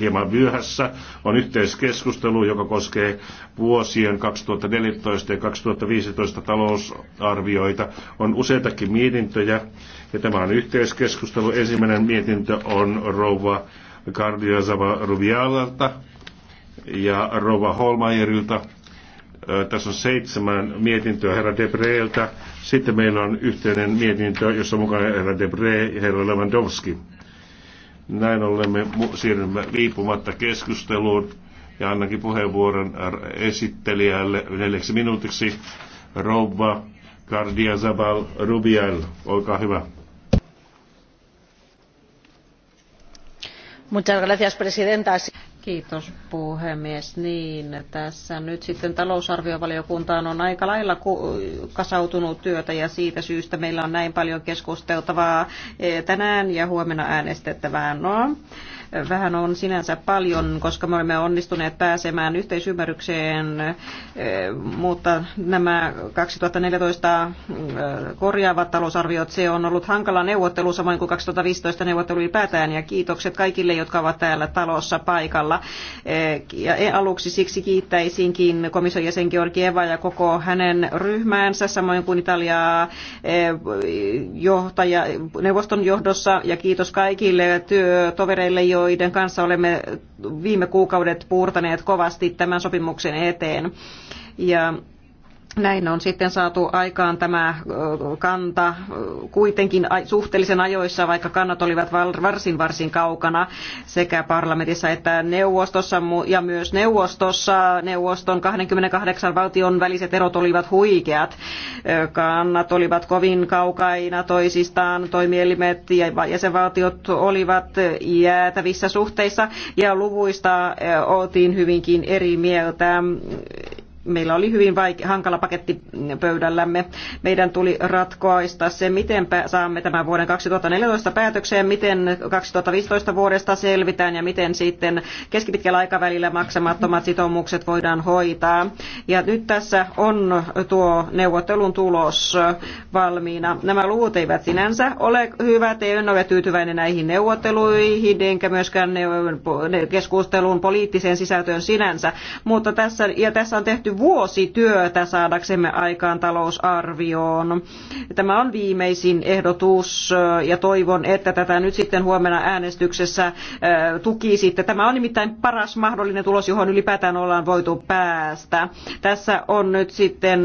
hieman myöhässä, on yhteiskeskustelu, joka koskee vuosien 2014 ja 2015 talousarvioita. On useitakin mietintöjä, ja tämä on yhteiskeskustelu. Ensimmäinen mietintö on rouva Kardiazava Ruvialalta ja rouva Holmajerilta. Tässä on seitsemän mietintöä herra Debreeltä. Sitten meillä on yhteinen mietintö, jossa on mukana herra Debre ja herra Lewandowski. Näin ollen me siirrymme viipumatta keskusteluun ja annakin puheenvuoron esittelijälle neljäksi minuutiksi. Rouva Cardiazabal Zabal Rubial, olkaa hyvä. Muchas gracias, presidenta. Kiitos puhemies. Niin, tässä nyt sitten talousarviovaliokuntaan on aika lailla kasautunut työtä ja siitä syystä meillä on näin paljon keskusteltavaa eh, tänään ja huomenna äänestettävää. No, vähän on sinänsä paljon, koska me olemme onnistuneet pääsemään yhteisymmärrykseen, eh, mutta nämä 2014 eh, korjaavat talousarviot, se on ollut hankala neuvottelu, samoin kuin 2015 neuvottelu ylipäätään, ja kiitokset kaikille, jotka ovat täällä talossa paikalla. Eh, ja e, aluksi siksi kiittäisinkin komission jäsen Eva ja koko hänen ryhmäänsä, samoin kuin Italiaa johtaja, neuvoston johdossa, ja kiitos kaikille työtovereille, jo joiden kanssa olemme viime kuukaudet puurtaneet kovasti tämän sopimuksen eteen. Ja näin on sitten saatu aikaan tämä kanta kuitenkin suhteellisen ajoissa, vaikka kannat olivat varsin varsin kaukana sekä parlamentissa että neuvostossa ja myös neuvostossa. Neuvoston 28 valtion väliset erot olivat huikeat. Kannat olivat kovin kaukaina toisistaan, toimielimet ja jäsenvaltiot olivat jäätävissä suhteissa ja luvuista oltiin hyvinkin eri mieltä meillä oli hyvin vaike- hankala paketti pöydällämme. Meidän tuli ratkoaista se, miten saamme tämän vuoden 2014 päätökseen, miten 2015 vuodesta selvitään ja miten sitten keskipitkällä aikavälillä maksamattomat sitoumukset voidaan hoitaa. Ja nyt tässä on tuo neuvottelun tulos valmiina. Nämä luvut eivät sinänsä ole hyvät, ei ole tyytyväinen näihin neuvotteluihin, enkä myöskään keskustelun poliittiseen sisältöön sinänsä, mutta tässä, ja tässä on tehty vuosi työtä saadaksemme aikaan talousarvioon. Tämä on viimeisin ehdotus ja toivon, että tätä nyt sitten huomenna äänestyksessä tukisitte. Tämä on nimittäin paras mahdollinen tulos, johon ylipäätään ollaan voitu päästä. Tässä on nyt sitten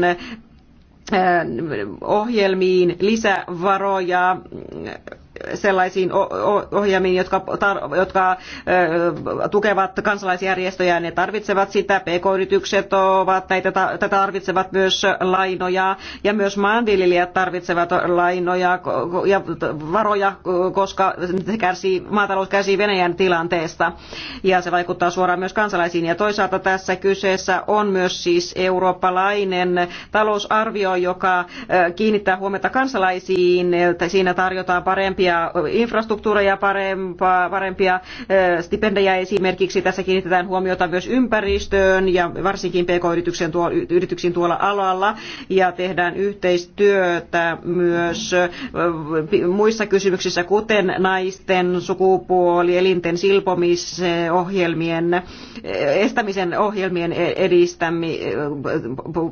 ohjelmiin lisävaroja sellaisiin ohjelmiin, jotka, jotka tukevat kansalaisjärjestöjä. Ne tarvitsevat sitä. PK-yritykset ovat näitä, tätä tarvitsevat myös lainoja ja myös maanviljelijät tarvitsevat lainoja ja varoja, koska kärsii, maatalous kärsii Venäjän tilanteesta ja se vaikuttaa suoraan myös kansalaisiin. Ja toisaalta tässä kyseessä on myös siis eurooppalainen talousarvio, joka kiinnittää huomiota kansalaisiin. Siinä tarjotaan parempia parempia infrastruktuureja, parempaa, parempia eh, stipendejä esimerkiksi. Tässä kiinnitetään huomiota myös ympäristöön ja varsinkin pk-yrityksiin tuolla alalla ja tehdään yhteistyötä myös eh, muissa kysymyksissä, kuten naisten sukupuoli, elinten silpomisohjelmien eh, estämisen ohjelmien e, edistämi,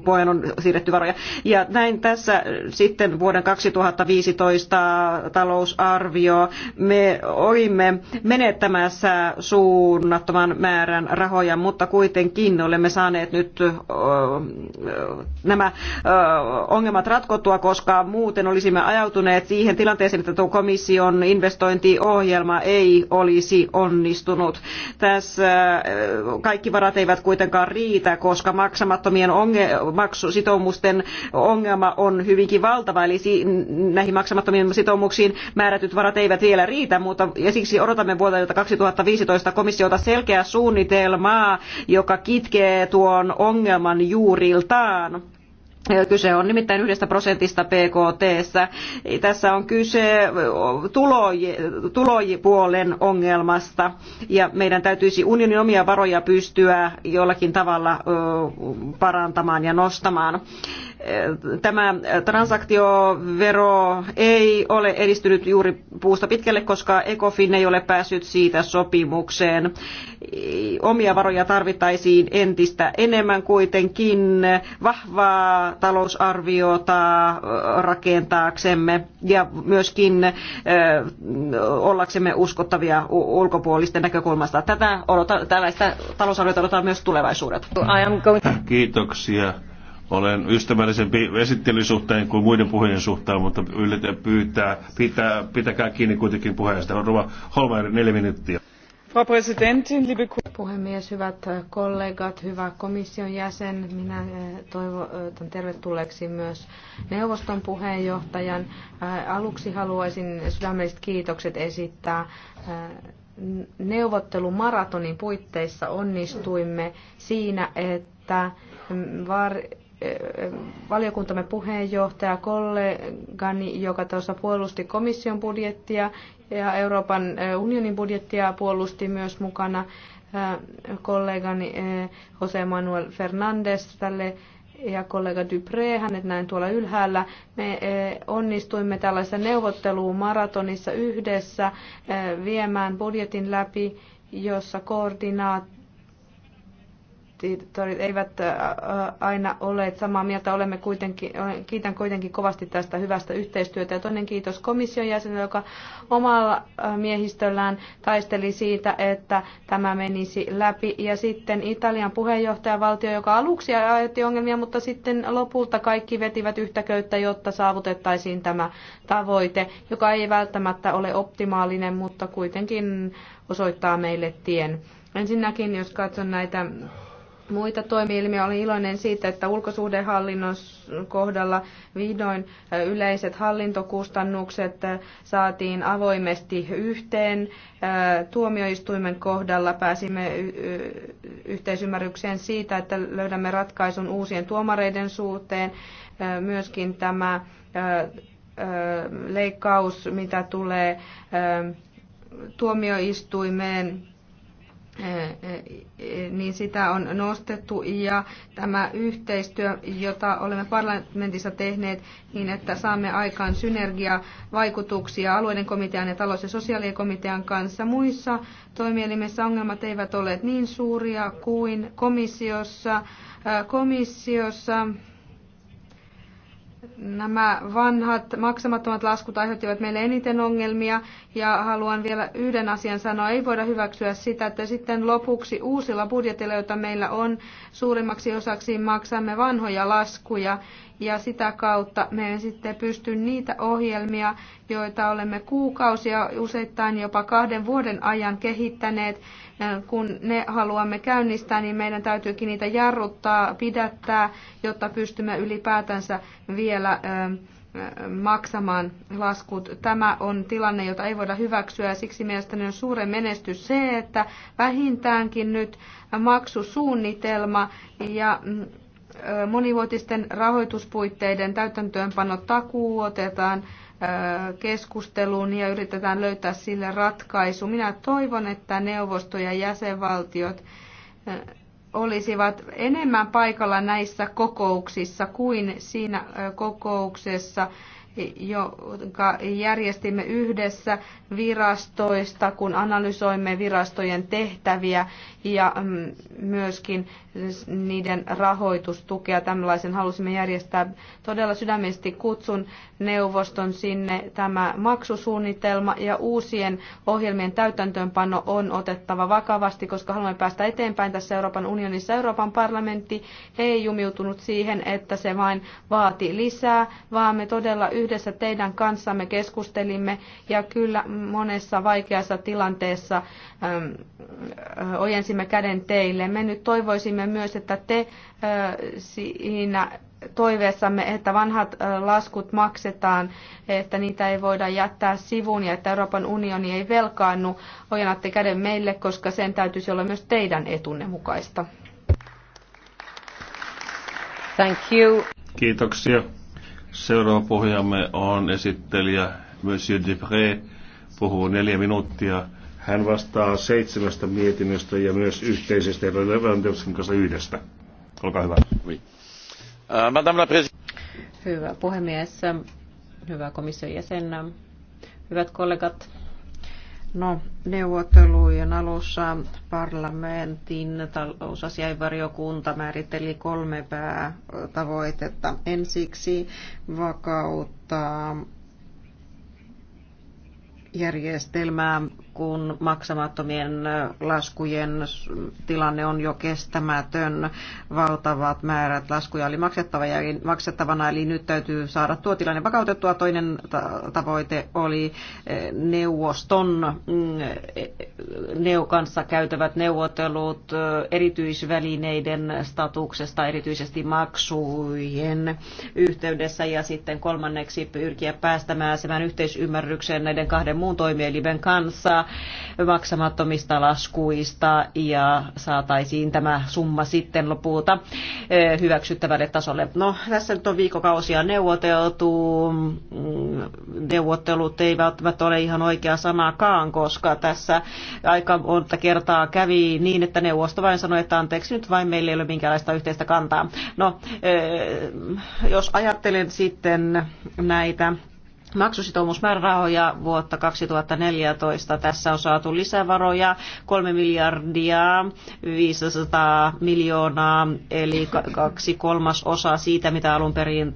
poen on siirretty varoja. Ja näin tässä sitten vuoden 2015 talousa arvio. Me olimme menettämässä suunnattoman määrän rahoja, mutta kuitenkin olemme saaneet nyt nämä ongelmat ratkottua, koska muuten olisimme ajautuneet siihen tilanteeseen, että tuo komission investointiohjelma ei olisi onnistunut. Tässä kaikki varat eivät kuitenkaan riitä, koska maksamattomien onge- maksusitoumusten ongelma on hyvinkin valtava, eli näihin maksamattomiin sitoumuksiin määrä määrätyt varat eivät vielä riitä, mutta ja siksi odotamme vuodelta 2015 komissiota selkeää suunnitelmaa, joka kitkee tuon ongelman juuriltaan. Kyse on nimittäin yhdestä prosentista PKT. Tässä on kyse tulopuolen ongelmasta ja meidän täytyisi unionin omia varoja pystyä jollakin tavalla parantamaan ja nostamaan tämä transaktiovero ei ole edistynyt juuri puusta pitkälle, koska ECOFIN ei ole päässyt siitä sopimukseen. Omia varoja tarvittaisiin entistä enemmän kuitenkin vahvaa talousarviota rakentaaksemme ja myöskin ollaksemme uskottavia ulkopuolisten näkökulmasta. Tätä odota, tällaista talousarviota odotetaan myös tulevaisuudet. Kiitoksia. Olen ystävällisempi esittelyn suhteen kuin muiden puheen suhteen, mutta ylitä pyytää, pitää, pitäkää kiinni kuitenkin puheesta. Rova Holmeier, neljä minuuttia. Frau Präsidentin, liebe puhemies, hyvät kollegat, hyvä komission jäsen. Minä eh, toivotan eh, tervetulleeksi myös neuvoston puheenjohtajan. Eh, aluksi haluaisin sydämelliset kiitokset esittää neuvottelumaratonin puitteissa onnistuimme siinä, että var- valiokuntamme puheenjohtaja, kollegani, joka tuossa puolusti komission budjettia ja Euroopan eh, unionin budjettia puolusti myös mukana eh, kollegani eh, Jose Manuel Fernandes tälle ja kollega Dupré, hänet näin tuolla ylhäällä. Me onnistuimme tällaisessa neuvottelumaratonissa yhdessä viemään budjetin läpi, jossa koordinaatti tiitorit eivät aina ole samaa mieltä. Olemme kuitenkin, kiitän kuitenkin kovasti tästä hyvästä yhteistyötä. Ja toinen kiitos komission jäsenelle, joka omalla miehistöllään taisteli siitä, että tämä menisi läpi. Ja sitten Italian puheenjohtajavaltio, joka aluksi ajatti ongelmia, mutta sitten lopulta kaikki vetivät yhtä köyttä, jotta saavutettaisiin tämä tavoite, joka ei välttämättä ole optimaalinen, mutta kuitenkin osoittaa meille tien. Ensinnäkin, jos katson näitä muita toimielimiä. oli iloinen siitä, että ulkosuhdehallinnon kohdalla vihdoin yleiset hallintokustannukset saatiin avoimesti yhteen. Tuomioistuimen kohdalla pääsimme yhteisymmärrykseen siitä, että löydämme ratkaisun uusien tuomareiden suhteen. Myöskin tämä leikkaus, mitä tulee tuomioistuimeen niin sitä on nostettu ja tämä yhteistyö, jota olemme parlamentissa tehneet niin, että saamme aikaan synergiavaikutuksia alueiden komitean ja talous- ja sosiaalikomitean kanssa. Muissa toimielimissä ongelmat eivät ole niin suuria kuin komissiossa. Komissiossa Nämä vanhat maksamattomat laskut aiheuttivat meille eniten ongelmia ja haluan vielä yhden asian sanoa. Ei voida hyväksyä sitä, että sitten lopuksi uusilla budjetilla, joita meillä on, suurimmaksi osaksi maksamme vanhoja laskuja ja sitä kautta me sitten pysty niitä ohjelmia, joita olemme kuukausia, useittain jopa kahden vuoden ajan kehittäneet, kun ne haluamme käynnistää, niin meidän täytyykin niitä jarruttaa, pidättää, jotta pystymme ylipäätänsä vielä maksamaan laskut. Tämä on tilanne, jota ei voida hyväksyä ja siksi mielestäni on suuren menestys se, että vähintäänkin nyt maksusuunnitelma ja mm, monivuotisten rahoituspuitteiden täytäntöönpano takuu otetaan keskusteluun ja yritetään löytää sille ratkaisu. Minä toivon, että neuvosto ja jäsenvaltiot olisivat enemmän paikalla näissä kokouksissa kuin siinä kokouksessa, jonka järjestimme yhdessä virastoista, kun analysoimme virastojen tehtäviä ja mm, myöskin niiden rahoitustukea. Tällaisen halusimme järjestää. Todella sydämesti kutsun neuvoston sinne. Tämä maksusuunnitelma ja uusien ohjelmien täytäntöönpano on otettava vakavasti, koska haluamme päästä eteenpäin tässä Euroopan unionissa. Euroopan parlamentti ei jumiutunut siihen, että se vain vaati lisää, vaan me todella yhdessä yhdessä teidän kanssamme keskustelimme ja kyllä monessa vaikeassa tilanteessa ähm, äh, ojensimme käden teille. Me nyt toivoisimme myös, että te äh, siinä toiveessamme, että vanhat äh, laskut maksetaan, että niitä ei voida jättää sivuun ja että Euroopan unioni ei velkaannu. Ojennatte käden meille, koska sen täytyisi olla myös teidän etunne mukaista. Thank you. Kiitoksia. Seuraava pohjamme on esittelijä Monsieur Dupré, puhuu neljä minuuttia. Hän vastaa seitsemästä mietinnöstä ja myös yhteisestä Lewandowskin kanssa yhdestä. Olkaa hyvä. Oui. Euh, Madame la Hyvä puhemies, hyvä komission jäsen, hyvät kollegat. No, neuvottelujen alussa parlamentin talousasiainvariokunta määritteli kolme päätavoitetta. Ensiksi vakauttaa järjestelmää kun maksamattomien laskujen tilanne on jo kestämätön. Valtavat määrät laskuja oli maksettavana, eli nyt täytyy saada tuo tilanne vakautettua. Toinen tavoite oli eh, neuvoston mm, eh, neu kanssa käytävät neuvottelut eh, erityisvälineiden statuksesta, erityisesti maksujen yhteydessä, ja sitten kolmanneksi pyrkiä päästämään yhteisymmärrykseen näiden kahden muun toimielimen kanssa maksamattomista laskuista ja saataisiin tämä summa sitten lopulta hyväksyttävälle tasolle. No, tässä nyt on viikokausia neuvoteltu. Mm, neuvottelut eivät välttämättä ole ihan oikea sanakaan, koska tässä aika monta kertaa kävi niin, että neuvosto vain sanoi, että anteeksi nyt vain meillä ei ole minkäänlaista yhteistä kantaa. No, jos ajattelen sitten näitä maksusitoumusmäärärahoja vuotta 2014. Tässä on saatu lisävaroja 3 miljardia 500 miljoonaa, eli kaksi kolmas osa siitä, mitä alun perin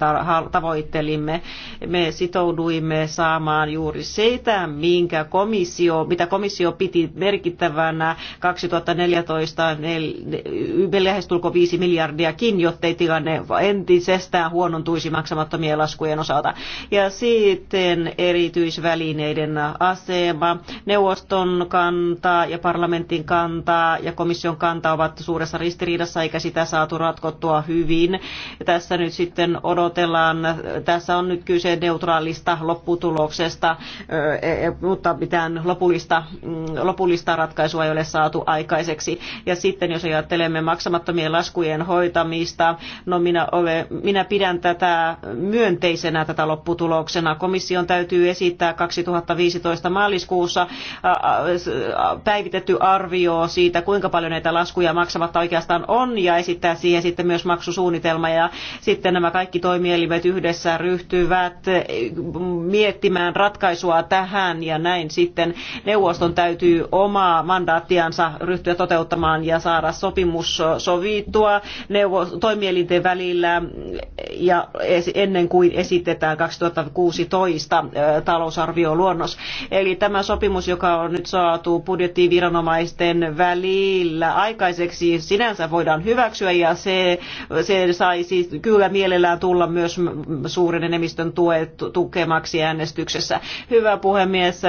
tavoittelimme. Me sitouduimme saamaan juuri sitä, minkä komissio, mitä komissio piti merkittävänä 2014 lähestulko 5 miljardiakin, jottei tilanne entisestään huonontuisi maksamattomien laskujen osalta. Ja siitä sitten erityisvälineiden asema, neuvoston kanta ja parlamentin kanta ja komission kanta ovat suuressa ristiriidassa eikä sitä saatu ratkottua hyvin. Tässä nyt sitten odotellaan, tässä on nyt kyse neutraalista lopputuloksesta, e, mutta mitään lopullista, mm, lopullista ratkaisua ei ole saatu aikaiseksi. Ja sitten jos ajattelemme maksamattomien laskujen hoitamista, no minä, ole, minä pidän tätä myönteisenä tätä lopputuloksena komission täytyy esittää 2015 maaliskuussa päivitetty arvio siitä, kuinka paljon näitä laskuja maksamatta oikeastaan on ja esittää siihen sitten myös maksusuunnitelma ja sitten nämä kaikki toimielimet yhdessä ryhtyvät miettimään ratkaisua tähän ja näin sitten neuvoston täytyy omaa mandaattiansa ryhtyä toteuttamaan ja saada sopimus sovittua toimielinten välillä ja ennen kuin esitetään 2016 toista talousarvioluonnos. Eli tämä sopimus, joka on nyt saatu budjettiviranomaisten välillä aikaiseksi, sinänsä voidaan hyväksyä ja se, se saisi kyllä mielellään tulla myös suuren enemmistön tuet, tukemaksi äänestyksessä. Hyvä puhemies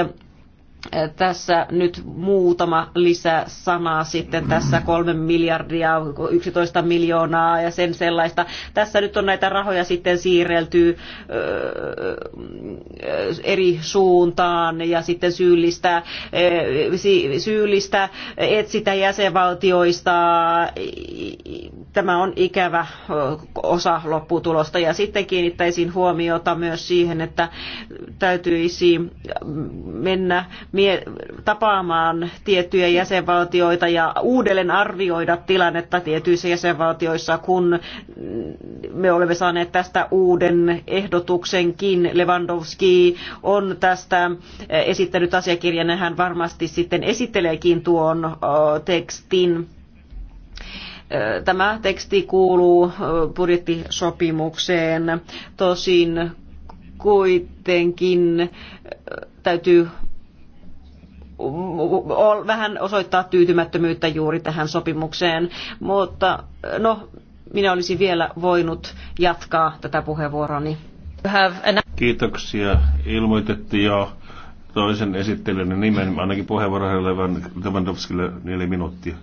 tässä nyt muutama lisä sana sitten tässä kolme miljardia, 11 miljoonaa ja sen sellaista. Tässä nyt on näitä rahoja sitten siirrelty eri suuntaan ja sitten syyllistä, syyllistä etsitä jäsenvaltioista. Tämä on ikävä osa lopputulosta ja sitten kiinnittäisin huomiota myös siihen, että täytyisi mennä tapaamaan tiettyjä jäsenvaltioita ja uudelleen arvioida tilannetta tietyissä jäsenvaltioissa, kun me olemme saaneet tästä uuden ehdotuksenkin. Lewandowski on tästä esittänyt asiakirjan ja hän varmasti sitten esitteleekin tuon tekstin tämä teksti kuuluu budjettisopimukseen. Tosin kuitenkin täytyy vähän osoittaa tyytymättömyyttä juuri tähän sopimukseen, mutta no, minä olisin vielä voinut jatkaa tätä puheenvuoroni. Kiitoksia. Ilmoitettiin jo toisen esittelyn nimen, ainakin puheenvuoron Lewandowskille neljä minuuttia.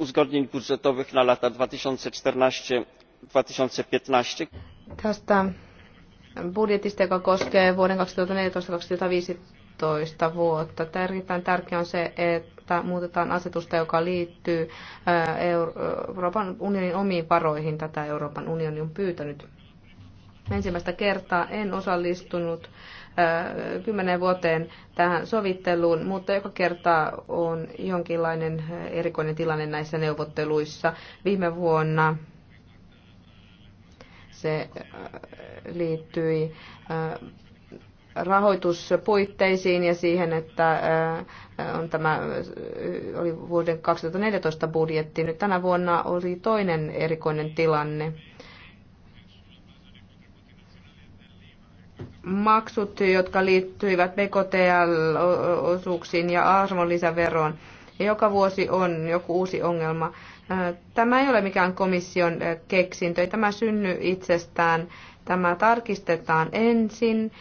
uzgodnień budżetowych na lata 2014-2015. Tästä budjetista, joka koskee vuoden 2014-2015 vuotta. Erittäin tärkeää on se, että muutetaan asetusta, joka liittyy Euroopan unionin omiin varoihin. Tätä Euroopan unioni on pyytänyt. Ensimmäistä kertaa en osallistunut kymmenen vuoteen tähän sovitteluun, mutta joka kerta on jonkinlainen erikoinen tilanne näissä neuvotteluissa. Viime vuonna se äh, liittyi äh, rahoituspuitteisiin ja siihen, että äh, on tämä, oli vuoden 2014 budjetti. Nyt tänä vuonna oli toinen erikoinen tilanne. Maksut, jotka liittyivät BKTL-osuuksiin ja arvonlisäveroon. Ja joka vuosi on joku uusi ongelma. Tämä ei ole mikään komission keksintö, ei tämä synny itsestään. Tämä tarkistetaan ensin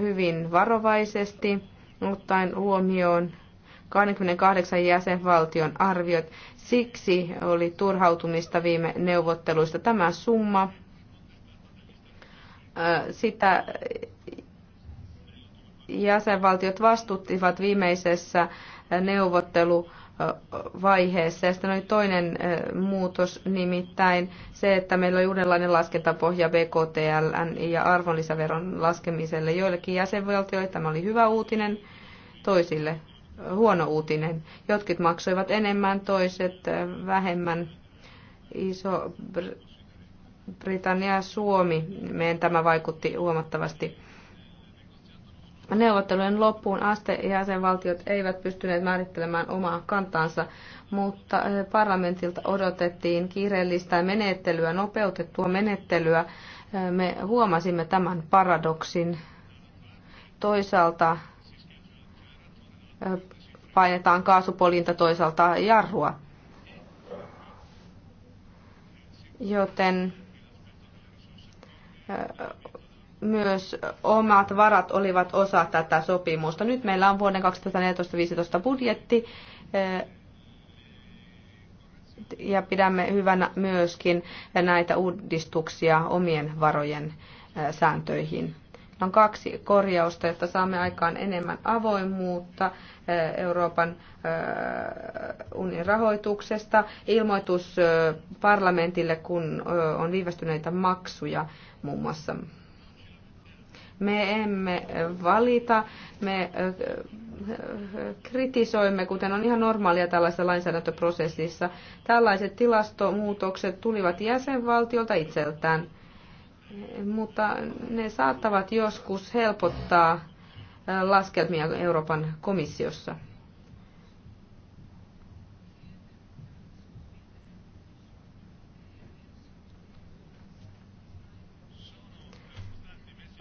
hyvin varovaisesti, ottaen huomioon 28 jäsenvaltion arviot. Siksi oli turhautumista viime neuvotteluista tämä summa. Sitä jäsenvaltiot vastuttivat viimeisessä neuvottelussa vaiheessa. Ja sitten oli toinen muutos, nimittäin se, että meillä oli uudenlainen laskentapohja BKTL ja arvonlisäveron laskemiselle. Joillekin jäsenvaltioille tämä oli hyvä uutinen, toisille huono uutinen. Jotkut maksoivat enemmän, toiset vähemmän. Iso Britannia ja Suomi, meidän tämä vaikutti huomattavasti neuvottelujen loppuun asti jäsenvaltiot eivät pystyneet määrittelemään omaa kantaansa, mutta eh, parlamentilta odotettiin kiireellistä menettelyä, nopeutettua menettelyä. Eh, me huomasimme tämän paradoksin. Toisaalta eh, painetaan kaasupolinta, toisaalta jarrua. Joten myös omat varat olivat osa tätä sopimusta. Nyt meillä on vuoden 2014-2015 budjetti eh, ja pidämme hyvänä myöskin näitä uudistuksia omien varojen eh, sääntöihin. On kaksi korjausta, jotta saamme aikaan enemmän avoimuutta eh, Euroopan unionin rahoituksesta. Ilmoitus parlamentille, kun on viivästyneitä maksuja muun muassa me emme valita, me äh, kritisoimme, kuten on ihan normaalia tällaisessa lainsäädäntöprosessissa. Tällaiset tilastomuutokset tulivat jäsenvaltiolta itseltään, mutta ne saattavat joskus helpottaa laskelmia Euroopan komissiossa.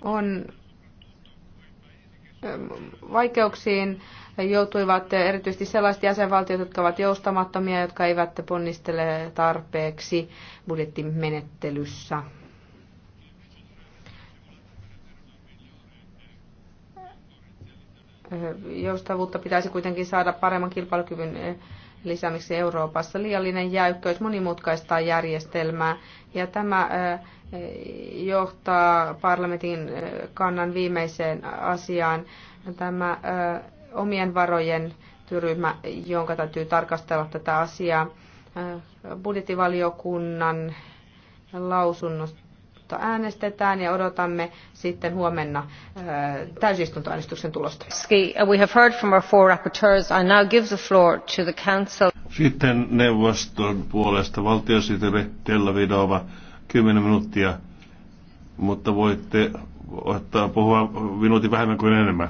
on ähm, vaikeuksiin joutuivat erityisesti sellaiset jäsenvaltiot, jotka ovat joustamattomia, jotka eivät ponnistele tarpeeksi budjettimenettelyssä. Joustavuutta pitäisi kuitenkin saada paremman kilpailukyvyn äh, lisäämiseksi Euroopassa. Liiallinen jäykkyys monimutkaistaa järjestelmää ja tämä äh, johtaa parlamentin kannan viimeiseen asiaan. Tämä omien varojen työryhmä, jonka täytyy tarkastella tätä asiaa. Budjettivaliokunnan lausunnosta äänestetään ja odotamme sitten huomenna täysistuntoäänestyksen tulosta. Uh, we have heard from our four rapporteurs. I now give the floor to the council. Sitten neuvoston puolesta valtiosihteeri Vidova. 10 minuuttia, mutta voitte ottaa puhua minuutin vähemmän kuin enemmän.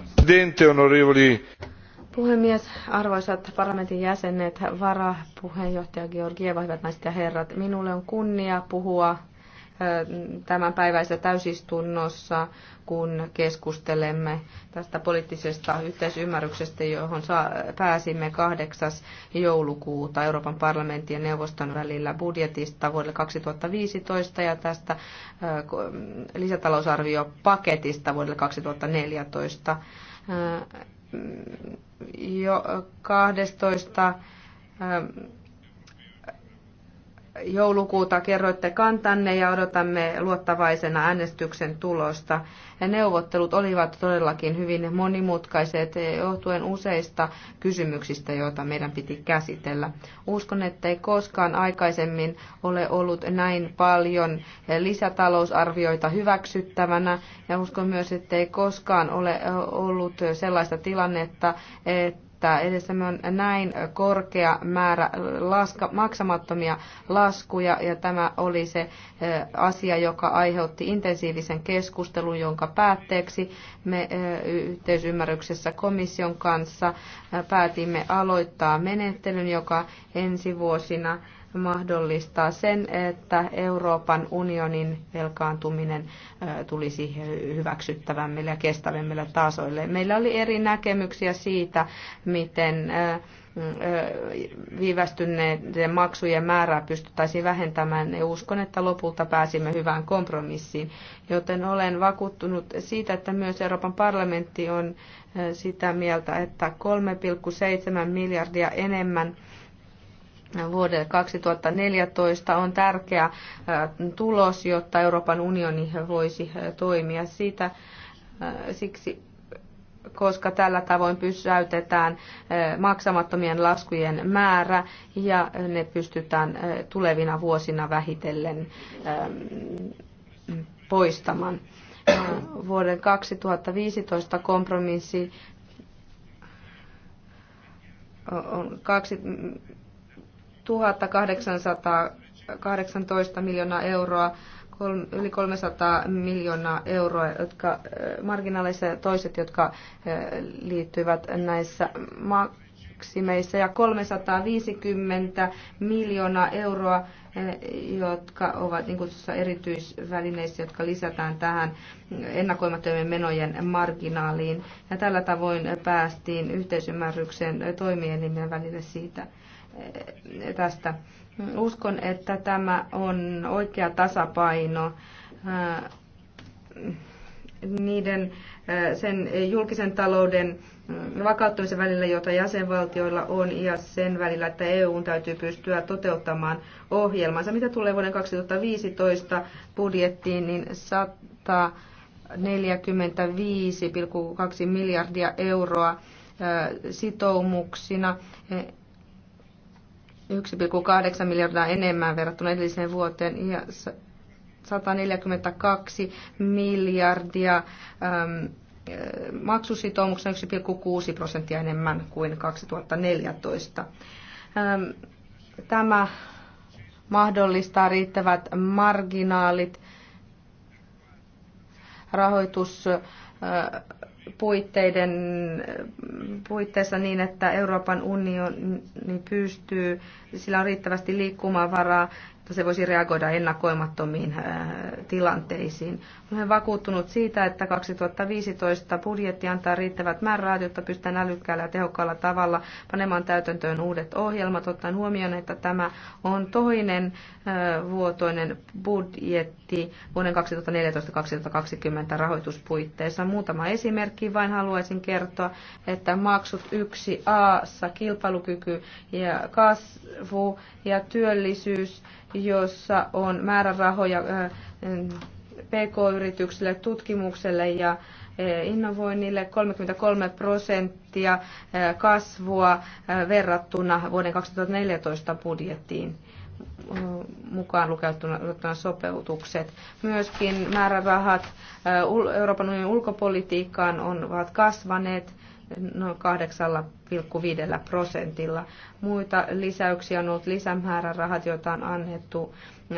Puhemies, arvoisat parlamentin jäsenet, varapuheenjohtaja Georgieva, hyvät naiset ja herrat, minulle on kunnia puhua tämänpäiväisessä täysistunnossa, kun keskustelemme tästä poliittisesta yhteisymmärryksestä, johon pääsimme 8. joulukuuta Euroopan parlamentin ja neuvoston välillä budjetista vuodelle 2015 ja tästä lisätalousarviopaketista vuodelle 2014. Jo 12 joulukuuta kerroitte kantanne ja odotamme luottavaisena äänestyksen tulosta. Neuvottelut olivat todellakin hyvin monimutkaiset johtuen useista kysymyksistä, joita meidän piti käsitellä. Uskon, että ei koskaan aikaisemmin ole ollut näin paljon lisätalousarvioita hyväksyttävänä ja uskon myös, että ei koskaan ole ollut sellaista tilannetta, että että edessämme on näin korkea määrä laska, maksamattomia laskuja ja tämä oli se eh, asia, joka aiheutti intensiivisen keskustelun, jonka päätteeksi me eh, yhteisymmärryksessä komission kanssa eh, päätimme aloittaa menettelyn, joka ensi vuosina mahdollistaa sen, että Euroopan unionin velkaantuminen tulisi hyväksyttävämmille ja kestävämmille tasoille. Meillä oli eri näkemyksiä siitä, miten viivästyneiden maksujen määrää pystyttäisiin vähentämään ja uskon, että lopulta pääsimme hyvään kompromissiin. Joten olen vakuuttunut siitä, että myös Euroopan parlamentti on sitä mieltä, että 3,7 miljardia enemmän vuodelle 2014 on tärkeä tulos, jotta Euroopan unioni voisi toimia siitä Siksi koska tällä tavoin pysäytetään maksamattomien laskujen määrä ja ne pystytään tulevina vuosina vähitellen poistamaan. Vuoden 2015 kompromissi on 2 1818 miljoonaa euroa, yli 300 miljoonaa euroa, jotka marginaaliset toiset, jotka liittyvät näissä maksimeissa, ja 350 miljoonaa euroa, jotka ovat niin erityisvälineissä, jotka lisätään tähän ennakoimattomien menojen marginaaliin. Ja tällä tavoin päästiin yhteisymmärrykseen toimielimien välille siitä, tästä. Uskon, että tämä on oikea tasapaino äh, niiden äh, sen julkisen talouden äh, vakauttamisen välillä, jota jäsenvaltioilla on, ja sen välillä, että EU täytyy pystyä toteuttamaan ohjelmansa. Mitä tulee vuoden 2015 budjettiin, niin 145,2 miljardia euroa sitoumuksina 1,8 miljardia enemmän verrattuna edelliseen vuoteen ja 142 miljardia maksusitoumuksena 1,6 prosenttia enemmän kuin 2014. Tämä mahdollistaa riittävät marginaalit rahoitus puitteiden puitteissa niin, että Euroopan unioni pystyy, sillä on riittävästi liikkumavaraa että se voisi reagoida ennakoimattomiin äh, tilanteisiin. Olen vakuuttunut siitä, että 2015 budjetti antaa riittävät määrärahat, jotta pystytään älykkäällä ja tehokkaalla tavalla panemaan täytäntöön uudet ohjelmat, ottaen huomioon, että tämä on toinen äh, vuotoinen budjetti vuoden 2014-2020 rahoituspuitteissa. Muutama esimerkki vain haluaisin kertoa, että maksut 1a, kilpailukyky ja kasvu ja työllisyys jossa on määrärahoja PK-yrityksille, tutkimukselle ja innovoinnille 33 prosenttia kasvua verrattuna vuoden 2014 budjettiin mukaan lukeutuna sopeutukset. Myöskin määrärahat Euroopan unionin ulkopolitiikkaan ovat kasvaneet noin 8,5 prosentilla. Muita lisäyksiä on ollut lisämäärärahat, joita on annettu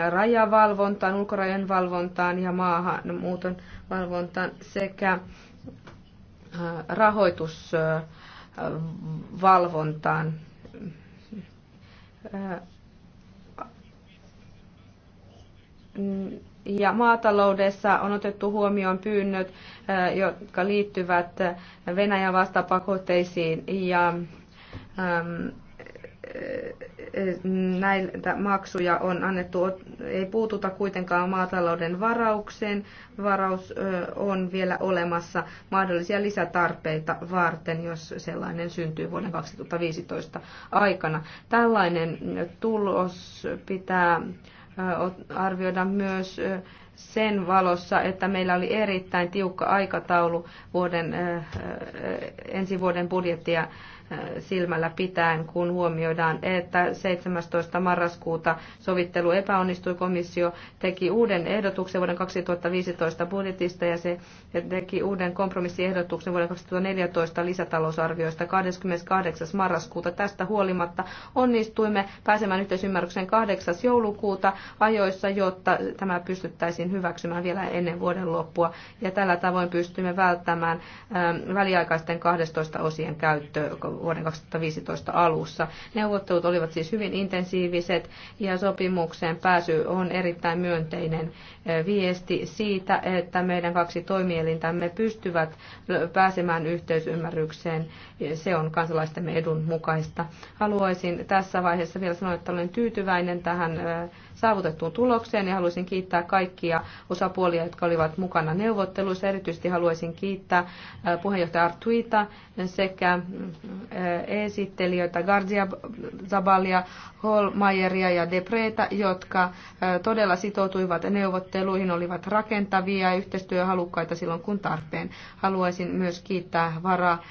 rajavalvontaan, ulkorajan valvontaan ja maahanmuuton valvontaan sekä äh, rahoitusvalvontaan. Mm ja maataloudessa on otettu huomioon pyynnöt, jotka liittyvät Venäjän vastapakotteisiin ja näitä maksuja on annettu, ei puututa kuitenkaan maatalouden varaukseen. Varaus on vielä olemassa mahdollisia lisätarpeita varten, jos sellainen syntyy vuoden 2015 aikana. Tällainen tulos pitää arvioida myös sen valossa, että meillä oli erittäin tiukka aikataulu vuoden, ensi vuoden budjettia silmällä pitäen, kun huomioidaan, että 17. marraskuuta sovittelu epäonnistui. Komissio teki uuden ehdotuksen vuoden 2015 budjetista ja se teki uuden kompromissiehdotuksen vuoden 2014 lisätalousarvioista 28. marraskuuta. Tästä huolimatta onnistuimme pääsemään yhteisymmärryksen 8. joulukuuta ajoissa, jotta tämä pystyttäisiin hyväksymään vielä ennen vuoden loppua. Ja tällä tavoin pystymme välttämään ähm, väliaikaisten 12 osien käyttöä vuoden 2015 alussa. Neuvottelut olivat siis hyvin intensiiviset ja sopimukseen pääsy on erittäin myönteinen eh, viesti siitä, että meidän kaksi toimielintämme pystyvät pääsemään yhteisymmärrykseen. Se on kansalaistemme edun mukaista. Haluaisin tässä vaiheessa vielä sanoa, että olen tyytyväinen tähän eh, saavutettuun tulokseen ja haluaisin kiittää kaikkia osapuolia, jotka olivat mukana neuvotteluissa. Erityisesti haluaisin kiittää puheenjohtaja Artuita sekä esittelijöitä Garzia Zabalia, Holmajeria ja Depreta, jotka todella sitoutuivat neuvotteluihin, olivat rakentavia ja yhteistyöhalukkaita silloin kun tarpeen. Haluaisin myös kiittää varaa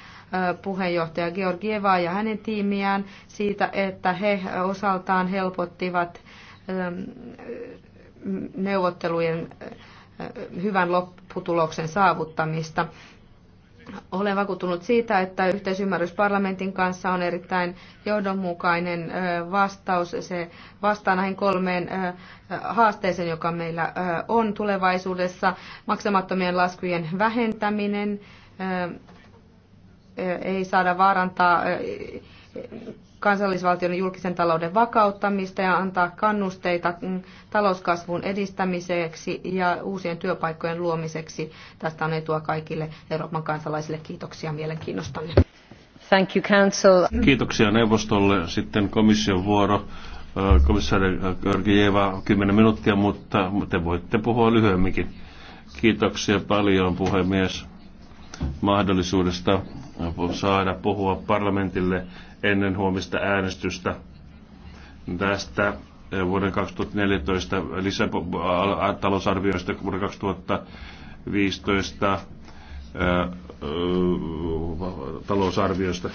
puheenjohtaja Georgievaa ja hänen tiimiään siitä, että he osaltaan helpottivat neuvottelujen hyvän lopputuloksen saavuttamista. Olen vakuuttunut siitä, että yhteisymmärrys parlamentin kanssa on erittäin johdonmukainen vastaus. Se vastaa näihin kolmeen haasteeseen, joka meillä on tulevaisuudessa. Maksamattomien laskujen vähentäminen, ei saada vaarantaa kansallisvaltion julkisen talouden vakauttamista ja antaa kannusteita mm, talouskasvun edistämiseksi ja uusien työpaikkojen luomiseksi. Tästä on etua kaikille Euroopan kansalaisille. Kiitoksia mielenkiinnostanne. Thank you, Council. Kiitoksia neuvostolle. Sitten komission vuoro. Komissaari Georgieva, 10 minuuttia, mutta te voitte puhua lyhyemminkin. Kiitoksia paljon, puhemies mahdollisuudesta saada puhua parlamentille ennen huomista äänestystä tästä eh, vuoden 2014 lisätalousarvioista vuoden 2015 eh, eh, talousarviosta.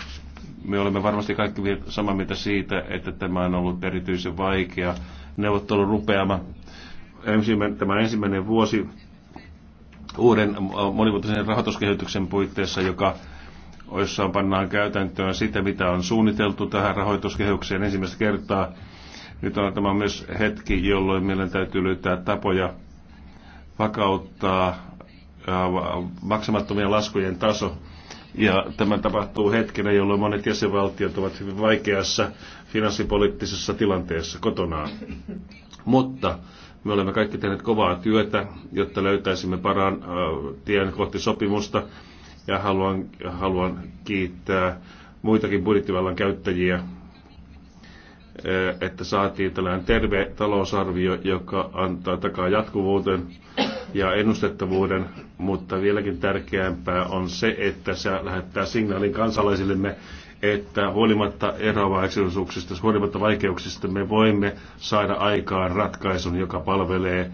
Me olemme varmasti kaikki samaa mieltä siitä, että tämä on ollut erityisen vaikea neuvottelun rupeama. Tämä ensimmäinen vuosi uuden monivuotisen rahoituskehityksen puitteissa, joka jossa pannaan käytäntöön sitä, mitä on suunniteltu tähän rahoituskehykseen ensimmäistä kertaa. Nyt on tämä myös hetki, jolloin meidän täytyy löytää tapoja vakauttaa maksamattomien laskujen taso. Ja tämä tapahtuu hetkenä, jolloin monet jäsenvaltiot ovat hyvin vaikeassa finanssipoliittisessa tilanteessa kotonaan. Mutta me olemme kaikki tehneet kovaa työtä, jotta löytäisimme paran tien kohti sopimusta ja haluan, haluan kiittää muitakin budjettivallan käyttäjiä, eh, että saatiin tällainen terve talousarvio, joka antaa takaa jatkuvuuden ja ennustettavuuden, mutta vieläkin tärkeämpää on se, että se lähettää signaalin kansalaisillemme, että huolimatta eroavaisuuksista, huolimatta vaikeuksista, me voimme saada aikaan ratkaisun, joka palvelee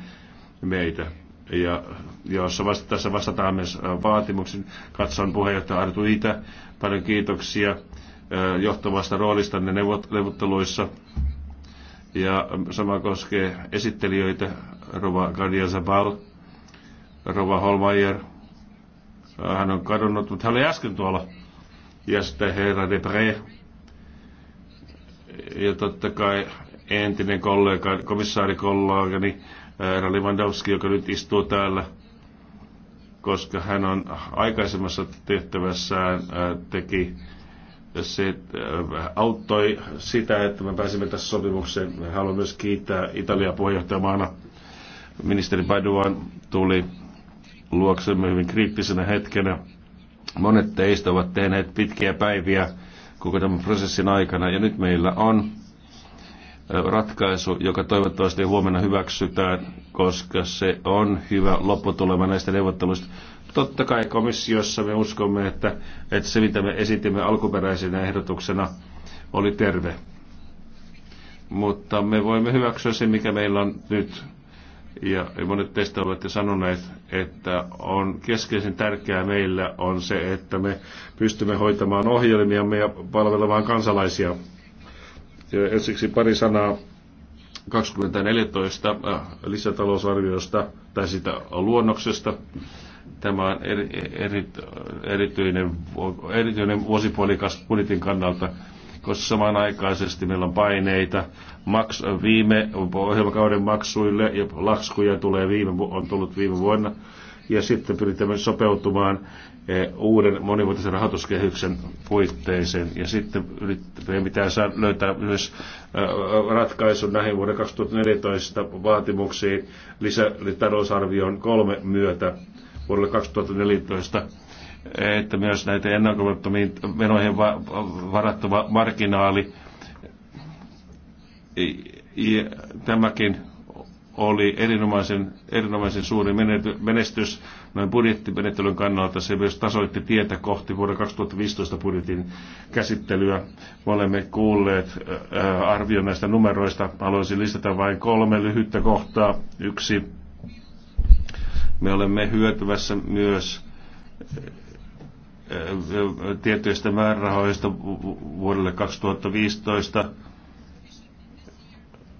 meitä ja jossa vasta, tässä vastataan myös vaatimuksiin. Katson puheenjohtaja Artu Itä, paljon kiitoksia johtavasta ne neuvotteluissa. Ja sama koskee esittelijöitä, Rova Gardia Zabal, Rova Holmeier. Hän on kadonnut, mutta hän oli äsken tuolla. Ja sitten herra Debre. Ja totta kai entinen kollega, komissaarikollegani herra Lewandowski, joka nyt istuu täällä, koska hän on aikaisemmassa tehtävässään teki se auttoi sitä, että me pääsimme tässä sopimukseen. Haluan myös kiittää Italian puheenjohtajamaana. Ministeri Paduan tuli luoksemme hyvin kriittisenä hetkenä. Monet teistä ovat tehneet pitkiä päiviä koko tämän prosessin aikana ja nyt meillä on ratkaisu, joka toivottavasti huomenna hyväksytään, koska se on hyvä lopputulema näistä neuvotteluista. Totta kai komissiossa me uskomme, että, että se mitä me esitimme alkuperäisenä ehdotuksena oli terve. Mutta me voimme hyväksyä sen, mikä meillä on nyt. Ja monet teistä olette sanoneet, että on keskeisen tärkeää meillä on se, että me pystymme hoitamaan ohjelmiamme ja palvelemaan kansalaisia Ensiksi pari sanaa 2014 äh, lisätalousarviosta tai sitä luonnoksesta. Tämä on eri, eri, erityinen, erityinen vuosipuolikas budjetin kannalta, koska samanaikaisesti meillä on paineita maks, viime ohjelmakauden maksuille ja laskuja tulee viime, on tullut viime vuonna. Ja sitten pyritään sopeutumaan Eh, uuden monivuotisen rahoituskehyksen puitteiseen. Ja sitten meidän pitää löytää myös eh, ratkaisun näihin vuoden 2014 vaatimuksiin lisätalousarvion kolme myötä vuodelle 2014 eh, että myös näitä ennakoimattomiin menoihin varattava marginaali. Ja tämäkin oli erinomaisen, erinomaisen suuri menestys Noin budjettimenettelyn kannalta se myös tasoitti tietä kohti vuoden 2015 budjetin käsittelyä. Me olemme kuulleet äh, arvio näistä numeroista. Haluaisin listata vain kolme lyhyttä kohtaa. Yksi, me olemme hyötyvässä myös äh, äh, tietyistä määrärahoista vuodelle 2015,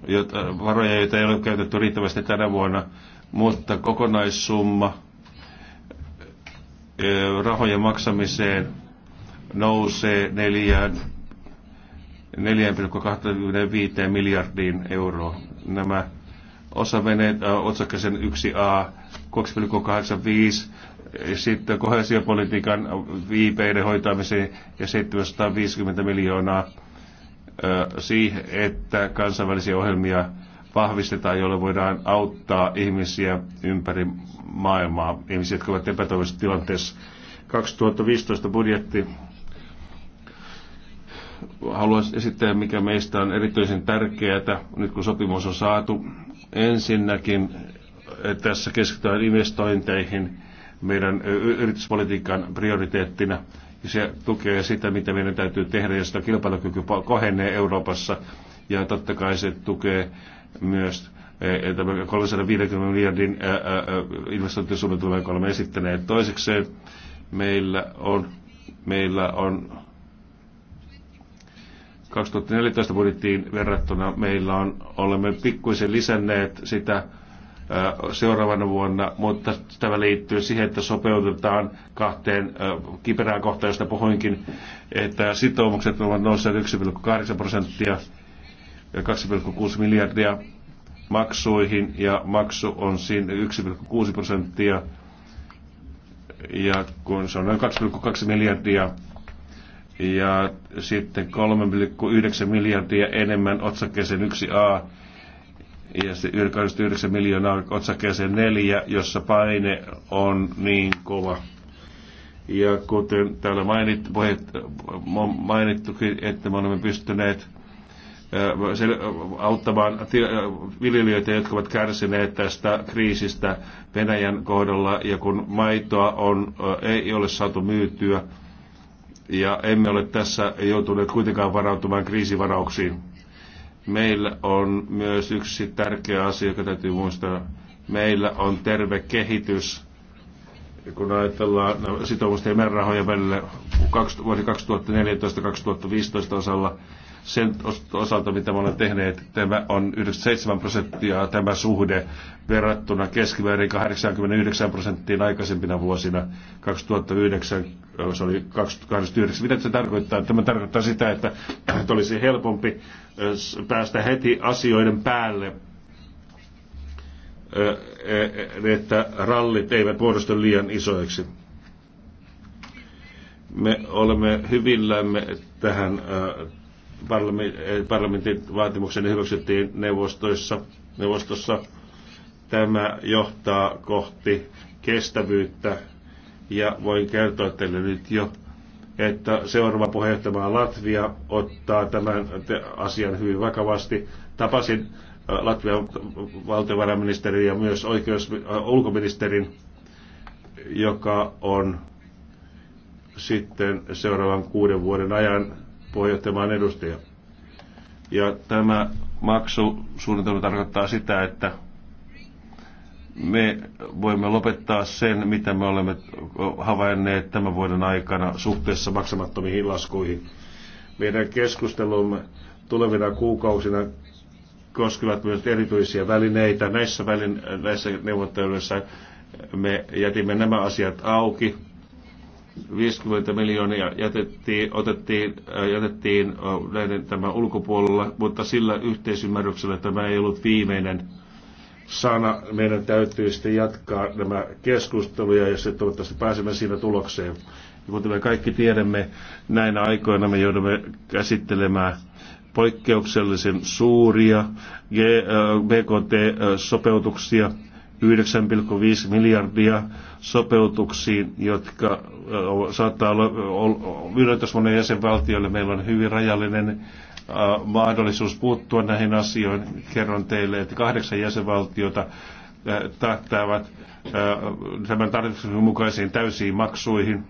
jota, varoja, joita ei ole käytetty riittävästi tänä vuonna, mutta kokonaissumma rahojen maksamiseen nousee 4,25 miljardiin euroa. Nämä osa menee otsakkeeseen 1a 2,85 sitten kohesiopolitiikan viipeiden hoitamiseen ja 750 miljoonaa siihen, että kansainvälisiä ohjelmia vahvistetaan, jolle voidaan auttaa ihmisiä ympäri maailmaa, ihmisiä, jotka ovat epätoivoisessa tilanteessa. 2015 budjetti haluaisin esittää, mikä meistä on erityisen tärkeää, nyt kun sopimus on saatu. Ensinnäkin tässä keskitytään investointeihin meidän yrityspolitiikan prioriteettina. Se tukee sitä, mitä meidän täytyy tehdä, jos kilpailukyky kohenee Euroopassa. Ja totta kai se tukee myös 350 e, miljardin investointisuunnitelma, jonka olemme esittäneet. Toisekseen meillä on, meillä on 2014 budjettiin verrattuna meillä on, olemme pikkuisen lisänneet sitä seuraavana vuonna, mutta tämä liittyy siihen, että sopeutetaan kahteen kiperään kohtaan, josta puhuinkin, että sitoumukset ovat nousseet 1,8 prosenttia ja 2,6 miljardia maksuihin ja maksu on siinä 1,6 prosenttia ja kun se on noin 2,2 miljardia ja sitten 3,9 miljardia enemmän otsakkeeseen 1a ja se 29 miljoonaa otsakkeeseen 4, jossa paine on niin kova. Ja kuten täällä mainittu, mainittukin, että me olemme pystyneet auttamaan viljelijöitä, jotka ovat kärsineet tästä kriisistä Venäjän kohdalla. Ja kun maitoa on, ei ole saatu myytyä, ja emme ole tässä joutuneet kuitenkaan varautumaan kriisivarauksiin. Meillä on myös yksi tärkeä asia, joka täytyy muistaa. Meillä on terve kehitys, kun ajatellaan no, sitoumusten ja määrärahojen välillä vuosi 2014-2015 osalla sen osalta, mitä me olemme tehneet, tämä on 97 prosenttia tämä suhde verrattuna keskimäärin 89 prosenttiin aikaisempina vuosina 2009 se oli 29. Mitä se tarkoittaa? Tämä tarkoittaa sitä, että olisi helpompi päästä heti asioiden päälle e, e, että rallit eivät muodostu liian isoiksi. Me olemme hyvillämme tähän Eh, parlamentin vaatimuksen hyväksyttiin neuvostoissa, neuvostossa. Tämä johtaa kohti kestävyyttä ja voin kertoa teille nyt jo, että seuraava puheenjohtaja Latvia ottaa tämän asian hyvin vakavasti. Tapasin eh, Latvian valtiovarainministerin ja myös oikeus, eh, ulkoministerin, joka on sitten seuraavan kuuden vuoden ajan puheenjohtajamaan edustaja. Ja tämä maksusuunnitelma tarkoittaa sitä, että me voimme lopettaa sen, mitä me olemme havainneet tämän vuoden aikana suhteessa maksamattomiin laskuihin. Meidän keskustelumme tulevina kuukausina koskevat myös erityisiä välineitä. Näissä, välin, näissä neuvotteluissa me jätimme nämä asiat auki 50 miljoonia jätettiin, otettiin, äh, jätettiin näiden äh, tämän ulkopuolella, mutta sillä yhteisymmärryksellä tämä ei ollut viimeinen sana. Meidän täytyy sitten jatkaa nämä keskusteluja ja sitten toivottavasti pääsemme siinä tulokseen. Ja kuten me kaikki tiedämme, näinä aikoina me joudumme käsittelemään poikkeuksellisen suuria äh, BKT-sopeutuksia, 9,5 miljardia sopeutuksiin, jotka saattaa olla yllätys monen jäsenvaltiolle. Meillä on hyvin rajallinen mahdollisuus puuttua näihin asioihin. Kerron teille, että kahdeksan jäsenvaltiota tähtäävät tämän tarkoituksen mukaisiin täysiin maksuihin.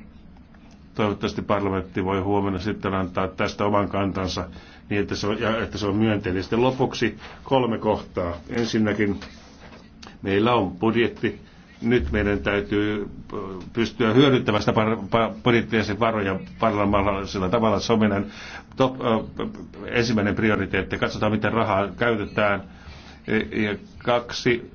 Toivottavasti parlamentti voi huomenna sitten antaa tästä oman kantansa niin, että se on, ja, että se on myönteinen. Sitten lopuksi kolme kohtaa. Ensinnäkin meillä on budjetti, nyt meidän täytyy pystyä hyödyntämään sitä poliittisia varoja parhaalla tavalla. Se on meidän top, ensimmäinen prioriteetti. Katsotaan, miten rahaa käytetään. E, ja kaksi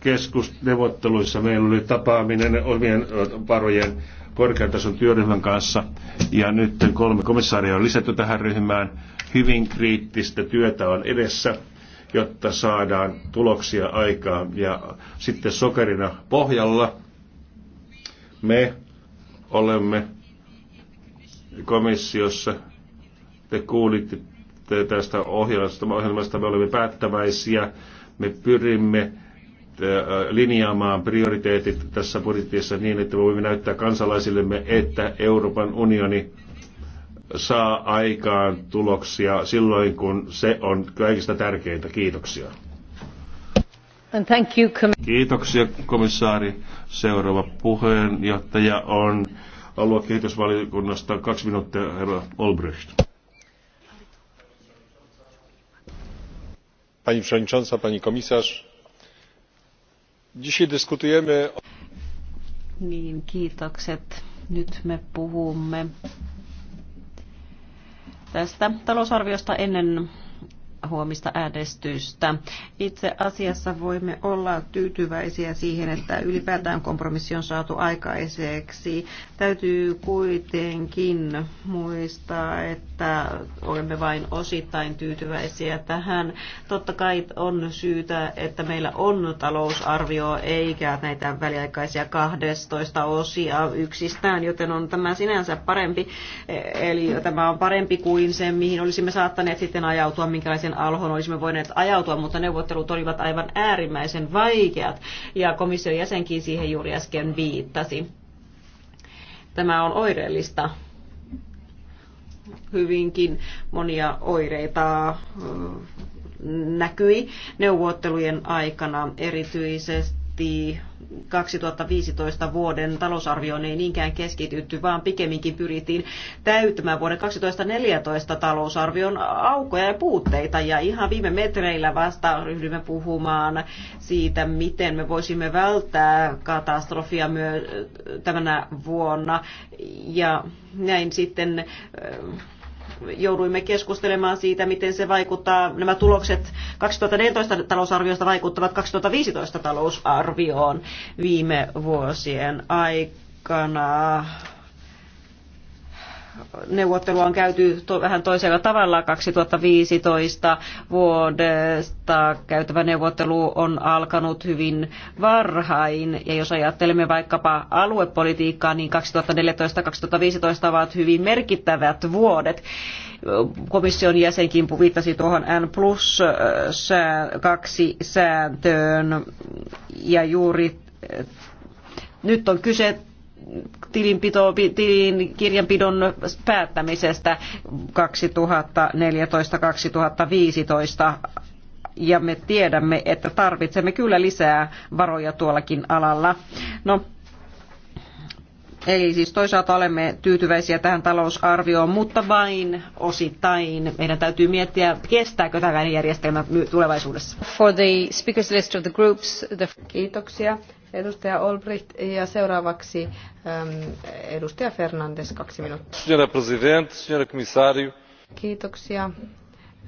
keskusneuvotteluissa meillä oli tapaaminen omien varojen korkeatason työryhmän kanssa. Ja nyt kolme komissaaria on lisätty tähän ryhmään. Hyvin kriittistä työtä on edessä jotta saadaan tuloksia aikaan. Ja sitten sokerina pohjalla me olemme komissiossa, te kuulitte tästä ohjelmasta, ohjelmasta me olemme päättäväisiä, me pyrimme linjaamaan prioriteetit tässä budjetissa niin, että voimme näyttää kansalaisillemme, että Euroopan unioni saa aikaan tuloksia silloin, kun se on kaikista tärkeintä. Kiitoksia. And thank you, com- Kiitoksia komissaari. Seuraava puheenjohtaja on aluekehitysvaliokunnasta kaksi minuuttia herra Olbricht. Pani przewodnicząca, pani komisarz. Dzisiaj dyskutujemy... Niin, kiitokset. Nyt me puhumme tästä talousarviosta ennen huomista äänestystä. Itse asiassa voimme olla tyytyväisiä siihen, että ylipäätään kompromissi on saatu aikaiseksi. Täytyy kuitenkin muistaa, että olemme vain osittain tyytyväisiä tähän. Totta kai on syytä, että meillä on talousarvio eikä näitä väliaikaisia 12 osia yksistään, joten on tämä sinänsä parempi. Eli tämä on parempi kuin se, mihin olisimme saattaneet sitten ajautua, minkälaisen poliittisen Alhoon olisimme voineet ajautua, mutta neuvottelut olivat aivan äärimmäisen vaikeat ja komission jäsenkin siihen juuri äsken viittasi. Tämä on oireellista hyvinkin monia oireita näkyi neuvottelujen aikana erityisesti budjetti 2015 vuoden talousarvioon ei niinkään keskitytty, vaan pikemminkin pyrittiin täyttämään vuoden 2014 talousarvion aukoja ja puutteita. Ja ihan viime metreillä vasta ryhdymme puhumaan siitä, miten me voisimme välttää katastrofia myö- tämänä vuonna. Ja näin sitten jouduimme keskustelemaan siitä, miten se vaikuttaa, nämä tulokset 2014 talousarviosta vaikuttavat 2015 talousarvioon viime vuosien aikana neuvottelua on käyty vähän toisella tavalla. 2015 vuodesta käytävä neuvottelu on alkanut hyvin varhain. Ja jos ajattelemme vaikkapa aluepolitiikkaa, niin 2014-2015 ovat hyvin merkittävät vuodet komission jäsenkin viittasi tuohon N plus kaksi sääntöön ja juuri eh, nyt on kyse tilinpito, tilin kirjanpidon päättämisestä 2014-2015 ja me tiedämme, että tarvitsemme kyllä lisää varoja tuollakin alalla. No, Eli siis toisaalta olemme tyytyväisiä tähän talousarvioon, mutta vain osittain. Meidän täytyy miettiä, kestääkö tällainen järjestelmä tulevaisuudessa. For the speakers list of the groups, the... Kiitoksia. Edustaja Olbricht ja seuraavaksi ähm, edustaja Fernandes, kaksi minuuttia. President, Komissario. Kiitoksia.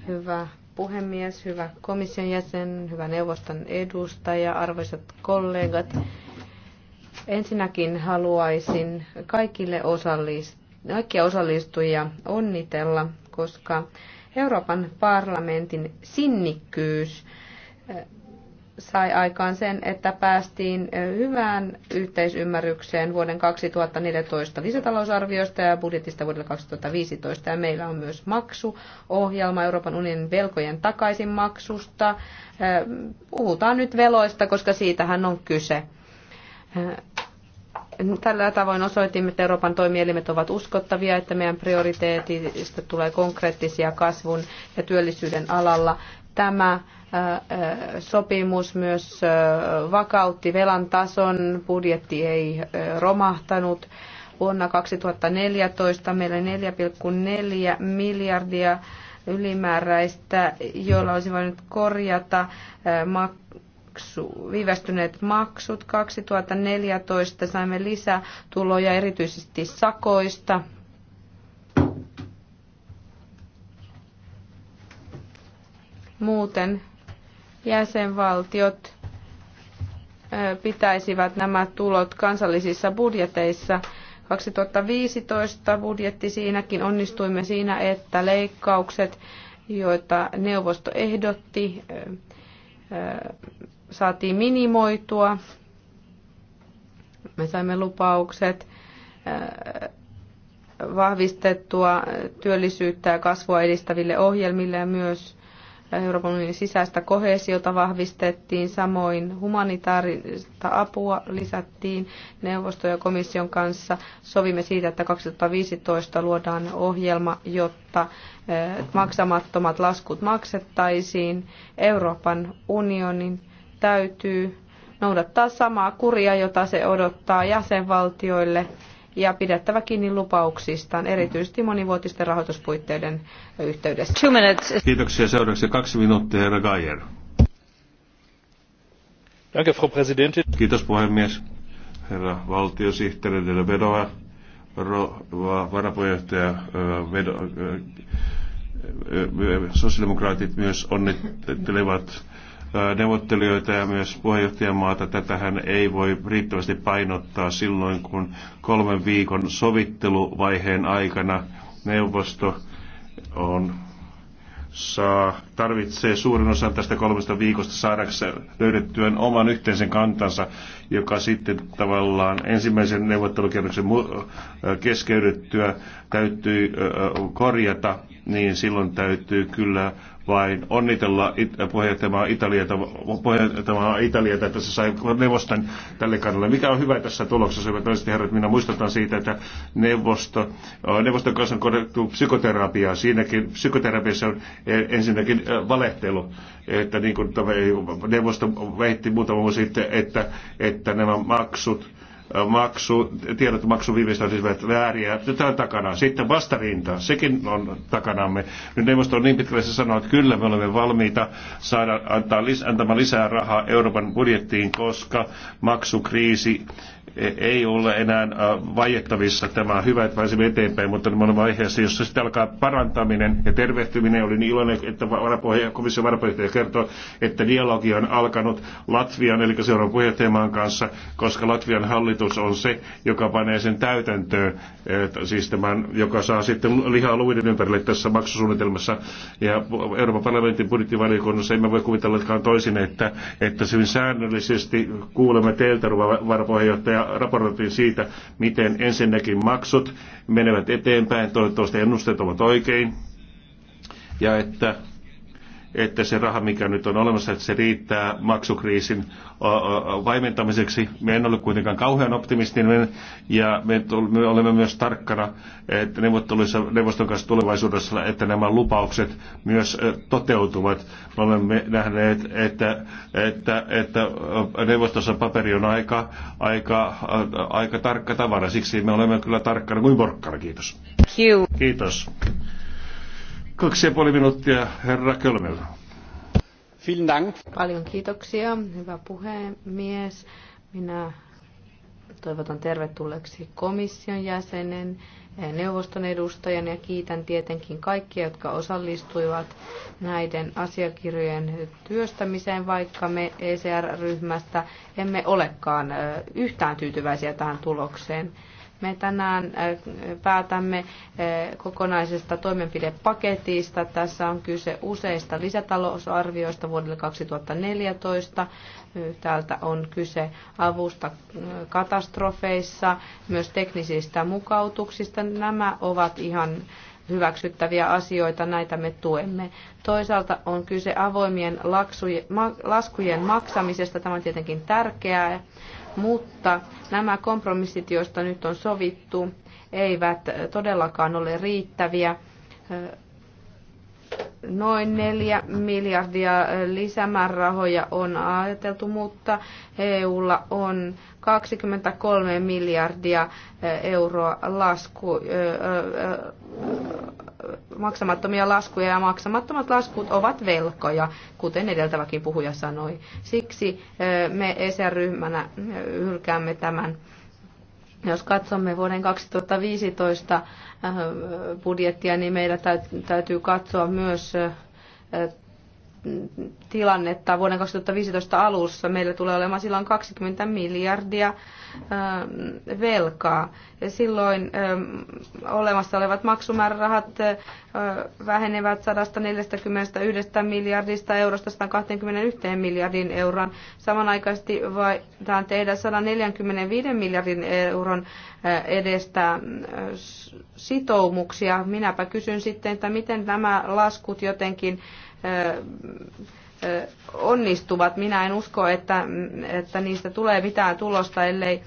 Hyvä puhemies, hyvä komission jäsen, hyvä neuvoston edustaja, arvoisat kollegat. Ensinnäkin haluaisin kaikille osallist, kaikkia osallistujia onnitella, koska Euroopan parlamentin sinnikkyys sai aikaan sen, että päästiin hyvään yhteisymmärrykseen vuoden 2014 lisätalousarviosta ja budjetista vuodelle 2015. Ja meillä on myös maksuohjelma Euroopan unionin velkojen takaisinmaksusta. Puhutaan nyt veloista, koska siitähän on kyse. Tällä tavoin osoitimme, että Euroopan toimielimet ovat uskottavia, että meidän prioriteetista tulee konkreettisia kasvun ja työllisyyden alalla. Tämä sopimus myös vakautti velan tason, budjetti ei romahtanut. Vuonna 2014 meillä 4,4 miljardia ylimääräistä, joilla olisi voinut korjata maksu, viivästyneet maksut. 2014 saimme lisätuloja erityisesti sakoista. Muuten jäsenvaltiot pitäisivät nämä tulot kansallisissa budjeteissa. 2015 budjetti siinäkin onnistuimme siinä, että leikkaukset, joita neuvosto ehdotti, saatiin minimoitua. Me saimme lupaukset vahvistettua työllisyyttä ja kasvua edistäville ohjelmille ja myös Euroopan unionin sisäistä kohesiota vahvistettiin, samoin humanitaarista apua lisättiin neuvosto ja komission kanssa. Sovimme siitä, että 2015 luodaan ohjelma, jotta eh, maksamattomat laskut maksettaisiin. Euroopan unionin täytyy noudattaa samaa kuria, jota se odottaa jäsenvaltioille – ja pidettävä kiinni lupauksistaan, erityisesti monivuotisten rahoituspuitteiden yhteydessä. Kiitoksia. Seuraavaksi kaksi minuuttia, herra Geier. Kiitos puhemies. Herra valtiosihteeri Vedova, varapuheenjohtaja Vedova, sosiaalidemokraatit myös onnittelevat Äh, neuvottelijoita ja myös puheenjohtajamaata. Tätähän ei voi riittävästi painottaa silloin, kun kolmen viikon sovitteluvaiheen aikana neuvosto on saa, tarvitsee suurin osan tästä kolmesta viikosta saadakseen löydettyön oman yhteisen kantansa, joka sitten tavallaan ensimmäisen neuvottelukierroksen äh, keskeydyttyä täytyy äh, korjata, niin silloin täytyy kyllä vain onnitella it, puheenjohtajamaa Italiata, puheenjohtajamaa Italiata, että se sai neuvoston tälle kannalle. Mikä on hyvä tässä tuloksessa, hyvät naiset herrat, minä muistutan siitä, että neuvosto, äh, neuvoston kanssa on korjattu psykoterapiaa. Siinäkin psykoterapiassa on e, ensinnäkin äh, valehtelu, että niin kuin neuvosto väitti muutama vuosi sitten, että, että nämä maksut, maksu, tiedot maksuviivistä olisivat vääriä. Tämä on takana. Sitten vastarinta, sekin on takanamme. Nyt neuvosto on niin pitkälle se sanoo, että kyllä me olemme valmiita saada, antaa, antamaan lisää rahaa Euroopan budjettiin, koska maksukriisi ei ole enää äh, vaiettavissa. Tämä on hyvä, että pääsemme eteenpäin, mutta me olemme vaiheessa, jossa sitten alkaa parantaminen ja tervehtyminen. Olin niin iloinen, että varapuheenjohtaja, komission varapuheenjohtaja kertoo, että dialogi on alkanut Latvian, eli seuraavan puheenjohtajamaan kanssa, koska Latvian hallitus on se, joka panee sen täytäntöön, siis tämän, joka saa sitten lihaa luiden ympärille tässä maksusuunnitelmassa. Ja Euroopan parlamentin budjettivaliokunnassa emme voi kuvitellakaan toisin, että, että hyvin säännöllisesti kuulemme teiltä, varapuheenjohtaja, raportoitiin siitä, miten ensinnäkin maksut menevät eteenpäin, toivottavasti ennusteet ovat oikein, ja että että se raha, mikä nyt on olemassa, että se riittää maksukriisin vaimentamiseksi. Me en ole kuitenkaan kauhean optimistinen ja me, me olemme myös tarkkana, että neuvotteluissa neuvoston kanssa tulevaisuudessa, että nämä lupaukset myös toteutuvat. Me olemme nähneet, että, että, että neuvostossa paperi on aika, aika, aika tarkka tavara. Siksi me olemme kyllä tarkkana kuin porkkana. Kiitos. Kiitos. Kaksi ja puoli minuuttia, herra Kölmel. Paljon kiitoksia, hyvä puhemies. Minä toivotan tervetulleeksi komission jäsenen, neuvoston edustajan ja kiitän tietenkin kaikkia, jotka osallistuivat näiden asiakirjojen työstämiseen, vaikka me ECR-ryhmästä emme olekaan yhtään tyytyväisiä tähän tulokseen. Me tänään äh, päätämme äh, kokonaisesta toimenpidepaketista. Tässä on kyse useista lisätalousarvioista vuodelle 2014. Täältä on kyse avusta äh, katastrofeissa, myös teknisistä mukautuksista. Nämä ovat ihan hyväksyttäviä asioita, näitä me tuemme. Toisaalta on kyse avoimien laskujen maksamisesta, tämä on tietenkin tärkeää, mutta nämä kompromissit, joista nyt on sovittu, eivät todellakaan ole riittäviä noin neljä miljardia lisämäärärahoja on ajateltu, mutta EUlla on 23 miljardia eh, euroa lasku, eh, eh, maksamattomia laskuja ja maksamattomat laskut ovat velkoja, kuten edeltäväkin puhuja sanoi. Siksi me ESR-ryhmänä hylkäämme tämän jos katsomme vuoden 2015 äh, budjettia, niin meidän täytyy katsoa myös äh, tilannetta vuoden 2015 alussa. Meillä tulee olemaan silloin 20 miljardia ähm, velkaa. Ja silloin ähm, olemassa olevat maksumäärärahat äh, vähenevät 141 miljardista eurosta 121 miljardin euron. Samanaikaisesti voidaan tehdä 145 miljardin euron äh, edestä äh, sitoumuksia. Minäpä kysyn sitten, että miten nämä laskut jotenkin onnistuvat. Minä en usko, että, että niistä tulee mitään tulosta, ellei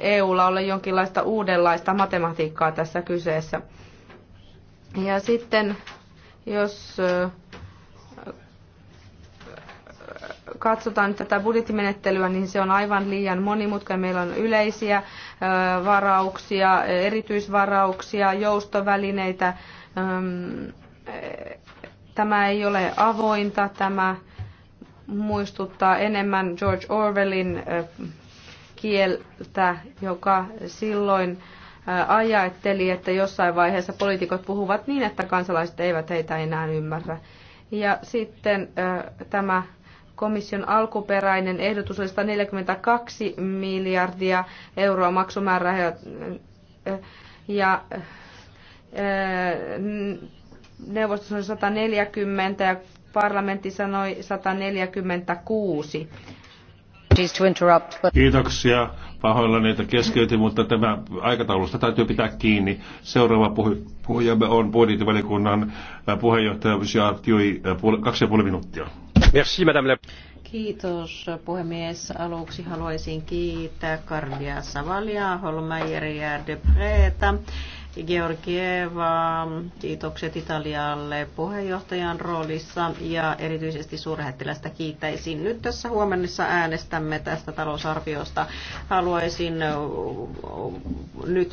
EUlla ole jonkinlaista uudenlaista matematiikkaa tässä kyseessä. Ja sitten jos katsotaan tätä budjettimenettelyä, niin se on aivan liian monimutkainen. Meillä on yleisiä varauksia, erityisvarauksia, joustovälineitä, Tämä ei ole avointa, tämä muistuttaa enemmän George Orwellin kieltä, joka silloin ajatteli, että jossain vaiheessa poliitikot puhuvat niin, että kansalaiset eivät heitä enää ymmärrä. Ja sitten tämä komission alkuperäinen ehdotus oli 142 miljardia euroa maksumäärää ja neuvosto sanoi 140 ja parlamentti sanoi 146. Kiitoksia. Pahoillani, että keskeytin, mutta tämä aikataulusta täytyy pitää kiinni. Seuraava puhujamme on budjettivaliokunnan puheenjohtaja Jean Thiui, äh, kaksi ja puoli minuuttia. Merci, madame. Kiitos puhemies. Aluksi haluaisin kiittää Kardia Savalia, Holmeieria ja Depreta Georgieva, kiitokset Italialle puheenjohtajan roolissa ja erityisesti suurhettilästä kiittäisin. Nyt tässä huomennessa äänestämme tästä talousarviosta. Haluaisin äh, nyt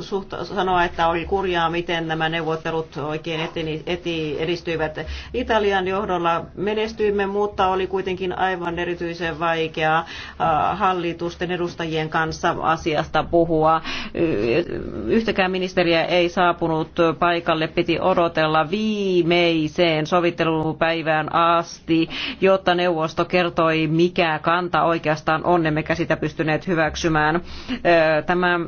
suht- sanoa, että oli kurjaa, miten nämä neuvottelut oikein eteni, eti edistyivät. Italian johdolla menestyimme, mutta oli kuitenkin aivan erityisen vaikeaa äh, hallitusten edustajien kanssa asiasta puhua äh, Yhtäkään ministeriä ei saapunut paikalle, piti odotella viimeiseen sovittelupäivään asti, jotta neuvosto kertoi, mikä kanta oikeastaan on, emmekä sitä pystyneet hyväksymään. Tämä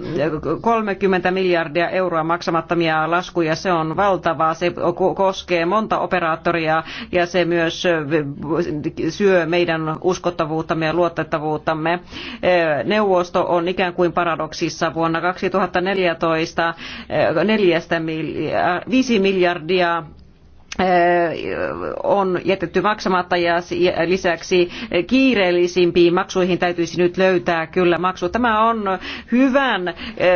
30 miljardia euroa maksamattomia laskuja, se on valtavaa, se koskee monta operaattoria ja se myös syö meidän uskottavuuttamme ja luotettavuuttamme. Neuvosto on ikään kuin paradoksissa vuonna 2014 dollarista 4 eh, viisi miljardia on jätetty maksamatta ja lisäksi kiireellisimpiin maksuihin täytyisi nyt löytää kyllä maksu. Tämä on hyvän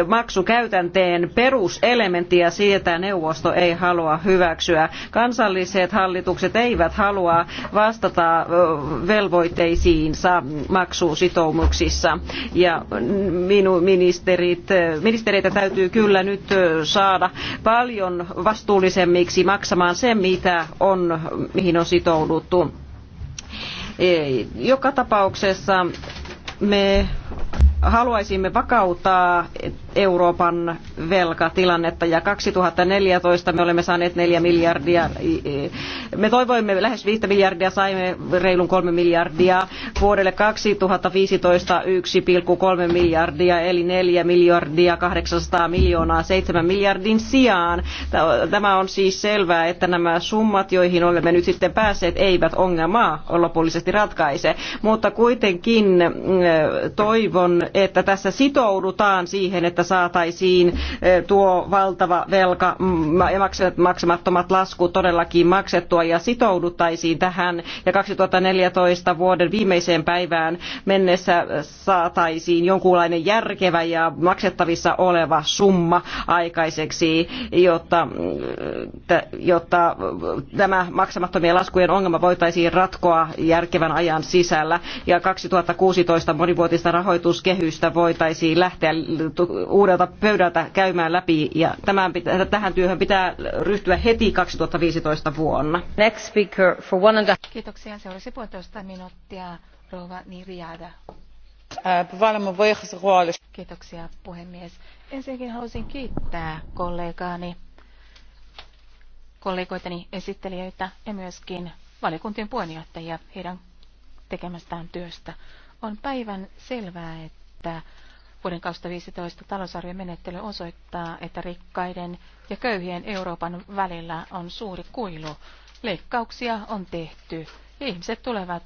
maksukäytänteen peruselementti ja siitä neuvosto ei halua hyväksyä. Kansalliset hallitukset eivät halua vastata velvoitteisiinsa maksusitoumuksissa ja minun ministerit, ministeriitä täytyy kyllä nyt saada paljon vastuullisemmiksi maksamaan sen, mitä on, mihin on sitouduttu. Joka tapauksessa me haluaisimme vakauttaa Euroopan velkatilannetta ja 2014 me olemme saaneet 4 miljardia. Me toivoimme lähes 5 miljardia, saimme reilun 3 miljardia. Vuodelle 2015 1,3 miljardia eli 4 miljardia 800 miljoonaa 7 miljardin sijaan. Tämä on siis selvää, että nämä summat, joihin olemme nyt sitten päässeet, eivät ongelmaa lopullisesti ratkaise. Mutta kuitenkin mm, toivon, että tässä sitoudutaan siihen, että saataisiin tuo valtava velka ja maksamattomat laskut todellakin maksettua ja sitouduttaisiin tähän ja 2014 vuoden viimeiseen päivään mennessä saataisiin jonkunlainen järkevä ja maksettavissa oleva summa aikaiseksi, jotta, jotta tämä maksamattomien laskujen ongelma voitaisiin ratkoa järkevän ajan sisällä ja 2016 monivuotista rahoituskehystä voitaisiin lähteä uudelta pöydältä käymään läpi ja tämän, tähän työhön pitää ryhtyä heti 2015 vuonna. Next speaker for one and a... Kiitoksia. Seuraavaksi puolitoista minuuttia. Rouva Niriada. Kiitoksia puhemies. Ensinnäkin haluaisin kiittää kollegaani, kollegoitani esittelijöitä ja myöskin valiokuntien puheenjohtajia heidän tekemästään työstä. On päivän selvää, että Vuoden 2015 talousarviomenettely osoittaa, että rikkaiden ja köyhien Euroopan välillä on suuri kuilu. Leikkauksia on tehty ja ihmiset tulevat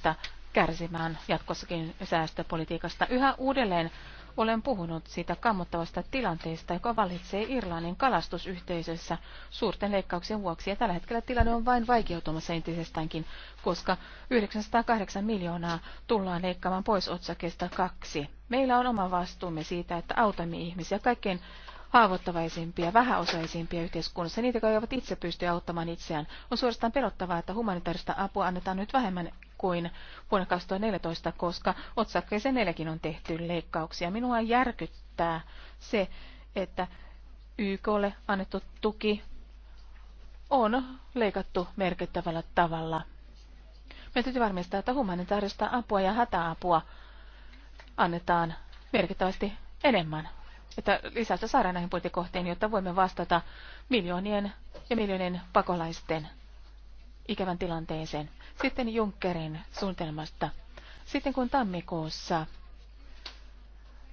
kärsimään jatkossakin säästöpolitiikasta. Yhä uudelleen olen puhunut siitä kammottavasta tilanteesta, joka valitsee Irlannin kalastusyhteisössä suurten leikkauksien vuoksi. Ja tällä hetkellä tilanne on vain vaikeutumassa entisestäänkin, koska 908 miljoonaa tullaan leikkaamaan pois otsakesta kaksi. Meillä on oma vastuumme siitä, että autamme ihmisiä kaikkein haavoittavaisimpia, vähäosaisimpia yhteiskunnassa, niitä, jotka eivät itse pysty auttamaan itseään. On suorastaan pelottavaa, että humanitaarista apua annetaan nyt vähemmän kuin vuonna 2014, koska otsakkeeseen neljäkin on tehty leikkauksia. Minua järkyttää se, että YKlle annettu tuki on leikattu merkittävällä tavalla. Me täytyy varmistaa, että humanitaarista apua ja hätäapua annetaan merkittävästi enemmän, että lisäystä saadaan näihin budjettikohtiin, jotta voimme vastata miljoonien ja miljoonien pakolaisten ikävän tilanteeseen. Sitten Junckerin suunnitelmasta. Sitten kun tammikuussa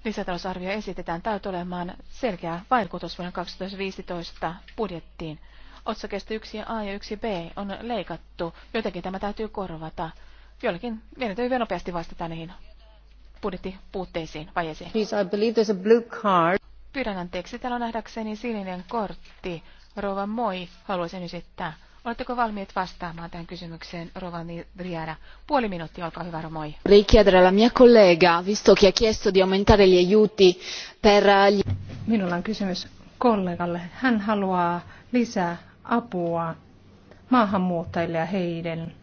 lisätalousarvio esitetään, täytyy olemaan selkeä vaikutus vuoden 2015 budjettiin. Otsakesta 1a ja 1b on leikattu, jotenkin tämä täytyy korvata. Jollakin meidän täytyy nopeasti vastata niihin budjettipuutteisiin, vajeisiin. Pyydän anteeksi, täällä on nähdäkseni sininen kortti. Rova Moi haluaisin esittää. Oletteko valmiit vastaamaan tähän kysymykseen, Rovani Riera? Puoli minuuttia, olkaa hyvä, Romoi. Vorrei chiedere alla mia collega, visto che ha chiesto di aumentare gli aiuti per... Eh, Minulla on kysymys kollegalle. Hän haluaa lisää apua maahanmuuttajille ja heidän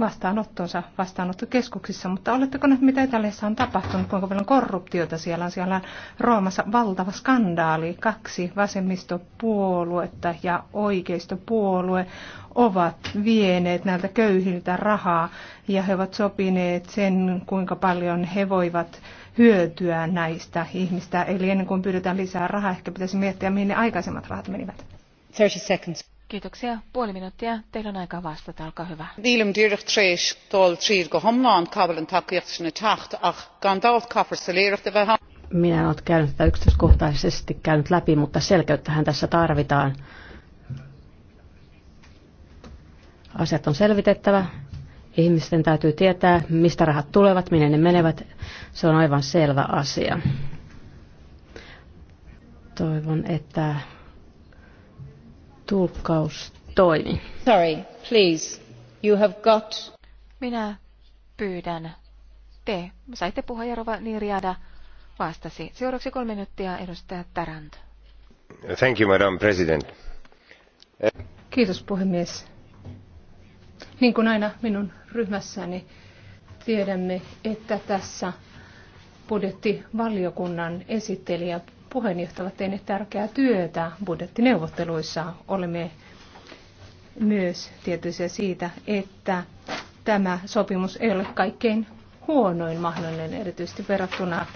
vastaanottonsa vastaanottokeskuksissa, mutta oletteko nyt, mitä Italiassa on tapahtunut, kuinka paljon korruptiota siellä on? Siellä on Roomassa valtava skandaali. Kaksi vasemmistopuoluetta ja oikeistopuolue ovat vieneet näiltä köyhiltä rahaa ja he ovat sopineet sen, kuinka paljon he voivat hyötyä näistä ihmistä. Eli ennen kuin pyydetään lisää rahaa, ehkä pitäisi miettiä, mihin ne aikaisemmat rahat menivät. 30 seconds. Kiitoksia. Puoli minuuttia. Teillä on aika vastata. Olkaa hyvä. Dílim dyrich treis tol triir go homlaan kabelin takiaksine taht ach gandalt kaffer selirahti vähän. Minä en ole käynyt tätä yksityiskohtaisesti käynyt läpi, mutta selkeyttähän tässä tarvitaan. Asiat on selvitettävä. Ihmisten täytyy tietää, mistä rahat tulevat, minne ne menevät. Se on aivan selvä asia. Toivon, että Tulkkaus toimi. Sorry, please. You have got... Minä pyydän. Te saitte puhua Jarova Niriada vastasi. Seuraavaksi kolme minuuttia edustaja Tarant. Thank you, Madam President. Kiitos puhemies. Niin kuin aina minun ryhmässäni tiedämme, että tässä budjettivaliokunnan esittelijä puheenjohtaja ovat tehneet tärkeää työtä budjettineuvotteluissa. Olemme myös tietoisia siitä, että tämä sopimus ei ole kaikkein huonoin mahdollinen, erityisesti verrattuna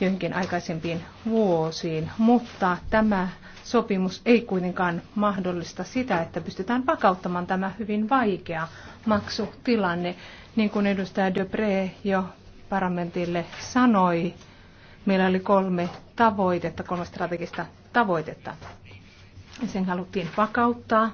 joihinkin aikaisempiin vuosiin, mutta tämä sopimus ei kuitenkaan mahdollista sitä, että pystytään vakauttamaan tämä hyvin vaikea maksutilanne. Niin kuin edustaja Debre jo parlamentille sanoi, meillä oli kolme tavoitetta, kolme strategista tavoitetta. Sen haluttiin vakauttaa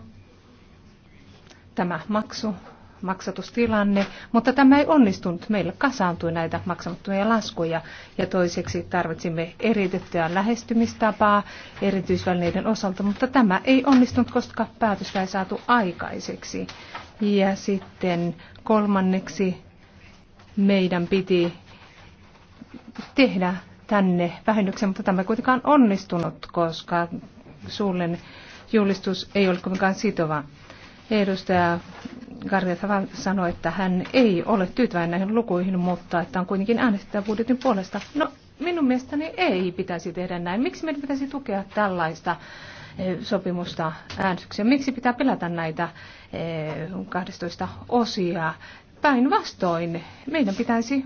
tämä maksu, maksatustilanne, mutta tämä ei onnistunut. Meillä kasaantui näitä maksamattomia laskuja ja toiseksi tarvitsimme eritettyä lähestymistapaa erityisvälineiden osalta, mutta tämä ei onnistunut, koska päätöstä ei saatu aikaiseksi. Ja sitten kolmanneksi meidän piti tehdä tänne vähennyksen, mutta tämä ei kuitenkaan onnistunut, koska suullinen julistus ei ole kuitenkaan sitova. Edustaja Garja sanoi, että hän ei ole tyytyväinen näihin lukuihin, mutta että on kuitenkin äänestettävä budjetin puolesta. No, minun mielestäni ei pitäisi tehdä näin. Miksi meidän pitäisi tukea tällaista eh, sopimusta äänestyksiä? Miksi pitää pelätä näitä 12 eh, osia? Päinvastoin meidän pitäisi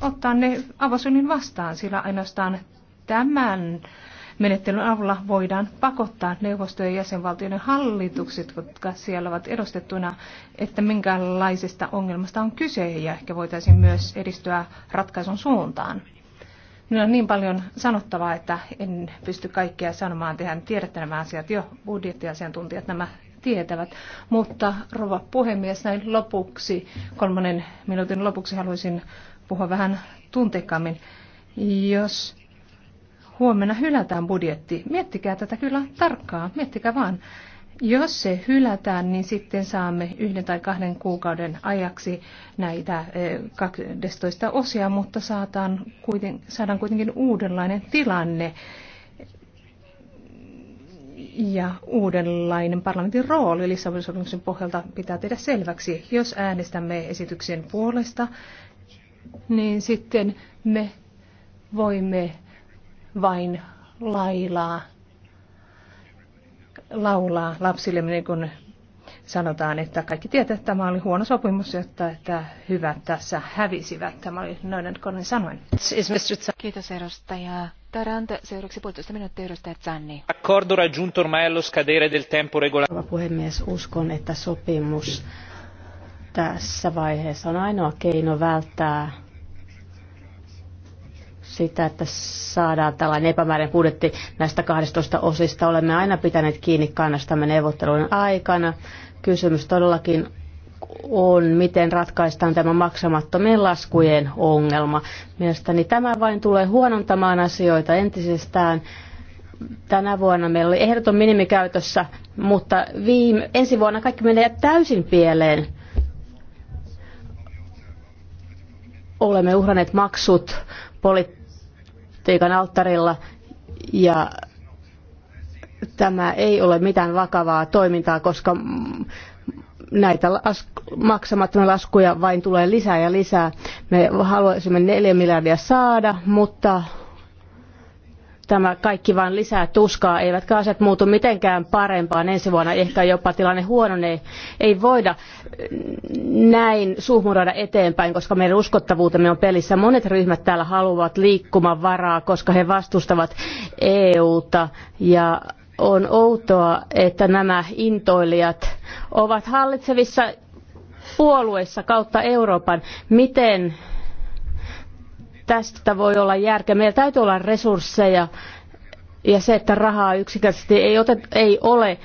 ottaa ne avosylin vastaan, sillä ainoastaan tämän menettelyn avulla voidaan pakottaa neuvostojen jäsenvaltioiden hallitukset, jotka siellä ovat edustettuina, että minkälaisesta ongelmasta on kyse ja ehkä voitaisiin myös edistyä ratkaisun suuntaan. Minulla on niin paljon sanottavaa, että en pysty kaikkea sanomaan. Tehän tiedätte nämä asiat jo, budjettiasiantuntijat nämä tietävät. Mutta rouva puhemies, näin lopuksi, kolmannen minuutin lopuksi haluaisin puhua vähän tunteikkaammin. Jos huomenna hylätään budjetti, miettikää tätä kyllä tarkkaan, miettikää vaan. Jos se hylätään, niin sitten saamme yhden tai kahden kuukauden ajaksi näitä 12 eh, osia, mutta saataan kuiten, saadaan kuitenkin uudenlainen tilanne ja uudenlainen parlamentin rooli Lissabonin sopimuksen pohjalta pitää tehdä selväksi. Jos äänestämme esityksen puolesta, niin sitten me voimme vain lailaa, laulaa lapsille, niin kuin sanotaan, että kaikki tietävät, että tämä oli huono sopimus, jotta että hyvät tässä hävisivät. Tämä oli noiden konin sanoen. Kiitos edustaja Taranta. Seuraavaksi puolitoista minuuttia edustaja Zanni. Accordo raggiunto ormai allo scadere del tempo regolare. puhemies, uskon, että sopimus tässä vaiheessa on ainoa keino välttää sitä, että saadaan tällainen epämääräinen budjetti näistä 12 osista. Olemme aina pitäneet kiinni kannastamme neuvottelujen aikana. Kysymys todellakin on, miten ratkaistaan tämä maksamattomien laskujen ongelma. Mielestäni tämä vain tulee huonontamaan asioita entisestään. Tänä vuonna meillä oli ehdoton minimikäytössä, mutta viime, ensi vuonna kaikki menee täysin pieleen olemme uhranneet maksut politiikan alttarilla ja tämä ei ole mitään vakavaa toimintaa, koska näitä maksamattomia laskuja vain tulee lisää ja lisää. Me haluaisimme neljä miljardia saada, mutta tämä kaikki vain lisää tuskaa, eivätkä asiat muutu mitenkään parempaan ensi vuonna, ehkä jopa tilanne huononee. Ei voida näin suhmuroida eteenpäin, koska meidän uskottavuutemme on pelissä. Monet ryhmät täällä haluavat liikkumavaraa, koska he vastustavat EUta ja on outoa, että nämä intoilijat ovat hallitsevissa puolueissa kautta Euroopan. Miten Tästä voi olla järkeä. Meillä täytyy olla resursseja ja se, että rahaa yksinkertaisesti ei, otet, ei ole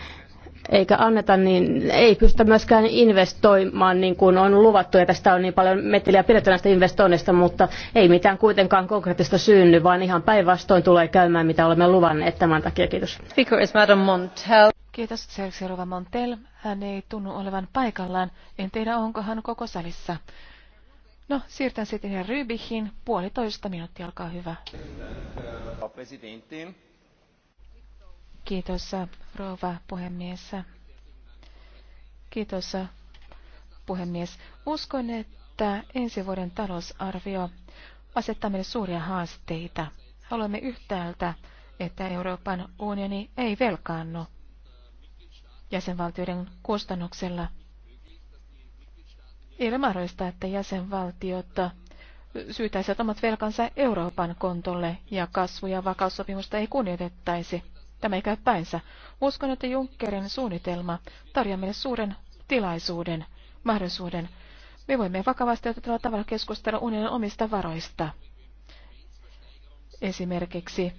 eikä anneta, niin ei pystytä myöskään investoimaan niin kuin on luvattu. Ja tästä on niin paljon metteliä pidetty näistä investoinnista, mutta ei mitään kuitenkaan konkreettista synny, vaan ihan päinvastoin tulee käymään, mitä olemme luvanneet tämän takia. Kiitos. Speaker is Madam Montel. Kiitos, Seurava Montel. Hän ei tunnu olevan paikallaan. En tiedä, onko hän koko salissa. No, siirtän sitten ihan Rybihin. Puolitoista minuuttia, olkaa hyvä. Kiitos, äh, rouva puhemies. Kiitos, äh, puhemies. Uskon, että ensi vuoden talousarvio asettaa meille suuria haasteita. Haluamme yhtäältä, että Euroopan unioni ei velkaannu jäsenvaltioiden kustannuksella – ei ole mahdollista, että jäsenvaltiot syytäisivät omat velkansa Euroopan kontolle ja kasvu- ja vakaussopimusta ei kunnioitettaisi. Tämä ei käy päinsä. Uskon, että Junckerin suunnitelma tarjoaa meille suuren tilaisuuden, mahdollisuuden. Me voimme vakavasti otettavalla tavalla keskustella unionin omista varoista. Esimerkiksi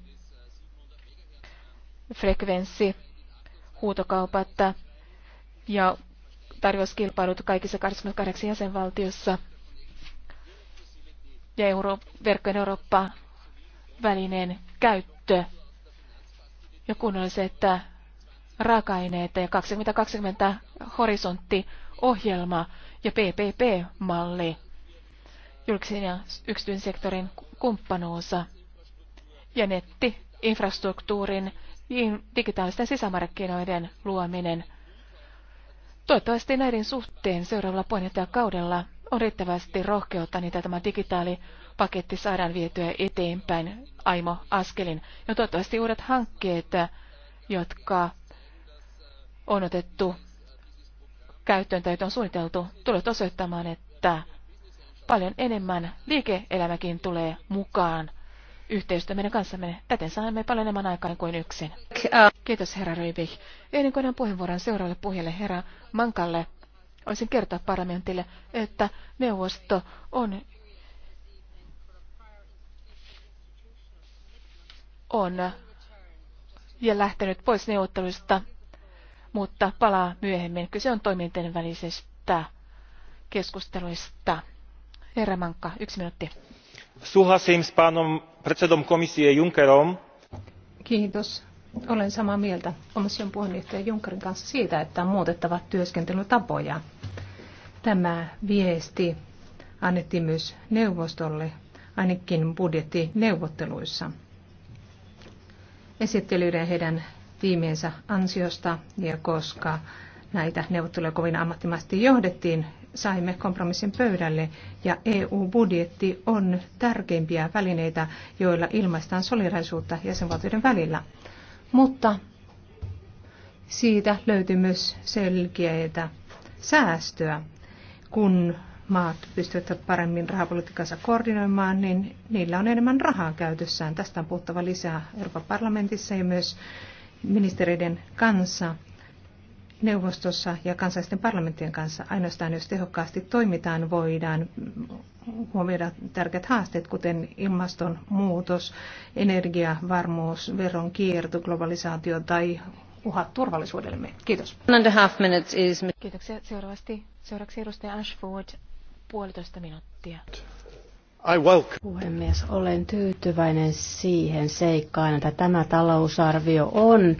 frekvenssi, huutokaupat ja tarjouskilpailut kaikissa 28 jäsenvaltiossa ja Euro- verkkojen Eurooppa-välineen käyttö ja että raaka-aineet ja 2020 ohjelma ja PPP-malli, julkisen ja yksityisen sektorin kumppanuus ja netti, infrastruktuurin, digitaalisten sisämarkkinoiden luominen – Toivottavasti näiden suhteen seuraavalla puheenjohtajakaudella on riittävästi rohkeutta, niin tämä digitaalipaketti saadaan vietyä eteenpäin aimo askelin. Ja toivottavasti uudet hankkeet, jotka on otettu käyttöön tai on suunniteltu, tulevat osoittamaan, että paljon enemmän liike-elämäkin tulee mukaan yhteistyö meidän kanssamme. Täten saamme paljon enemmän aikaa kuin yksin. Kiitos herra Rybik. Ennen kuin puheenvuoron seuraavalle puhelle herra Mankalle, olisin kertoa parlamentille, että neuvosto on on ja lähtenyt pois neuvotteluista, mutta palaa myöhemmin. Kyse on toimintojen välisestä keskusteluista. Herra Mankka, yksi minuutti súhlasím s pánom predsedom komisie Junckerom. Kiitos. Olen samaa mieltä komission puheenjohtaja Junckerin kanssa siitä, että on muutettava työskentelytapoja. Tämä viesti annettiin myös neuvostolle, ainakin budjettineuvotteluissa. Esittelyiden heidän tiimiensä ansiosta ja koska näitä neuvotteluja kovin ammattimaisesti johdettiin, saimme kompromissin pöydälle ja EU-budjetti on tärkeimpiä välineitä, joilla ilmaistaan solidaisuutta jäsenvaltioiden välillä. Mutta siitä löytyy myös selkeitä säästöä. Kun maat pystyvät paremmin rahapolitiikassa koordinoimaan, niin niillä on enemmän rahaa käytössään. Tästä on puhuttava lisää Euroopan parlamentissa ja myös ministeriiden kanssa neuvostossa ja kansallisten parlamenttien kanssa. Ainoastaan jos tehokkaasti toimitaan, voidaan huomioida tärkeät haasteet, kuten ilmastonmuutos, energiavarmuus, veronkierto, globalisaatio tai uhat turvallisuudellemme. Kiitos. Kiitoksia. Seuraavasti, seuraavaksi edustaja Ashford, puolitoista minuuttia. I Puhemies, olen tyytyväinen siihen seikkaan, että tämä talousarvio on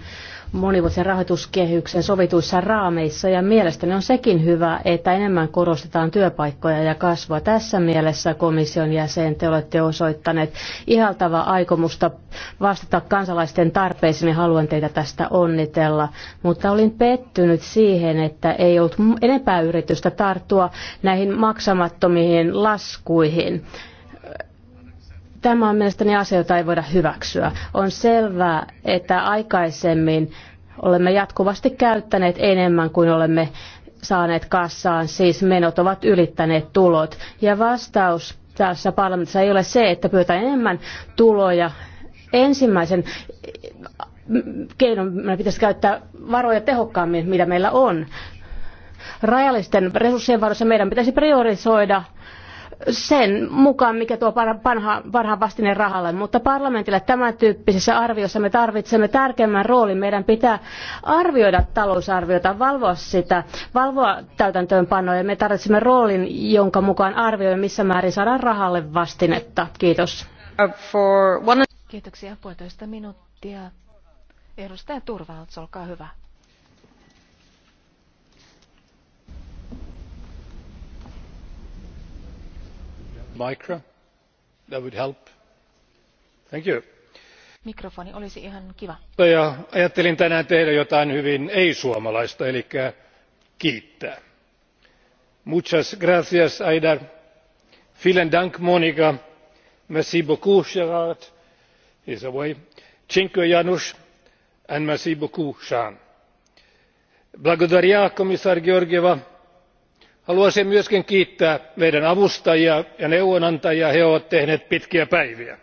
monivuotisen rahoituskehyksen sovituissa raameissa ja mielestäni on sekin hyvä, että enemmän korostetaan työpaikkoja ja kasvua. Tässä mielessä komission jäsen te olette osoittaneet ihaltavaa aikomusta vastata kansalaisten tarpeisiin ja haluan teitä tästä onnitella. Mutta olin pettynyt siihen, että ei ollut enempää yritystä tarttua näihin maksamattomiin laskuihin Tämä on mielestäni asia, jota ei voida hyväksyä. On selvää, että aikaisemmin olemme jatkuvasti käyttäneet enemmän kuin olemme saaneet kassaan, siis menot ovat ylittäneet tulot. Ja vastaus tässä parlamentissa ei ole se, että pyytään enemmän tuloja. Ensimmäisen keinon meidän pitäisi käyttää varoja tehokkaammin, mitä meillä on. Rajallisten resurssien varoissa meidän pitäisi priorisoida sen mukaan, mikä tuo parhaan vastineen rahalle. Mutta parlamentille tämän tyyppisessä arviossa me tarvitsemme tärkeimmän roolin. Meidän pitää arvioida talousarviota, valvoa sitä, valvoa täytäntöönpanoa ja me tarvitsemme roolin, jonka mukaan arvioimme, missä määrin saadaan rahalle vastinetta. Kiitos. Kiitoksia puolitoista minuuttia. Edustaja Turvalts, olkaa hyvä. micro. That would help. Thank you. Mikrofoni olisi ihan kiva. Ja ajattelin tänään tehdä jotain hyvin ei-suomalaista, eli kiittää. Muchas gracias, Aidar. Vielen dank, Monika. Merci beaucoup, Gerard. He's away. Cinque Janusz. And merci beaucoup, jean. Благодаря, комиссар Георгиева haluaisin myös kiittää meidän avustajiamme ja neuvonantajiamme he ovat tehneet pitkiä päiviä.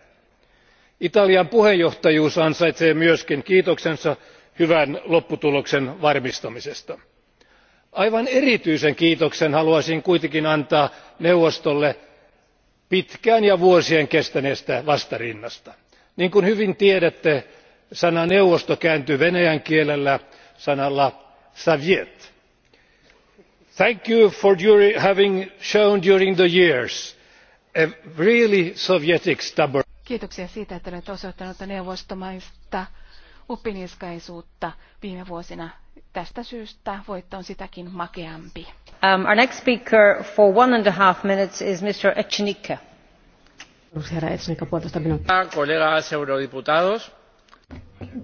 italian puheenjohtajuus ansaitsee myös kiitoksensa hyvän lopputuloksen varmistamisesta. aivan erityisen kiitoksen haluaisin kuitenkin antaa neuvostolle pitkään ja vuosien kestäneestä vastarinnasta. niin kuin hyvin tiedätte sana neuvosto kääntyy venäjän kielellä sanalla sovet thank you for having shown during the years a really soviet stubbornness. Kiitoksia siitä, että olet osoittanut neuvostomaista uppiniskaisuutta viime vuosina. Tästä syystä voitto on sitäkin makeampi. Um, our next speaker for one and a half minutes is Mr. Echenique.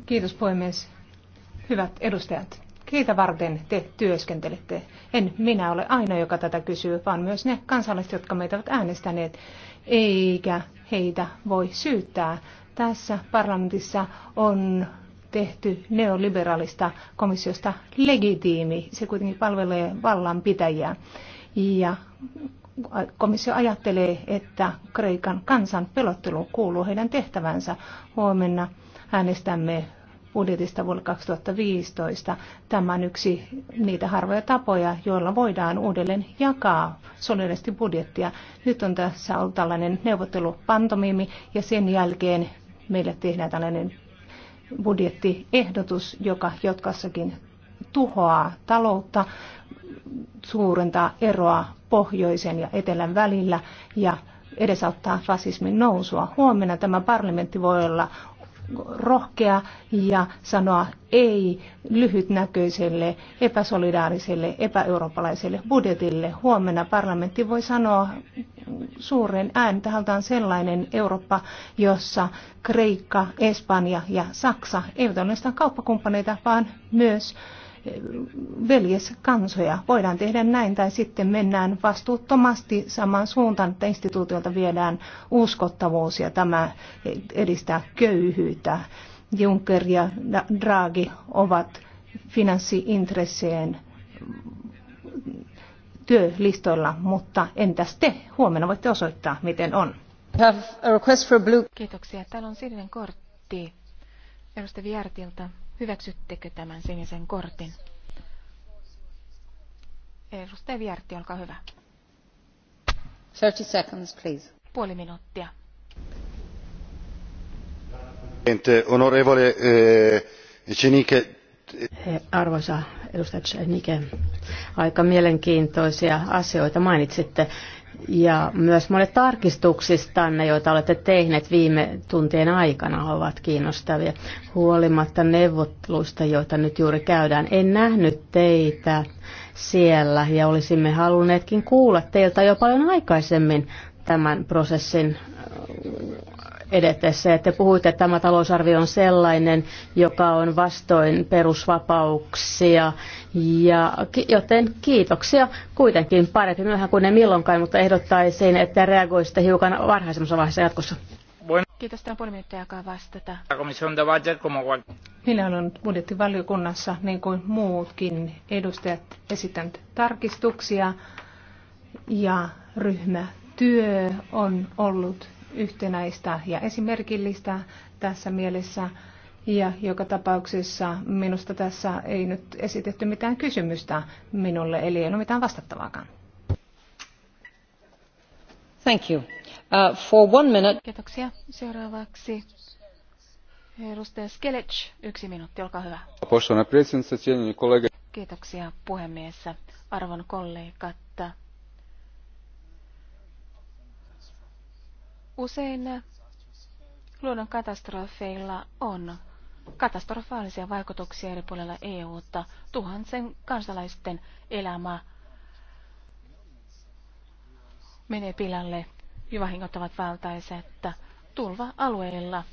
Kiitos puhemies. Hyvät edustajat keitä varten te työskentelette. En minä ole ainoa, joka tätä kysyy, vaan myös ne kansalaiset, jotka meitä ovat äänestäneet, eikä heitä voi syyttää. Tässä parlamentissa on tehty neoliberaalista komissiosta legitiimi. Se kuitenkin palvelee vallanpitäjiä. Ja komissio ajattelee, että Kreikan kansan pelottelu kuuluu heidän tehtävänsä. Huomenna äänestämme budjetista vuodelle 2015. Tämä on yksi niitä harvoja tapoja, joilla voidaan uudelleen jakaa solidaarisesti budjettia. Nyt on tässä ollut tällainen neuvottelupantomiimi ja sen jälkeen meille tehdään tällainen budjettiehdotus, joka jotkassakin tuhoaa taloutta, suurentaa eroa pohjoisen ja etelän välillä ja edesauttaa fasismin nousua. Huomenna tämä parlamentti voi olla rohkea ja sanoa ei lyhytnäköiselle, epäsolidaariselle, epäeurooppalaiselle budjetille. Huomenna parlamentti voi sanoa suuren ään Tähän sellainen Eurooppa, jossa Kreikka, Espanja ja Saksa eivät ole kauppakumppaneita, vaan myös veljeskansoja. Voidaan tehdä näin tai sitten mennään vastuuttomasti saman suuntaan, että instituutiolta viedään uskottavuus ja tämä edistää köyhyyttä. Juncker ja Draghi ovat finanssiintressien työlistoilla, mutta entäs te? Huomenna voitte osoittaa, miten on. Have a request for blue. Kiitoksia. Täällä on sininen kortti edustaja Viertilta. Hyväksyttekö tämän sinisen kortin? Edustaja Vierti, olkaa hyvä. 30 seconds, please. Puoli minuuttia. Eh, arvoisa edustaja Tsenike, aika mielenkiintoisia asioita mainitsitte. Ja myös monet tarkistuksistanne, joita olette tehneet viime tuntien aikana, ovat kiinnostavia. Huolimatta neuvotteluista, joita nyt juuri käydään, en nähnyt teitä siellä ja olisimme halunneetkin kuulla teiltä jo paljon aikaisemmin tämän prosessin edetessä. Te puhuitte, että tämä talousarvio on sellainen, joka on vastoin perusvapauksia. Ja, joten kiitoksia kuitenkin parempi myöhään kuin ne milloinkaan, mutta ehdottaisin, että reagoisitte hiukan varhaisemmassa vaiheessa jatkossa. Kiitos, tämä puoli minuuttia aikaa vastata. Minä olen budjettivaliokunnassa, niin kuin muutkin edustajat, esittänyt tarkistuksia ja ryhmätyö on ollut yhtenäistä ja esimerkillistä tässä mielessä. Ja joka tapauksessa minusta tässä ei nyt esitetty mitään kysymystä minulle, eli ei ole mitään vastattavaakaan. Thank you. Uh, for one minute. Kiitoksia. Seuraavaksi edustaja Skelec, yksi minuutti, olkaa hyvä. Kiitoksia puhemies, arvon kollegat. Usein luonnon katastrofeilla on katastrofaalisia vaikutuksia eri puolilla EU-ta, Tuhansen kansalaisten elämä menee pilalle ja vahingot ovat että Tulva-alueilla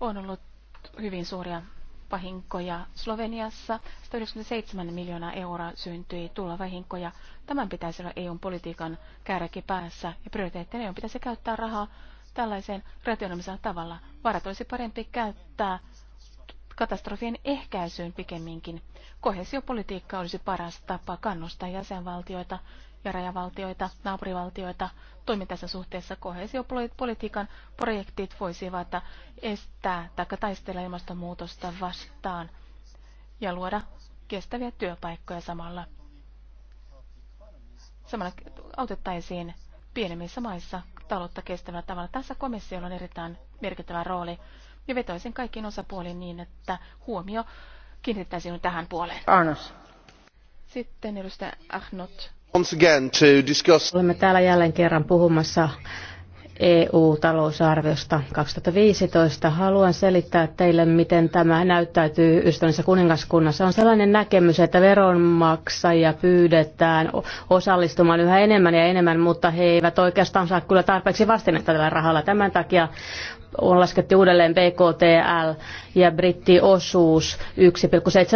on ollut hyvin suuria tulvavahinkoja Sloveniassa. 197 miljoonaa euroa syntyi tulvavahinkoja. Tämän pitäisi olla EUn politiikan kärki päässä ja prioriteettina EUn pitäisi käyttää rahaa tällaiseen rationaalisella tavalla. Varat olisi parempi käyttää katastrofien ehkäisyyn pikemminkin. Kohesiopolitiikka olisi paras tapa kannustaa jäsenvaltioita ja rajavaltioita, naapurivaltioita toimii tässä suhteessa. Kohesiopolitiikan projektit voisivat estää tai taistella ilmastonmuutosta vastaan ja luoda kestäviä työpaikkoja samalla. Samalla autettaisiin pienemmissä maissa taloutta kestävällä tavalla. Tässä komissiolla on erittäin merkittävä rooli ja vetoisin kaikkiin osapuoliin niin, että huomio kiinnitettäisiin tähän puoleen. Arnos. Sitten edustaja Ahnot. Once again to discuss... Olemme täällä jälleen kerran puhumassa EU-talousarviosta 2015. Haluan selittää teille, miten tämä näyttäytyy ystävänsä kuningaskunnassa. On sellainen näkemys, että veronmaksajia pyydetään osallistumaan yhä enemmän ja enemmän, mutta he eivät oikeastaan saa kyllä tarpeeksi vastinetta tällä rahalla. Tämän takia on laskettu uudelleen BKTL ja brittiosuus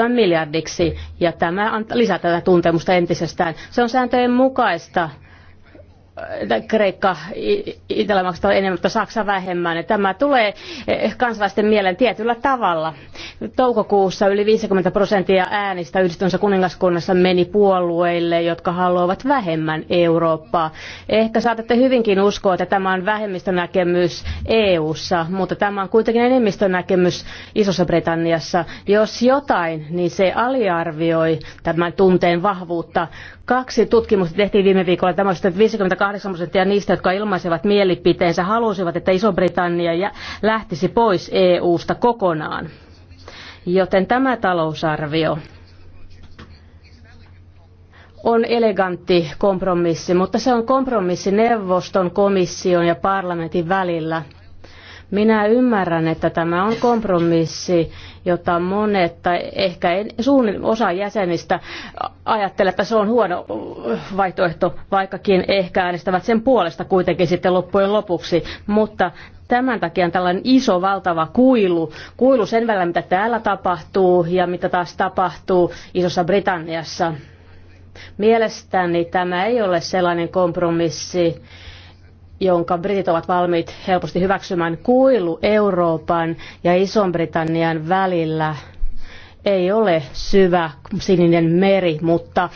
1,7 miljardiksi, ja tämä lisää tätä tuntemusta entisestään. Se on sääntöjen mukaista, Kreikka Italia maksaa enemmän, mutta Saksa vähemmän. Ja tämä tulee eh, kansalaisten mieleen tietyllä tavalla. Toukokuussa yli 50 prosenttia äänistä yhdistönsä kuningaskunnassa meni puolueille, jotka haluavat vähemmän Eurooppaa. Ehkä saatatte hyvinkin uskoa, että tämä on vähemmistönäkemys EU-ssa, mutta tämä on kuitenkin enemmistönäkemys Isossa Britanniassa. Jos jotain, niin se aliarvioi tämän tunteen vahvuutta. Kaksi tutkimusta tehtiin viime viikolla. Tämä 58 prosenttia niistä, jotka ilmaisevat mielipiteensä, halusivat, että Iso-Britannia lähtisi pois EU-sta kokonaan. Joten tämä talousarvio on elegantti kompromissi, mutta se on kompromissi neuvoston, komission ja parlamentin välillä – minä ymmärrän, että tämä on kompromissi, jota monet tai ehkä suurin osa jäsenistä ajattelee, että se on huono vaihtoehto, vaikkakin ehkä äänestävät sen puolesta kuitenkin sitten loppujen lopuksi. Mutta tämän takia on tällainen iso valtava kuilu, kuilu sen välillä, mitä täällä tapahtuu ja mitä taas tapahtuu Isossa Britanniassa. Mielestäni tämä ei ole sellainen kompromissi, jonka britit ovat valmiit helposti hyväksymään. Kuilu Euroopan ja Ison-Britannian välillä ei ole syvä sininen meri, mutta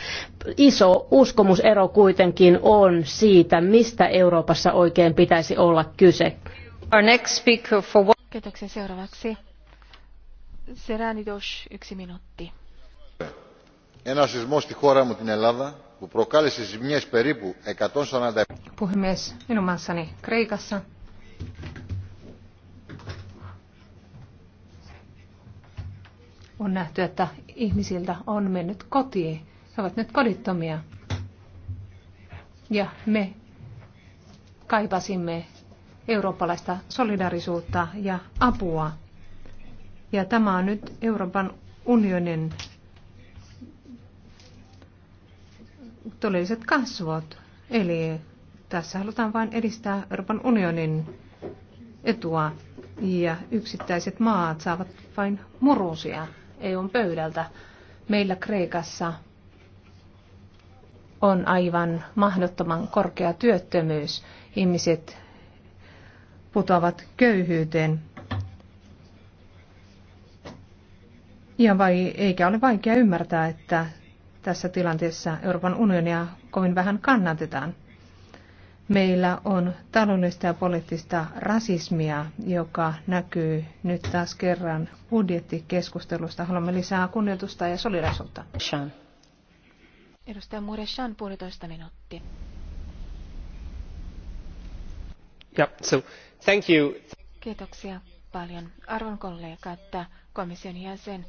iso uskomusero kuitenkin on siitä, mistä Euroopassa oikein pitäisi olla kyse. Our next speaker for... Kiitoksia seuraavaksi. Serani Dosh, yksi minuutti. Ένα σεισμό στη χώρα μου την Ελλάδα που προκάλεσε ζημιές περίπου Puhemies, minun maassani Kreikassa on nähty, että ihmisiltä on mennyt kotiin. He ovat nyt kodittomia. Ja me kaipasimme eurooppalaista solidarisuutta ja apua. Ja tämä on nyt Euroopan unionin todelliset kasvot. Eli tässä halutaan vain edistää Euroopan unionin etua ja yksittäiset maat saavat vain murusia EUn pöydältä. Meillä Kreikassa on aivan mahdottoman korkea työttömyys. Ihmiset putoavat köyhyyteen. Ja vai, eikä ole vaikea ymmärtää, että tässä tilanteessa Euroopan unionia kovin vähän kannatetaan. Meillä on taloudellista ja poliittista rasismia, joka näkyy nyt taas kerran budjettikeskustelusta. Haluamme lisää kunnioitusta ja solidaisuutta. Edustaja Mureshan, puolitoista minuuttia. Yeah, so, thank you. Kiitoksia paljon arvon kollega, että komission jäsen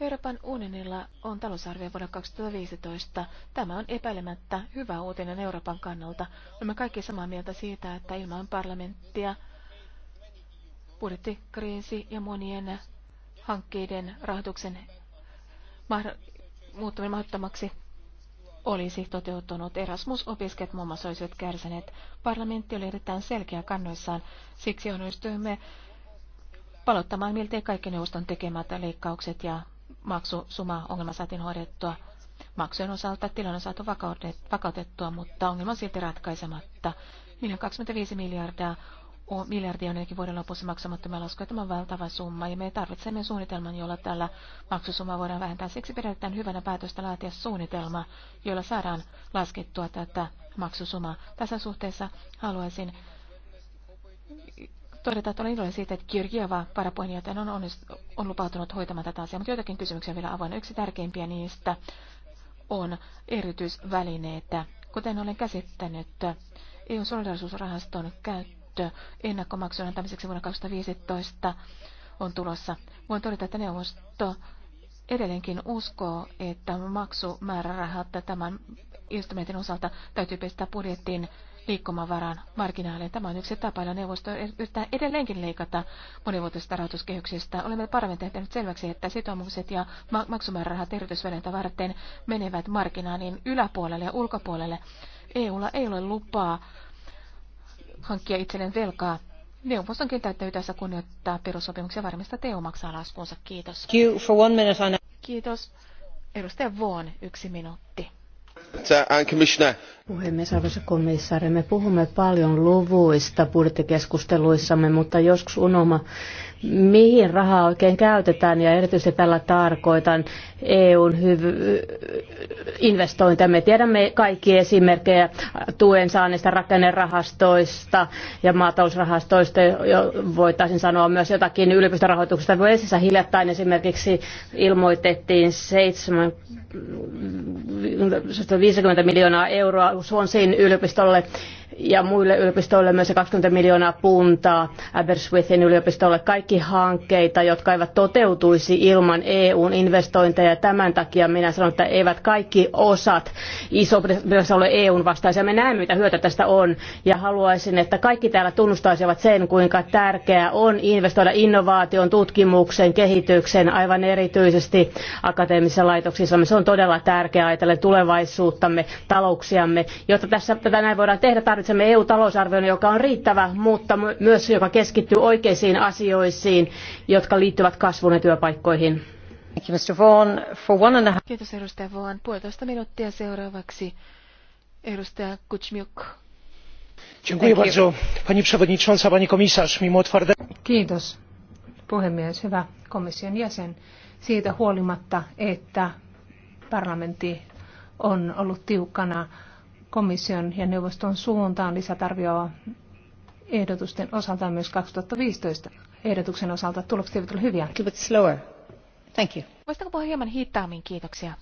Euroopan unionilla on talousarvio vuonna 2015. Tämä on epäilemättä hyvä uutinen Euroopan kannalta. Olemme kaikki samaa mieltä siitä, että ilman parlamenttia budjettikriisi ja monien hankkeiden rahoituksen muuttuminen mahdottomaksi olisi toteutunut. Erasmus-opiskelijat muun muassa olisivat kärsineet. Parlamentti oli erittäin selkeä kannoissaan. Siksi onnistuimme palottamaan miltei kaikki neuvoston tekemät leikkaukset ja maksusuma-ongelma saatiin hoidettua. Maksujen osalta tilanne on saatu vakautettua, mutta ongelma on silti ratkaisematta. Minä 25 miljardia on miljardia on ainakin vuoden lopussa maksamattomia laskuja. Tämä on valtava summa ja me tarvitsemme suunnitelman, jolla tällä maksusumma voidaan vähentää. Siksi pidetään hyvänä päätöstä laatia suunnitelma, jolla saadaan laskettua tätä maksusumaa. Tässä suhteessa haluaisin todeta, että olen iloinen siitä, että Georgiava varapuheenjohtaja on, on lupautunut hoitamaan tätä asiaa, mutta joitakin kysymyksiä vielä avoin. Yksi tärkeimpiä niistä on erityisvälineitä. Kuten olen käsittänyt, EUn solidarisuusrahaston käyttö ennakkomaksun antamiseksi vuonna 2015 on tulossa. Voin todeta, että neuvosto edelleenkin uskoo, että maksumäärärahat tämän instrumentin osalta täytyy pistää budjettiin liikkumavaran marginaaleja. Tämä on yksi tapa, jolla neuvosto yrittää edelleenkin leikata monivuotisesta rahoituskehyksistä. Olemme paremmin tehneet selväksi, että sitoumukset ja maksumäärärahat erityisvälineitä varten menevät marginaalin yläpuolelle ja ulkopuolelle. EUlla ei ole lupaa hankkia itselleen velkaa. Neuvostonkin täytyy tässä kunnioittaa perussopimuksia varmista, että EU maksaa laskuunsa. Kiitos. Kiitos. Edustaja Vuon, yksi minuutti. Puhemies, arvoisa komissaari, me puhumme paljon luvuista budjettikeskusteluissamme, mutta joskus unoma, mihin rahaa oikein käytetään, ja erityisesti tällä tarkoitan EUn hyv- investointeja. Me tiedämme kaikki esimerkkejä tuen saannista rakennerahastoista ja maatalousrahastoista, jo voitaisiin sanoa myös jotakin yliopistorahoituksesta. Vesissä hiljattain esimerkiksi ilmoitettiin seitsemän. 50 miljoonaa euroa Swansin yliopistolle ja muille yliopistoille myös 20 miljoonaa puntaa Aberystwythin yliopistolle kaikki hankkeita, jotka eivät toteutuisi ilman EUn investointeja. Tämän takia minä sanon, että eivät kaikki osat Iso-Britanniassa ole EUn vastaisia. Me näemme, mitä hyötyä tästä on ja haluaisin, että kaikki täällä tunnustaisivat sen, kuinka tärkeää on investoida innovaation, tutkimukseen, kehitykseen, aivan erityisesti akateemisissa laitoksissa. Se on todella tärkeää ajatellen tulevaisuuttamme, talouksiamme, jotta tässä, tätä näin voidaan tehdä. Tarvitaan tarvitsemme EU-talousarvion, joka on riittävä, mutta myös joka keskittyy oikeisiin asioihin, jotka liittyvät kasvuun ja työpaikkoihin. Kiitos edustaja Vaughan. Puolitoista minuuttia seuraavaksi edustaja Kuchmiuk. Dziękuję bardzo, pani przewodnicząca, pani komisarz, mimo twarde... Kiitos, puhemies, hyvä komission jäsen. Siitä huolimatta, että parlamentti on ollut tiukana komission ja neuvoston suuntaan lisätarvioa ehdotusten osalta myös 2015 ehdotuksen osalta. Tulokset eivät ole hyviä. Thank you. Voisitko puhua hieman hitaammin? Kiitoksia.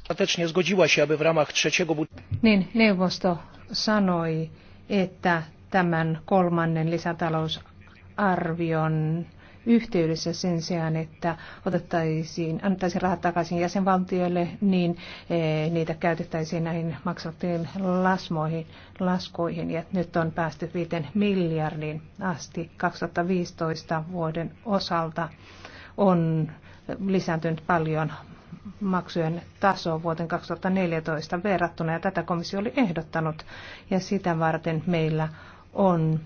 Niin, neuvosto sanoi, että tämän kolmannen lisätalousarvion yhteydessä sen sijaan, että otettaisiin, annettaisiin rahat takaisin jäsenvaltioille, niin eh, niitä käytettäisiin näihin maksettuihin lasmoihin, laskuihin. Ja nyt on päästy 5 miljardin asti 2015 vuoden osalta on lisääntynyt paljon maksujen taso vuoteen 2014 verrattuna, ja tätä komissio oli ehdottanut, ja sitä varten meillä on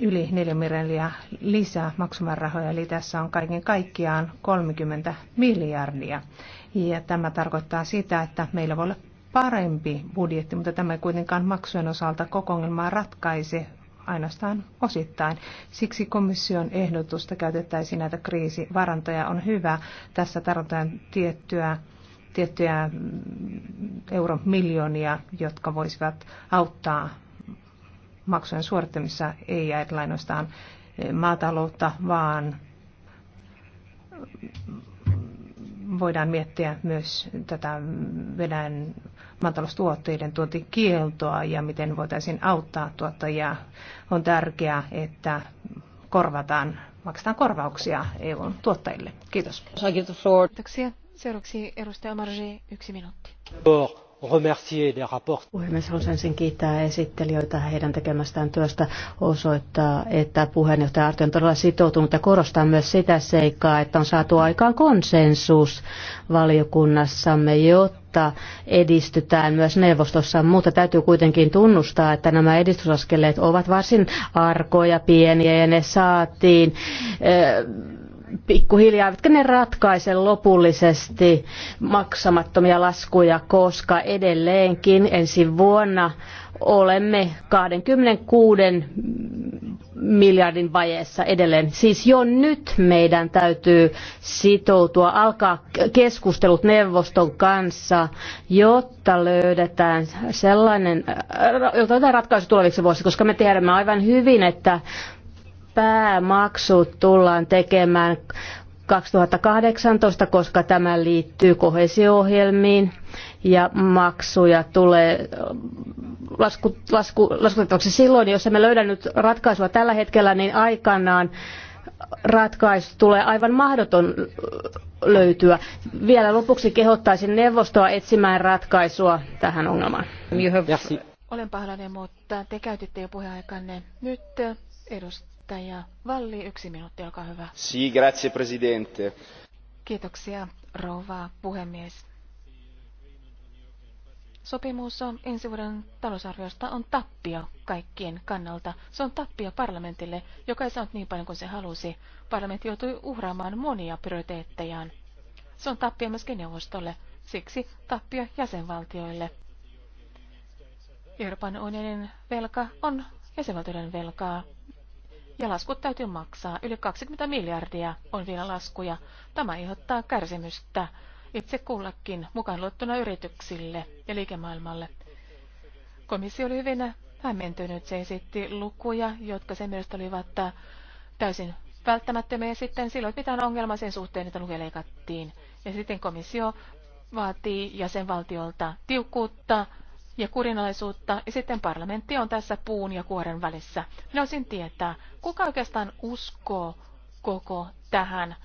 yli 4 miljardia lisää maksumäärärahoja, eli tässä on kaiken kaikkiaan 30 miljardia. Ja tämä tarkoittaa sitä, että meillä voi olla parempi budjetti, mutta tämä ei kuitenkaan maksujen osalta koko ongelmaa ratkaise ainoastaan osittain. Siksi komission ehdotusta käytettäisiin näitä kriisivarantoja on hyvä. Tässä tarvitaan tiettyä tiettyjä mm, euromiljoonia, jotka voisivat auttaa maksujen suorittamissa ei jäädä lainoistaan eh, maataloutta, vaan mm, voidaan miettiä myös tätä Venäjän maataloustuotteiden tuotikieltoa ja miten voitaisiin auttaa tuottajia. On tärkeää, että korvataan, maksetaan korvauksia EUn tuottajille. Kiitos. Kiitoksia. Seuraavaksi edustaja Marji, yksi minuutti remercier les rapports. Puhemies haluan ensin kiittää esittelijöitä heidän tekemästään työstä osoittaa, että puheenjohtaja Arti on todella sitoutunut ja korostaa myös sitä seikkaa, että on saatu aikaan konsensus valiokunnassamme, jotta edistytään myös neuvostossa, mutta täytyy kuitenkin tunnustaa, että nämä edistysaskeleet ovat varsin arkoja, pieniä ja ne saatiin. Eh, pikkuhiljaa, eivätkä ne ratkaise lopullisesti maksamattomia laskuja, koska edelleenkin ensi vuonna olemme 26 miljardin vajeessa edelleen. Siis jo nyt meidän täytyy sitoutua, alkaa keskustelut neuvoston kanssa, jotta löydetään sellainen, äh, jotta ratkaisu tuleviksi vuosiksi, koska me tiedämme aivan hyvin, että päämaksut tullaan tekemään 2018, koska tämä liittyy kohesio-ohjelmiin ja maksuja tulee lasku, lasku, laskutettavaksi silloin, jos emme löydä nyt ratkaisua tällä hetkellä, niin aikanaan ratkaisu tulee aivan mahdoton löytyä. Vielä lopuksi kehottaisin neuvostoa etsimään ratkaisua tähän ongelmaan. Olen pahoillani, mutta te käytitte jo puheaikanne. Nyt edustaja Edustaja Valli, yksi minuutti, olkaa hyvä. Si, grazie, presidente. Kiitoksia, rouva puhemies. Sopimus on ensi vuoden talousarviosta on tappio kaikkien kannalta. Se on tappio parlamentille, joka ei saanut niin paljon kuin se halusi. Parlamentti joutui uhraamaan monia prioriteettejaan. Se on tappio myöskin neuvostolle, siksi tappio jäsenvaltioille. Euroopan unionin velka on jäsenvaltioiden velkaa ja laskut täytyy maksaa. Yli 20 miljardia on vielä laskuja. Tämä aiheuttaa kärsimystä itse kullakin, mukaan luettuna yrityksille ja liikemaailmalle. Komissio oli hyvin hämmentynyt. Se esitti lukuja, jotka sen mielestä olivat täysin välttämättömiä. sitten silloin mitään ongelmaa sen suhteen, että lukuja leikattiin. Ja sitten komissio vaatii jäsenvaltiolta tiukkuutta ja kurinalaisuutta, ja sitten parlamentti on tässä puun ja kuoren välissä. Minä olisin tietää, kuka oikeastaan uskoo koko tähän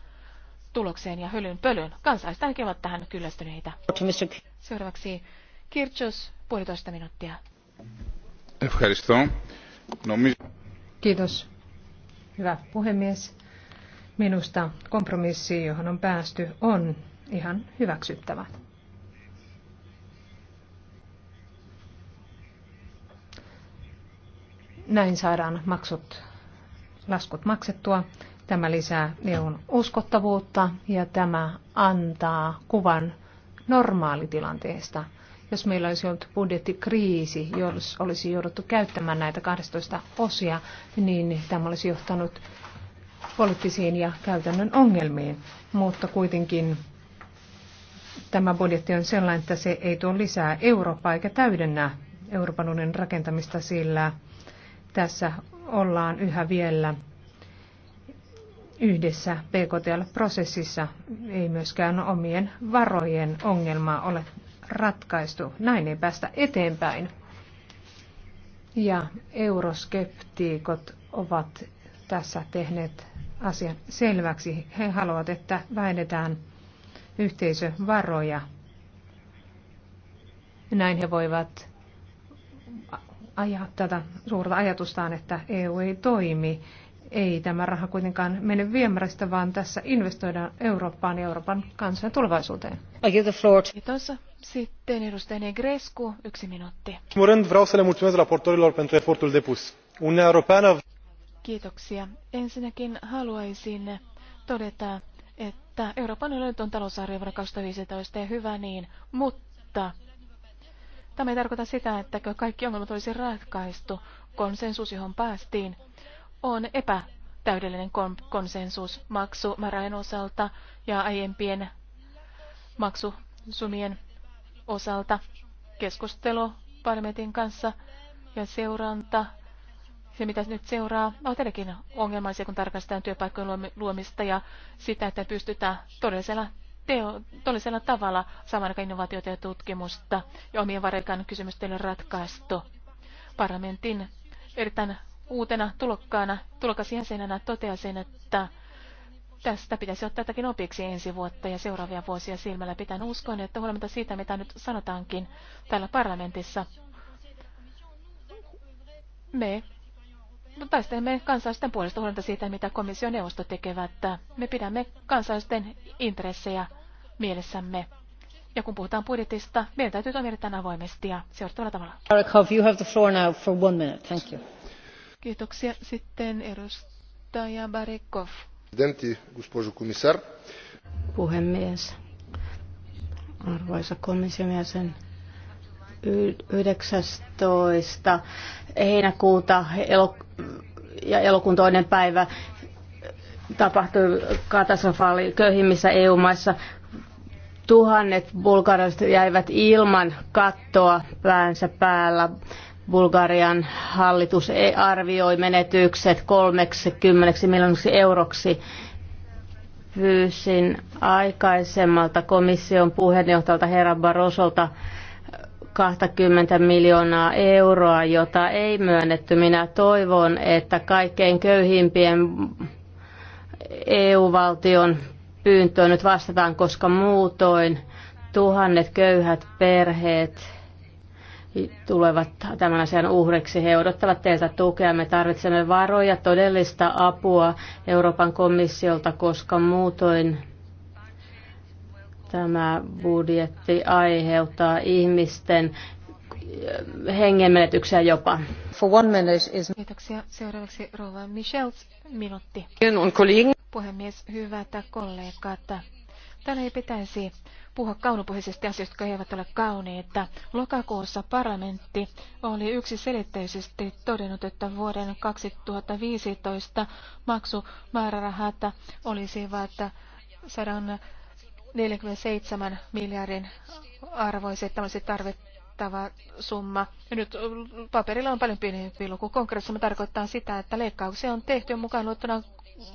tulokseen ja hölyn pölyn. Kansalaiset ainakin ovat tähän kyllästyneitä. Seuraavaksi Kirchus, puolitoista minuuttia. Kiitos. Hyvä puhemies. Minusta kompromissi, johon on päästy, on ihan hyväksyttävä. Näin saadaan maksut, laskut maksettua. Tämä lisää EUn uskottavuutta ja tämä antaa kuvan normaalitilanteesta. Jos meillä olisi ollut budjettikriisi, jos olisi jouduttu käyttämään näitä 12 osia, niin tämä olisi johtanut poliittisiin ja käytännön ongelmiin. Mutta kuitenkin tämä budjetti on sellainen, että se ei tuo lisää Eurooppaa eikä täydennä Euroopan unionin rakentamista, sillä tässä ollaan yhä vielä yhdessä PKTL-prosessissa ei myöskään omien varojen ongelmaa ole ratkaistu. Näin ei päästä eteenpäin. Ja euroskeptiikot ovat tässä tehneet asian selväksi. He haluavat, että vähennetään yhteisövaroja. Näin he voivat ajaa tätä suurta ajatustaan, että EU ei toimi. Ei tämä raha kuitenkaan mene viemäristä, vaan tässä investoidaan Eurooppaan ja Euroopan kansan tulevaisuuteen. Kiitos. Sitten edustaja Negrescu, yksi minuutti. Kiitoksia. Ensinnäkin haluaisin todeta, että Euroopan unionin talousarvio vuonna 2015 ja hyvä niin, mutta Tämä ei tarkoita sitä, että kaikki ongelmat olisi ratkaistu. Konsensus, johon päästiin, on epätäydellinen konsensus maksumäärän osalta ja aiempien maksusumien osalta. Keskustelu parlamentin kanssa ja seuranta se, mitä nyt seuraa, on tietenkin ongelmaisia, kun tarkastetaan työpaikkojen luomista ja sitä, että pystytään todellisella teo, toisella tavalla saman innovaatioita ja tutkimusta ja omien varojen kysymysten ratkaistu. Parlamentin erittäin uutena tulokkaana, tulokasjäsenenä toteasin, että tästä pitäisi ottaa jotakin opiksi ensi vuotta ja seuraavia vuosia silmällä pitää Uskon, että huolimatta siitä, mitä nyt sanotaankin täällä parlamentissa, me taistelemme no, kansalaisten puolesta huolta siitä, mitä komission neuvosto tekevät. Me pidämme kansalaisten intressejä mielessämme. Ja kun puhutaan budjetista, meidän täytyy toimia erittäin avoimesti ja seuraavalla tavalla. Barakov, you have the floor now for one minute. Thank you. Kiitoksia. Sitten edustaja Barikov. Puhemies, arvoisa komission jäsen, 19. heinäkuuta ja elokuun toinen päivä tapahtui katastrofaali köyhimmissä EU-maissa. Tuhannet bulgarialaiset jäivät ilman kattoa päänsä päällä. Bulgarian hallitus e- arvioi menetykset 30 miljoonaksi euroksi. Pyysin aikaisemmalta komission puheenjohtajalta herra Barosolta 20 miljoonaa euroa, jota ei myönnetty. Minä toivon, että kaikkein köyhimpien EU-valtion pyyntöön nyt vastataan, koska muutoin tuhannet köyhät perheet tulevat tämän asian uhreksi. He odottavat teiltä tukea. Me tarvitsemme varoja, todellista apua Euroopan komissiolta, koska muutoin Tämä budjetti aiheuttaa ihmisten hengenmenetyksiä jopa. For one minute is... Kiitoksia. Seuraavaksi Rova Michels, minuutti. Puhemies, hyvät kollegat. Täällä ei pitäisi puhua kaunopuheisesti asioista, jotka eivät ole kauniita. Lokakuussa parlamentti oli yksiselitteisesti todennut, että vuoden 2015 maksumäärärahat olisivat 100 47 miljardin arvoiset tämmöiset tarvittava summa. Ja nyt paperilla on paljon pienempi luku. Konkreettisesti tarkoittaa sitä, että leikkauksia on tehty mukaan luettuna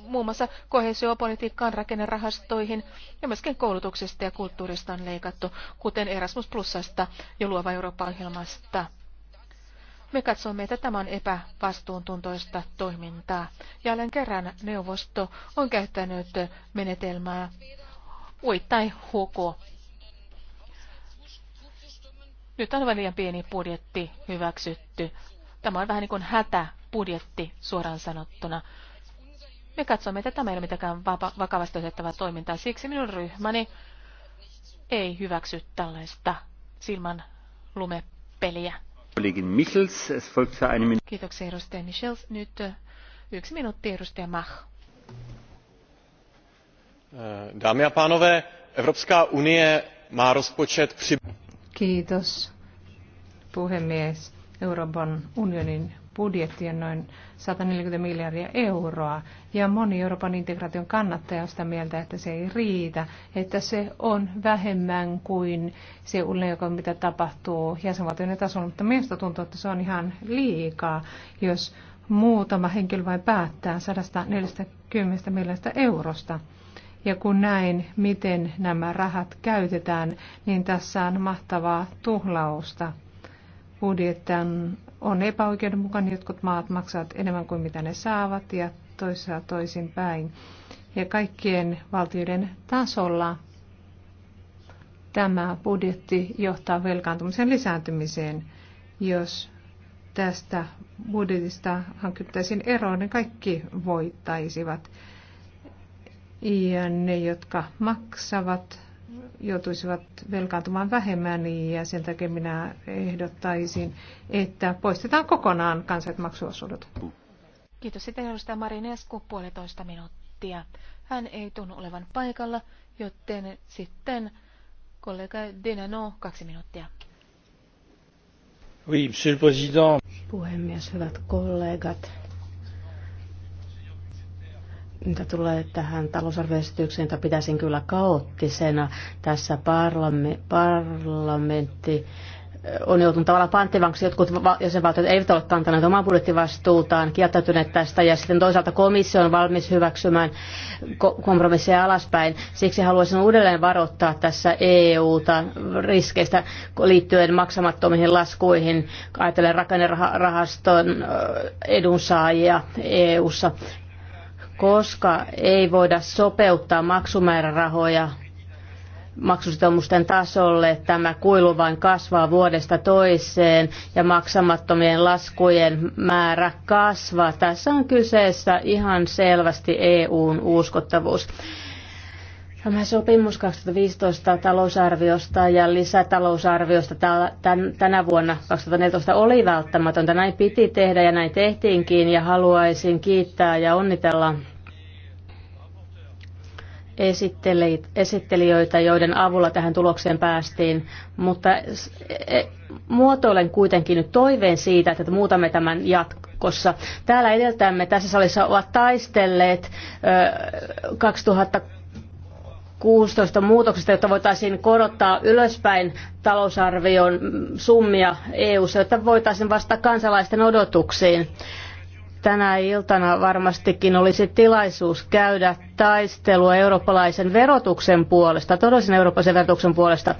muun muassa kohesiopolitiikkaan, rakennerahastoihin ja myöskin koulutuksesta ja kulttuurista on leikattu, kuten Erasmus Plusasta ja Luova Eurooppa-ohjelmasta. Me katsomme, että tämä on epävastuuntuntoista toimintaa. Jälleen kerran neuvosto on käyttänyt menetelmää, ui tai HK. Nyt on liian pieni budjetti hyväksytty. Tämä on vähän niin kuin budjetti suoraan sanottuna. Me katsomme, että tämä ei ole mitenkään vakavasti otettavaa toimintaa. Siksi minun ryhmäni ei hyväksy tällaista silman lumepeliä. Kiitoksia edustaja Michels. Nyt yksi minuutti edustaja Mach. Dámy a pánové, Evropská unie má rozpočet Kiitos, puhemies. Euroopan unionin budjetti on noin 140 miljardia euroa. Ja moni Euroopan integraation kannattaja on sitä mieltä, että se ei riitä, että se on vähemmän kuin se unelma, mitä tapahtuu jäsenvaltioiden tasolla. Mutta minusta tuntuu, että se on ihan liikaa, jos muutama henkilö vain päättää 140 miljardista eurosta. Ja kun näin, miten nämä rahat käytetään, niin tässä on mahtavaa tuhlausta. Budjetti on epäoikeudenmukainen, jotkut maat maksavat enemmän kuin mitä ne saavat ja toisin päin. Ja kaikkien valtioiden tasolla tämä budjetti johtaa velkaantumisen lisääntymiseen. Jos tästä budjetista hankittaisiin eroon, niin kaikki voittaisivat ja ne, jotka maksavat, joutuisivat velkaantumaan vähemmän ja sen takia minä ehdottaisin, että poistetaan kokonaan kansalliset maksuosuudet. Kiitos. Sitten edustaja Marinesku puolitoista minuuttia. Hän ei tunnu olevan paikalla, joten sitten kollega Dinano kaksi minuuttia. Oui, monsieur le président. Puhemies, hyvät kollegat mitä tulee tähän talousarvioesitykseen, että pitäisin kyllä kaoottisena. Tässä parlame, parlamentti on joutunut tavallaan panttivanksi. Jotkut jäsenvaltiot eivät ole kantaneet omaa budjettivastuutaan, kieltäytyneet tästä ja sitten toisaalta komissio on valmis hyväksymään kompromisseja alaspäin. Siksi haluaisin uudelleen varoittaa tässä EU: EU-ta riskeistä liittyen maksamattomiin laskuihin. Ajatellen rakennerahaston edunsaajia EUssa koska ei voida sopeuttaa maksumäärärahoja maksusitoumusten tasolle. Tämä kuilu vain kasvaa vuodesta toiseen ja maksamattomien laskujen määrä kasvaa. Tässä on kyseessä ihan selvästi EUn uskottavuus. Tämä sopimus 2015 talousarviosta ja lisätalousarviosta tänä vuonna 2014 oli välttämätöntä. Näin piti tehdä ja näin tehtiinkin ja haluaisin kiittää ja onnitella esittelijöitä, joiden avulla tähän tulokseen päästiin, mutta e-, muotoilen kuitenkin nyt toiveen siitä, että muutamme tämän jatkossa. Täällä edeltämme tässä salissa ovat taistelleet 2000 16 muutoksesta, jotta voitaisiin korottaa ylöspäin talousarvion summia EU-ssa, jotta voitaisiin vastata kansalaisten odotuksiin. Tänä iltana varmastikin olisi tilaisuus käydä taistelua eurooppalaisen verotuksen puolesta, todellisen eurooppalaisen verotuksen puolesta.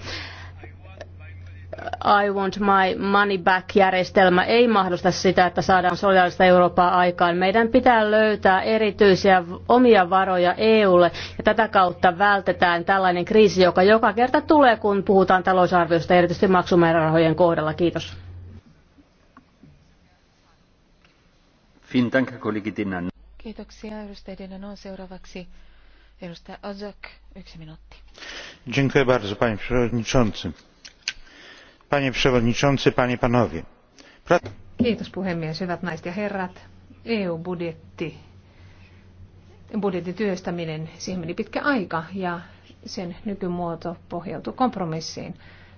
I want my money back järjestelmä ei mahdollista sitä, että saadaan sosiaalista Eurooppaa aikaan. Meidän pitää löytää erityisiä omia varoja EUlle ja tätä kautta vältetään tällainen kriisi, joka joka kerta tulee, kun puhutaan talousarviosta, erityisesti maksumäärärahojen kohdalla. Kiitos. Kiitoksia. Edustaja on seuraavaksi. Edustaja Ozok, yksi minuutti. Dziękuję bardzo, panie przewodniczący panie przewodniczący panie panowie! Kiitos puhemies, hyvät naiset ja herrat. EU-budjetti, budjetin työstäminen, siihen meni pitkä aika ja sen nykymuoto pohjautui kompromissiin.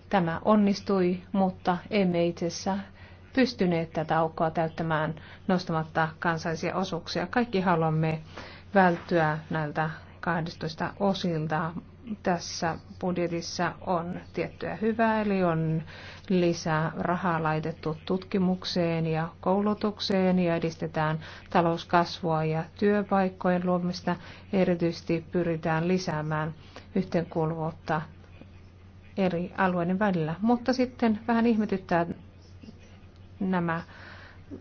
Tämä onnistui, mutta emme itse pystyneet tätä aukkoa täyttämään nostamatta kansaisia osuuksia. Kaikki haluamme välttyä näiltä 12 osilta tässä budjetissa on tiettyä hyvää, eli on lisää rahaa laitettu tutkimukseen ja koulutukseen ja edistetään talouskasvua ja työpaikkojen luomista. Erityisesti pyritään lisäämään yhteenkuuluvuutta eri alueiden välillä. Mutta sitten vähän ihmetyttää nämä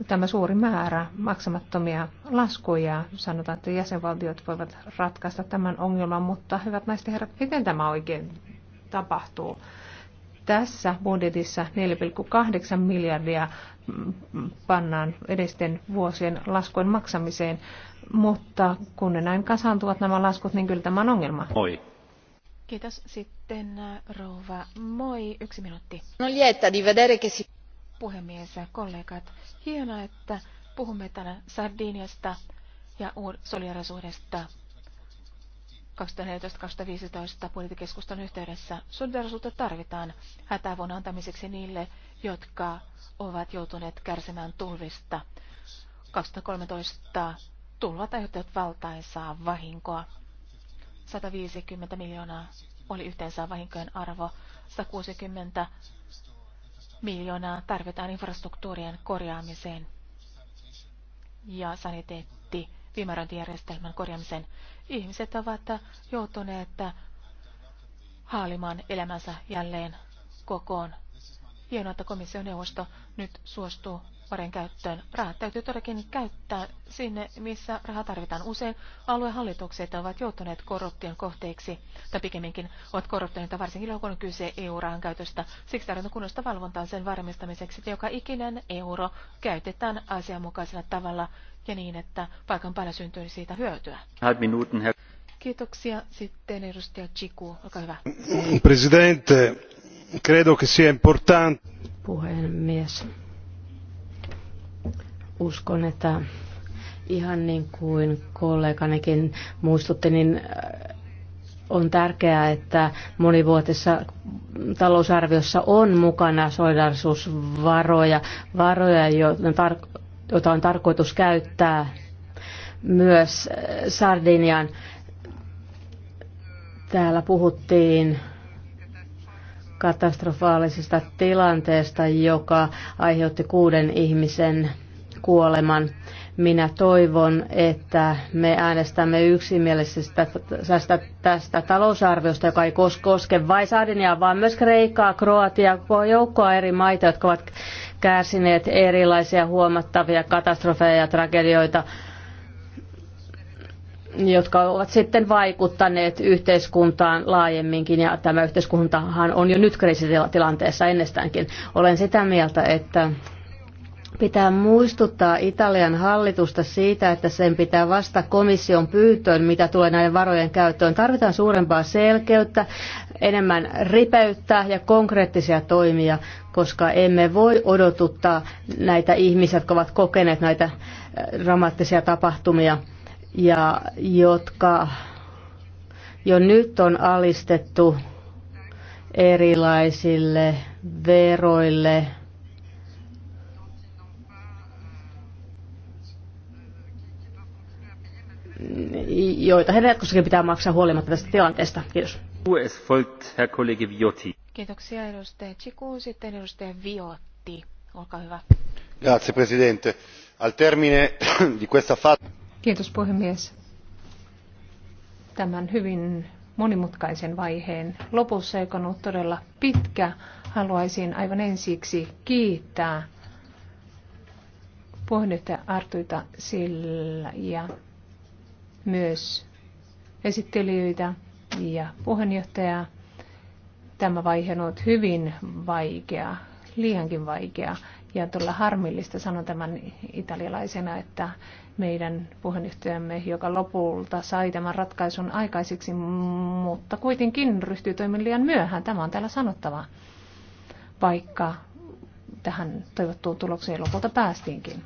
tämä suuri määrä maksamattomia laskuja. Sanotaan, että jäsenvaltiot voivat ratkaista tämän ongelman, mutta hyvät naiset ja herrat, miten tämä oikein tapahtuu? Tässä budjetissa 4,8 miljardia pannaan edisten vuosien laskujen maksamiseen, mutta kun ne näin kasaantuvat nämä laskut, niin kyllä tämä on ongelma. Oi. Kiitos. Sitten rouva Moi, yksi minuutti. No lieta di vedere che si puhemies ja kollegat. Hienoa, että puhumme tänä Sardiniasta ja solidarisuudesta 2014-2015 budjettikeskustelun yhteydessä. Solidarisuutta tarvitaan hätäavun antamiseksi niille, jotka ovat joutuneet kärsimään tulvista. 2013 tulvat aiheuttavat valtaisaa vahinkoa. 150 miljoonaa oli yhteensä vahinkojen arvo, 160 miljoonaa tarvitaan infrastruktuurien korjaamiseen ja saniteetti viemäröintijärjestelmän korjaamiseen. Ihmiset ovat joutuneet haalimaan elämänsä jälleen kokoon. Hienoa, että komissioneuvosto nyt suostuu varojen käyttöön. Rahat täytyy todellakin käyttää sinne, missä rahaa tarvitaan. Usein aluehallitukset ovat joutuneet korruption kohteeksi, tai pikemminkin ovat korruptioita varsinkin kun kyse EU-rahan käytöstä. Siksi tarvitaan kunnosta valvontaa sen varmistamiseksi, että joka ikinen euro käytetään asianmukaisella tavalla ja niin, että paikan päällä syntyy siitä hyötyä. Kiitoksia. Sitten edustaja Chiku, olkaa hyvä. Presidente, credo che sia importante. Puhemies Uskon, että ihan niin kuin kolleganikin muistutti, niin äh, on tärkeää, että monivuotisessa talousarviossa on mukana solidarisuusvaroja, varoja, joita on tarkoitus käyttää myös äh, Sardinian. Täällä puhuttiin katastrofaalisesta tilanteesta, joka aiheutti kuuden ihmisen kuoleman. Minä toivon, että me äänestämme yksimielisestä tästä, tästä talousarviosta, joka ei koske vain Sardiniaa, vaan myös Kreikkaa, Kroatiaa, koko joukkoa eri maita, jotka ovat kärsineet erilaisia huomattavia katastrofeja ja tragedioita jotka ovat sitten vaikuttaneet yhteiskuntaan laajemminkin, ja tämä yhteiskuntahan on jo nyt kriisitilanteessa ennestäänkin. Olen sitä mieltä, että Pitää muistuttaa Italian hallitusta siitä, että sen pitää vasta komission pyyntöön, mitä tulee näiden varojen käyttöön. Tarvitaan suurempaa selkeyttä, enemmän ripeyttä ja konkreettisia toimia, koska emme voi odotuttaa näitä ihmisiä, jotka ovat kokeneet näitä äh, dramaattisia tapahtumia ja jotka jo nyt on alistettu erilaisille veroille, joita heidän jatkossakin pitää maksaa huolimatta tästä tilanteesta. Kiitos. Es folgt, Herr Kollege Viotti. Kiitoksia edustaja Chiku. Sitten edustaja Viotti. Olkaa hyvä. Grazie, Presidente. Al termine di questa Kiitos puhemies. Tämän hyvin monimutkaisen vaiheen lopussa, joka on ollut todella pitkä, haluaisin aivan ensiksi kiittää puheenjohtaja Artuita sillä ja myös esittelijöitä ja puheenjohtajaa. Tämä vaihe on ollut hyvin vaikea, liiankin vaikea. Ja todella harmillista sanon tämän italialaisena, että meidän puheenjohtajamme, joka lopulta sai tämän ratkaisun aikaiseksi, mutta kuitenkin ryhtyi toimimaan liian myöhään. Tämä on täällä sanottava, vaikka tähän toivottuun tulokseen lopulta päästiinkin.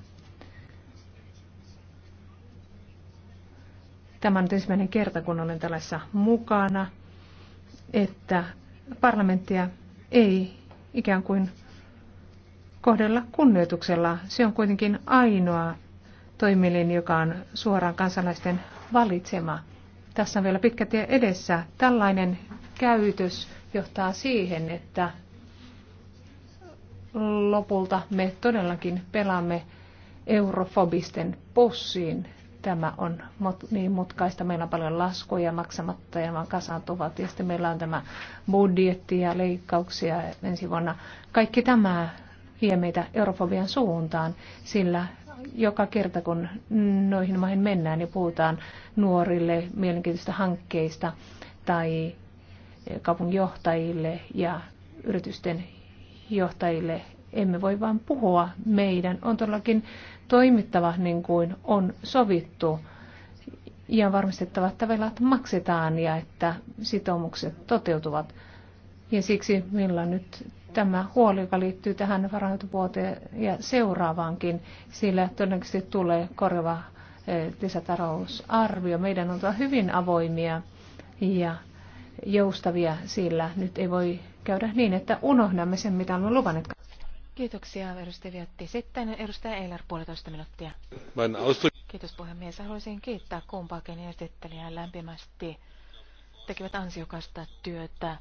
Tämä on ensimmäinen kerta, kun olen tällaisessa mukana, että parlamenttia ei ikään kuin kohdella kunnioituksella. Se on kuitenkin ainoa toimielin, joka on suoraan kansalaisten valitsema. Tässä on vielä pitkä tie edessä. Tällainen käytös johtaa siihen, että lopulta me todellakin pelaamme eurofobisten pussiin. Tämä on niin mutkaista. Meillä on paljon laskuja maksamatta ja vaan kasaantuvat. Ja sitten meillä on tämä budjetti ja leikkauksia ensi vuonna. Kaikki tämä vie meitä eurofobian suuntaan, sillä joka kerta kun noihin maihin mennään, niin puhutaan nuorille mielenkiintoisista hankkeista tai kaupunginjohtajille ja yritysten johtajille. Emme voi vain puhua. Meidän on todellakin toimittava niin kuin on sovittu ja varmistettava, että velat maksetaan ja että sitoumukset toteutuvat. Ja siksi meillä on nyt tämä huoli, joka liittyy tähän varainhoitovuoteen ja seuraavaankin, sillä todennäköisesti tulee korjava eh, lisätalousarvio. Meidän on hyvin avoimia ja joustavia, sillä nyt ei voi käydä niin, että unohdamme sen, mitä olemme luvanneet Kiitoksia, edustaja Vietti. Sitten edustaja Eilar, puolitoista minuuttia. Kiitos puhemies. Haluaisin kiittää kumpaakin esittelijää lämpimästi. Tekevät ansiokasta työtä.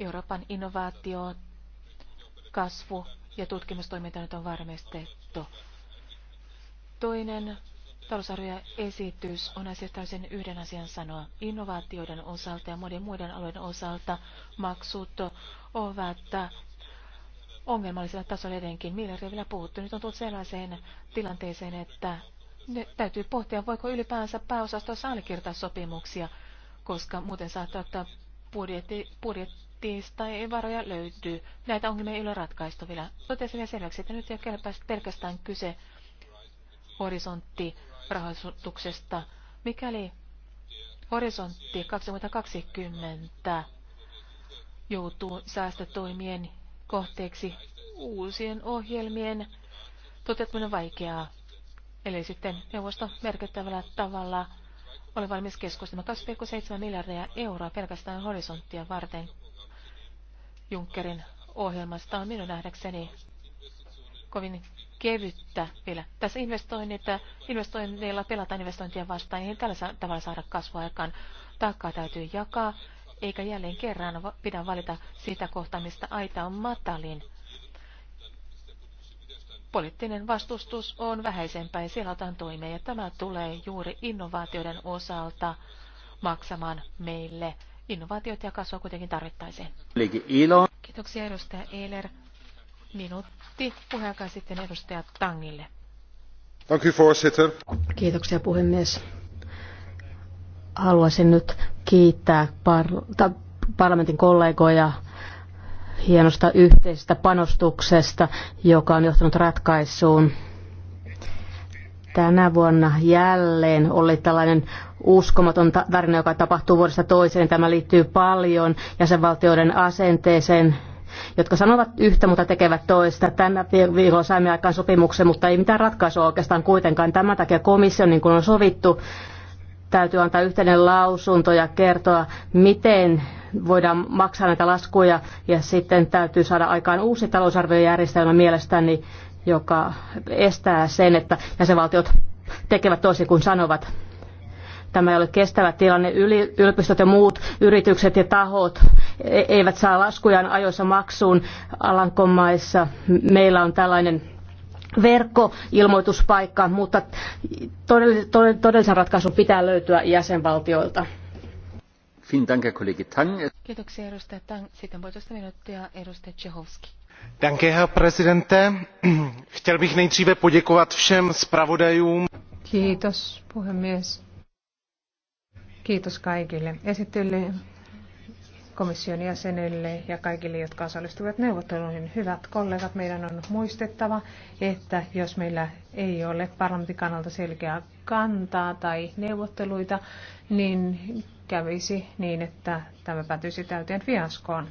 Euroopan innovaatio, kasvu ja tutkimustoiminta nyt on varmistettu. Toinen talousarvio esitys on asiasta sen yhden asian sanoa. Innovaatioiden osalta ja monien muiden alojen osalta maksut ovat ongelmallisella tasolla etenkin. Miljardi on vielä puhuttu. Nyt on tullut sellaiseen tilanteeseen, että ne täytyy pohtia, voiko ylipäänsä pääosastossa allekirjoittaa sopimuksia, koska muuten saattaa, että budjetti, budjettista ei varoja löytyy. Näitä ongelmia ei ole ratkaistu vielä. Totesin vielä selväksi, että nyt ei ole pelkästään kyse horisonttirahoituksesta. Mikäli horisontti 2020 joutuu säästötoimien kohteeksi. Uusien ohjelmien toteuttaminen vaikeaa. Eli sitten neuvosto merkittävällä tavalla oli valmis keskustelemaan 2,7 miljardia euroa pelkästään horisonttia varten. Junckerin ohjelmasta on minun nähdäkseni kovin kevyttä vielä. Tässä investoinnit, investoinneilla pelataan investointia vastaan, ei tällä tavalla saada kasvua aikaan. Taakkaa täytyy jakaa eikä jälleen kerran pidä valita sitä kohtaa, mistä aita on matalin. Poliittinen vastustus on vähäisempää ja siellä otan toimeen, ja tämä tulee juuri innovaatioiden osalta maksamaan meille. Innovaatiot ja kasvua kuitenkin tarvittaisiin. Kiitoksia edustaja Eiler. Minuutti puheenjohtaja sitten edustaja Tangille. Kiitoksia puhemies haluaisin nyt kiittää par- parlamentin kollegoja hienosta yhteisestä panostuksesta, joka on johtanut ratkaisuun. Tänä vuonna jälleen oli tällainen uskomaton tarina, joka tapahtuu vuodesta toiseen. Tämä liittyy paljon jäsenvaltioiden asenteeseen, jotka sanovat yhtä, mutta tekevät toista. Tänä viikolla saimme aikaan sopimuksen, mutta ei mitään ratkaisua oikeastaan kuitenkaan. Tämän takia komissio, niin kuin on sovittu, täytyy antaa yhteinen lausunto ja kertoa, miten voidaan maksaa näitä laskuja ja sitten täytyy saada aikaan uusi talousarviojärjestelmä mielestäni, joka estää sen, että jäsenvaltiot tekevät toisin kuin sanovat. Tämä ei ole kestävä tilanne. Yliopistot ja muut yritykset ja tahot e- eivät saa laskujaan ajoissa maksuun Alankomaissa. Meillä on tällainen verkkoilmoituspaikka, mutta todellisen ratkaisun pitää löytyä jäsenvaltioilta. Kiitoksia edustaja Tang. Sitten puolitoista minuuttia edustaja Tsehovski. Danke, herr presidente. Chtěl bych nejdříve poděkovat všem zpravodajům. Kiitos, puhemies. Kiitos kaikille esittelijöille komission jäsenille ja kaikille, jotka osallistuvat neuvotteluihin. Hyvät kollegat, meidän on muistettava, että jos meillä ei ole parlamentin kannalta selkeää kantaa tai neuvotteluita, niin kävisi niin, että tämä päätyisi täyteen fiaskoon.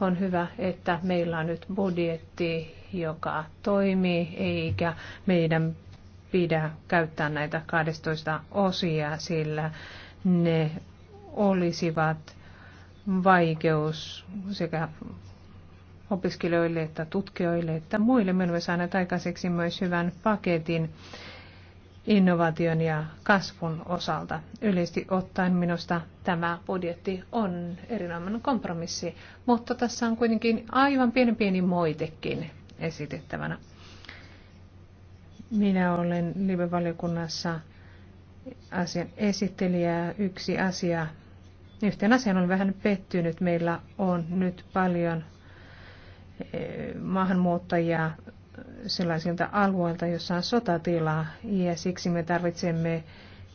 On hyvä, että meillä on nyt budjetti, joka toimii, eikä meidän pidä käyttää näitä 12 osia, sillä ne olisivat vaikeus sekä opiskelijoille että tutkijoille että muille. Me olemme saaneet aikaiseksi myös hyvän paketin innovaation ja kasvun osalta. Yleisesti ottaen minusta tämä budjetti on erinomainen kompromissi, mutta tässä on kuitenkin aivan pieni pieni moitekin esitettävänä. Minä olen live-valiokunnassa asian esittelijä. Yksi asia, Yhteen asiaan on vähän pettynyt. Meillä on nyt paljon eh, maahanmuuttajia sellaisilta alueilta, jossa on sotatilaa, ja siksi me tarvitsemme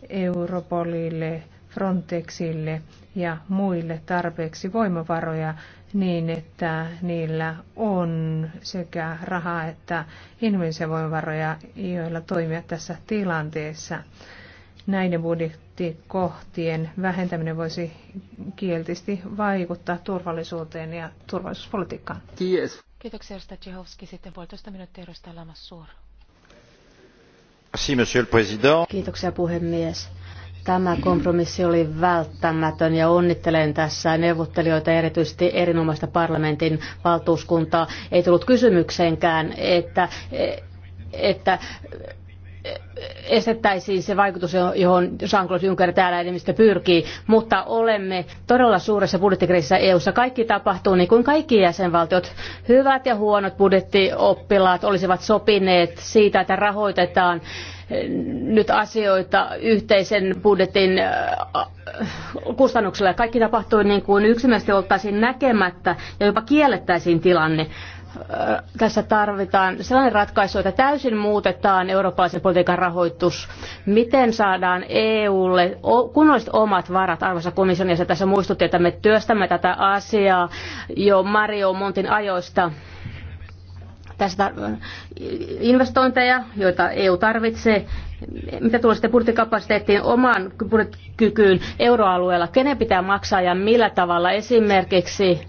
Europolille, Frontexille ja muille tarpeeksi voimavaroja niin, että niillä on sekä rahaa että inhimillisiä voimavaroja, joilla toimia tässä tilanteessa näiden budjettikohtien vähentäminen voisi kieltisti vaikuttaa turvallisuuteen ja turvallisuuspolitiikkaan. Yes. Kiitoksia, Ersta Tsehovski. Sitten puolitoista minuuttia edustaa Lamas suur. Kiitoksia puhemies. Tämä kompromissi oli välttämätön ja onnittelen tässä neuvottelijoita erityisesti erinomaista parlamentin valtuuskuntaa. Ei tullut kysymykseenkään, että, että estettäisiin se vaikutus, johon Jean-Claude Juncker täällä enemmistö pyrkii, mutta olemme todella suuressa budjettikriisissä EU-ssa. Kaikki tapahtuu niin kuin kaikki jäsenvaltiot. Hyvät ja huonot budjettioppilaat olisivat sopineet siitä, että rahoitetaan eh, nyt asioita yhteisen budjetin eh, kustannuksella. Kaikki tapahtui niin kuin yksimielisesti oltaisiin näkemättä ja jopa kiellettäisiin tilanne tässä tarvitaan sellainen ratkaisu, että täysin muutetaan eurooppalaisen politiikan rahoitus. Miten saadaan EUlle kunnolliset omat varat, arvoisa komission jäsen, tässä muistutti, että me työstämme tätä asiaa jo Mario Montin ajoista. Tästä investointeja, joita EU tarvitsee, mitä tulee sitten budjettikapasiteettiin omaan budjettikykyyn euroalueella, kenen pitää maksaa ja millä tavalla esimerkiksi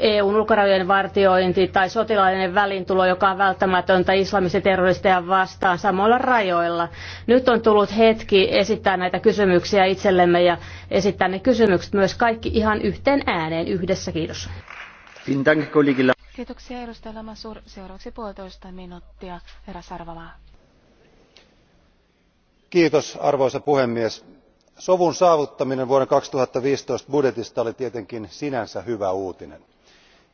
EUn ulkorajojen vartiointi tai sotilaallinen välintulo, joka on välttämätöntä islamistiterroristeja vastaan samoilla rajoilla. Nyt on tullut hetki esittää näitä kysymyksiä itsellemme ja esittää ne kysymykset myös kaikki ihan yhteen ääneen yhdessä. Kiitos. Kiitoksia edustaja Lamassur. Seuraavaksi puolitoista minuuttia. Herra Kiitos arvoisa puhemies sovun saavuttaminen vuoden kaksituhatta viisitoista budjetista oli tietenkin sinänsä hyvä uutinen.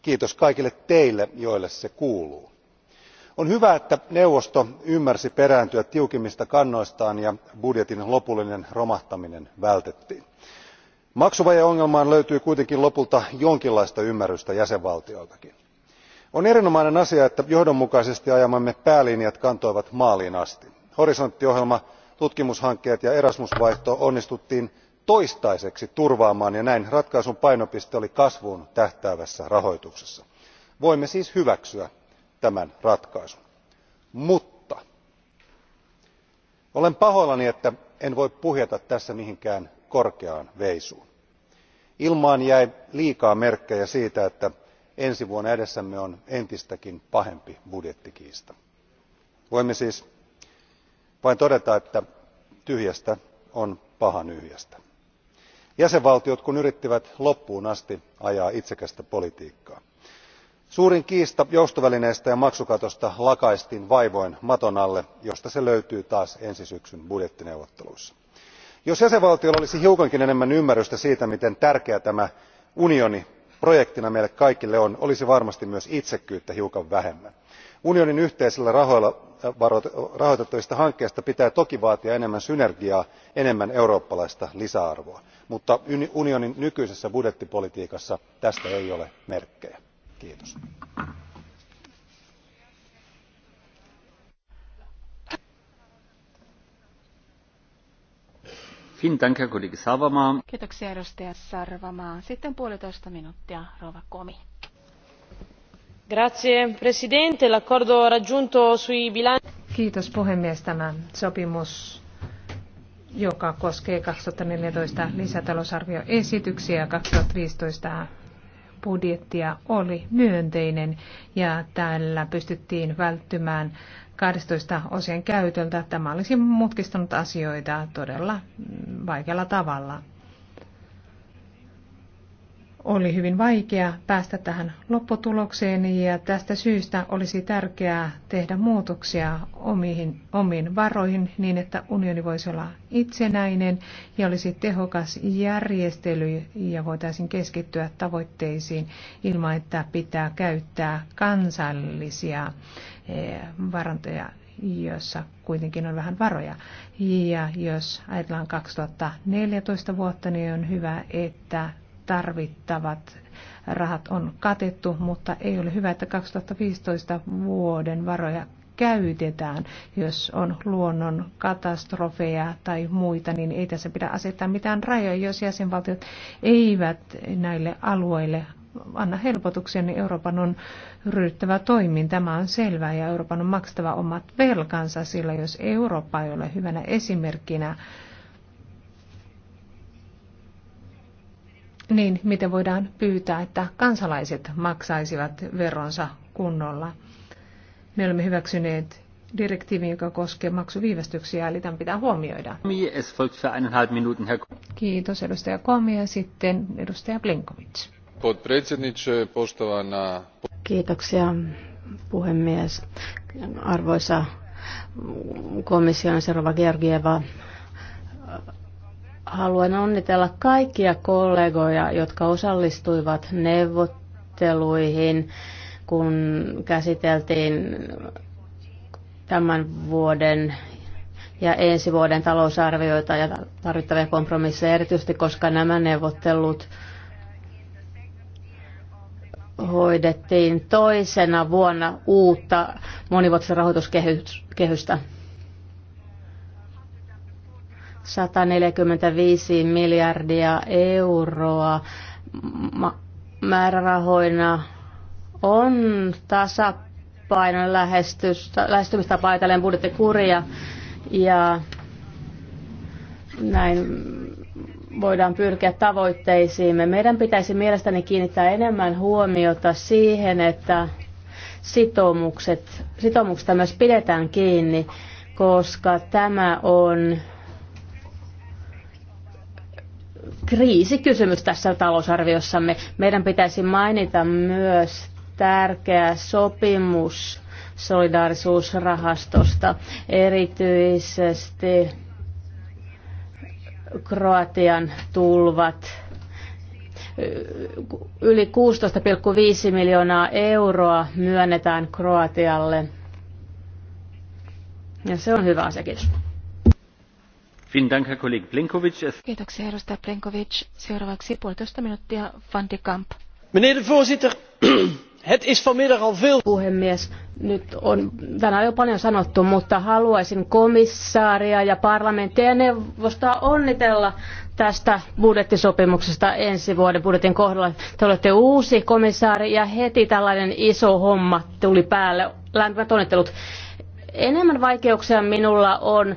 kiitos kaikille teille joille se kuuluu. on hyvä että neuvosto ymmärsi perääntyä tiukimmista kannoistaan ja budjetin lopullinen romahtaminen vältettiin. maksuvajeongelmaan löytyi kuitenkin lopulta jonkinlaista ymmärrystä jäsenvaltioiltakin. on erinomainen asia että johdonmukaisesti ajamamme päälinjat kantoivat maaliin asti. horisontti ohjelma tutkimushankkeet ja erasmus vaihto onnistuttiin toistaiseksi turvaamaan ja näin ratkaisun painopiste oli kasvuun tähtäävässä rahoituksessa. voimme siis hyväksyä tämän ratkaisun mutta olen pahoillani että en voi puhjeta tässä mihinkään korkeaan veisuun. ilmaan jäi liikaa merkkejä siitä että ensi vuonna edessämme on entistäkin pahempi budjettikiista. voimme siis vain todeta että tyhjästä on paha nyhjästä. jäsenvaltiot kun yrittivät loppuun asti ajaa itsekästä politiikkaa. suurin kiista joustovälineestä ja maksukatosta lakaistiin vaivoin maton alle josta se löytyy taas ensi syksyn budjettineuvotteluissa. jos jäsenvaltioilla olisi hiukankin enemmän ymmärrystä siitä miten tärkeä tämä unioni projektina meille kaikille on olisi varmasti myös itsekkyyttä hiukan vähemmän. unionin yhteisillä rahoilla rahoitettavista hankkeista pitää toki vaatia enemmän synergiaa enemmän eurooppalaista lisäarvoa mutta unionin nykyisessä budjettipolitiikassa tästä ei ole merkkejä. Kiitoksia edustaja Sitten puolitoista minuuttia, Rova Komi. Kiitos puhemies. Tämä sopimus, joka koskee 2014 lisätalousarvioesityksiä ja viisitoista budjettia oli myönteinen ja tällä pystyttiin välttymään 12 osien käytöltä. Tämä olisi mutkistanut asioita todella vaikealla tavalla oli hyvin vaikea päästä tähän lopputulokseen ja tästä syystä olisi tärkeää tehdä muutoksia omiin, omiin varoihin niin, että unioni voisi olla itsenäinen ja olisi tehokas järjestely ja voitaisiin keskittyä tavoitteisiin ilman, että pitää käyttää kansallisia eh, varantoja jossa kuitenkin on vähän varoja. Ja jos ajatellaan 2014 vuotta, niin on hyvä, että tarvittavat rahat on katettu, mutta ei ole hyvä, että 2015 vuoden varoja käytetään, jos on luonnon katastrofeja tai muita, niin ei tässä pidä asettaa mitään rajoja. Jos jäsenvaltiot eivät näille alueille anna helpotuksia, niin Euroopan on ryhdyttävä toimiin. Tämä on selvää ja Euroopan on maksettava omat velkansa, sillä jos Eurooppa ei ole hyvänä esimerkkinä niin miten voidaan pyytää, että kansalaiset maksaisivat veronsa kunnolla. Me olemme hyväksyneet direktiivi, joka koskee maksuviivästyksiä, eli tämän pitää huomioida. Kiitos edustaja Komi ja sitten edustaja Blinkovic. Kiitoksia puhemies. Arvoisa komission seuraava Georgieva, Haluan onnitella kaikkia kollegoja, jotka osallistuivat neuvotteluihin, kun käsiteltiin tämän vuoden ja ensi vuoden talousarvioita ja tarvittavia kompromisseja, erityisesti koska nämä neuvottelut hoidettiin toisena vuonna uutta monivuotista rahoituskehystä. 145 miljardia euroa määrärahoina on tasapainon lähestymistapa ajatellen budjettikuria ja näin voidaan pyrkiä tavoitteisiimme. Meidän pitäisi mielestäni kiinnittää enemmän huomiota siihen, että sitoumukset, sitoumuksista myös pidetään kiinni, koska tämä on kriisikysymys tässä talousarviossamme. Meidän pitäisi mainita myös tärkeä sopimus solidaarisuusrahastosta, erityisesti Kroatian tulvat yli 16,5 miljoonaa euroa myönnetään Kroatialle. Ja se on hyvä asia, kiitos. Kiitoksia edustaja Plenkovic. Seuraavaksi puolitoista minuuttia Van de Kamp. Meneer de voorzitter, het is vanmiddag al veel... Puhemies, nyt on tänään jo paljon sanottu, mutta haluaisin komissaaria ja parlamenttia ja neuvostoa onnitella tästä budjettisopimuksesta ensi vuoden budjetin kohdalla. Te olette uusi komissaari ja heti tällainen iso homma tuli päälle. Lämpimät onnittelut enemmän vaikeuksia minulla on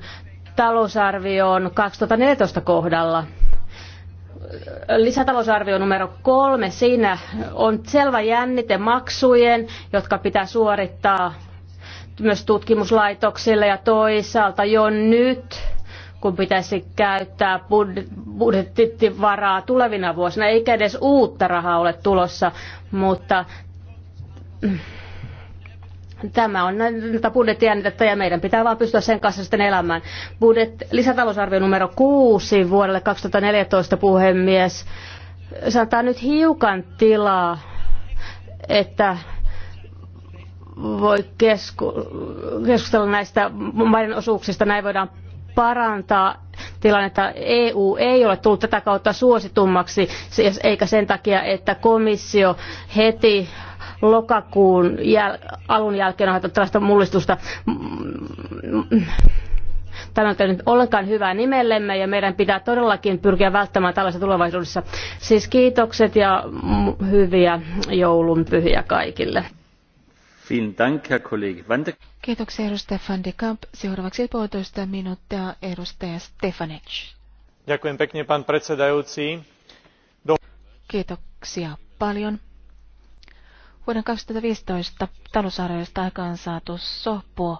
talousarvioon 2014 kohdalla. Lisätalousarvio numero kolme, siinä on selvä jännite maksujen, jotka pitää suorittaa myös tutkimuslaitoksille ja toisaalta jo nyt kun pitäisi käyttää budjettivaraa tulevina vuosina, eikä edes uutta rahaa ole tulossa, mutta Tämä on näitä budjettiäänitettä ja meidän pitää vaan pystyä sen kanssa sitten elämään. Budjet, lisätalousarvio numero 6 vuodelle 2014 puhemies. Sanotaan nyt hiukan tilaa, että voi kesku, keskustella näistä maiden osuuksista. Näin voidaan parantaa tilannetta. EU ei ole tullut tätä kautta suositummaksi, eikä sen takia, että komissio heti lokakuun jäl- alun jälkeen on tällaista mullistusta. Tämä on tehnyt ollenkaan hyvää nimellemme ja meidän pitää todellakin pyrkiä välttämään tällaista tulevaisuudessa. Siis kiitokset ja hyviä joulunpyhiä kaikille. Kiitoksia edustaja Van de Kamp. Seuraavaksi puolitoista minuuttia edustaja Stefanec. Kiitoksia paljon. Vuoden 2015 talousarviosta aikaan saatu sopu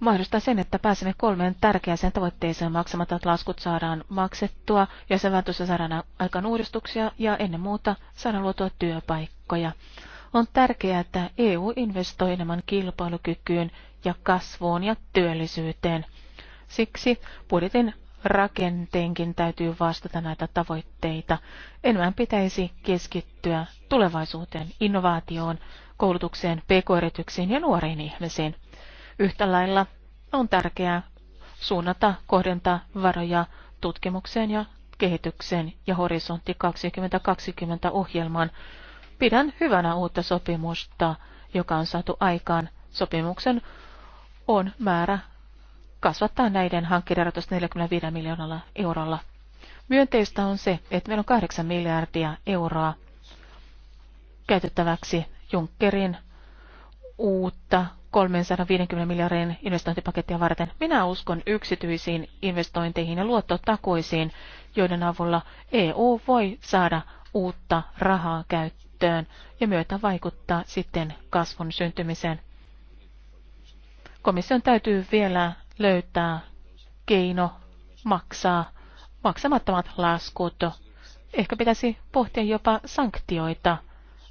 mahdollistaa sen, että pääsemme kolmeen tärkeäseen tavoitteeseen maksamatta laskut saadaan maksettua, jäsenvaltiossa saadaan aikaan uudistuksia ja ennen muuta saadaan luotua työpaikkoja. On tärkeää, että EU investoi enemmän kilpailukykyyn ja kasvuun ja työllisyyteen. Siksi budjetin rakenteenkin täytyy vastata näitä tavoitteita. Enemmän pitäisi keskittyä tulevaisuuteen, innovaatioon, koulutukseen, pk-yrityksiin ja nuoriin ihmisiin. Yhtä lailla on tärkeää suunnata, kohdentaa varoja tutkimukseen ja kehitykseen ja horisontti 2020 ohjelmaan. Pidän hyvänä uutta sopimusta, joka on saatu aikaan. Sopimuksen on määrä kasvattaa näiden hankkeiden rahoitusta 45 miljoonalla eurolla. Myönteistä on se, että meillä on 8 miljardia euroa käytettäväksi Junckerin uutta 350 miljardin investointipakettia varten. Minä uskon yksityisiin investointeihin ja luottotakuisiin, joiden avulla EU voi saada uutta rahaa käyttöön ja myötä vaikuttaa sitten kasvun syntymiseen. Komission täytyy vielä löytää keino maksaa maksamattomat laskut. Ehkä pitäisi pohtia jopa sanktioita,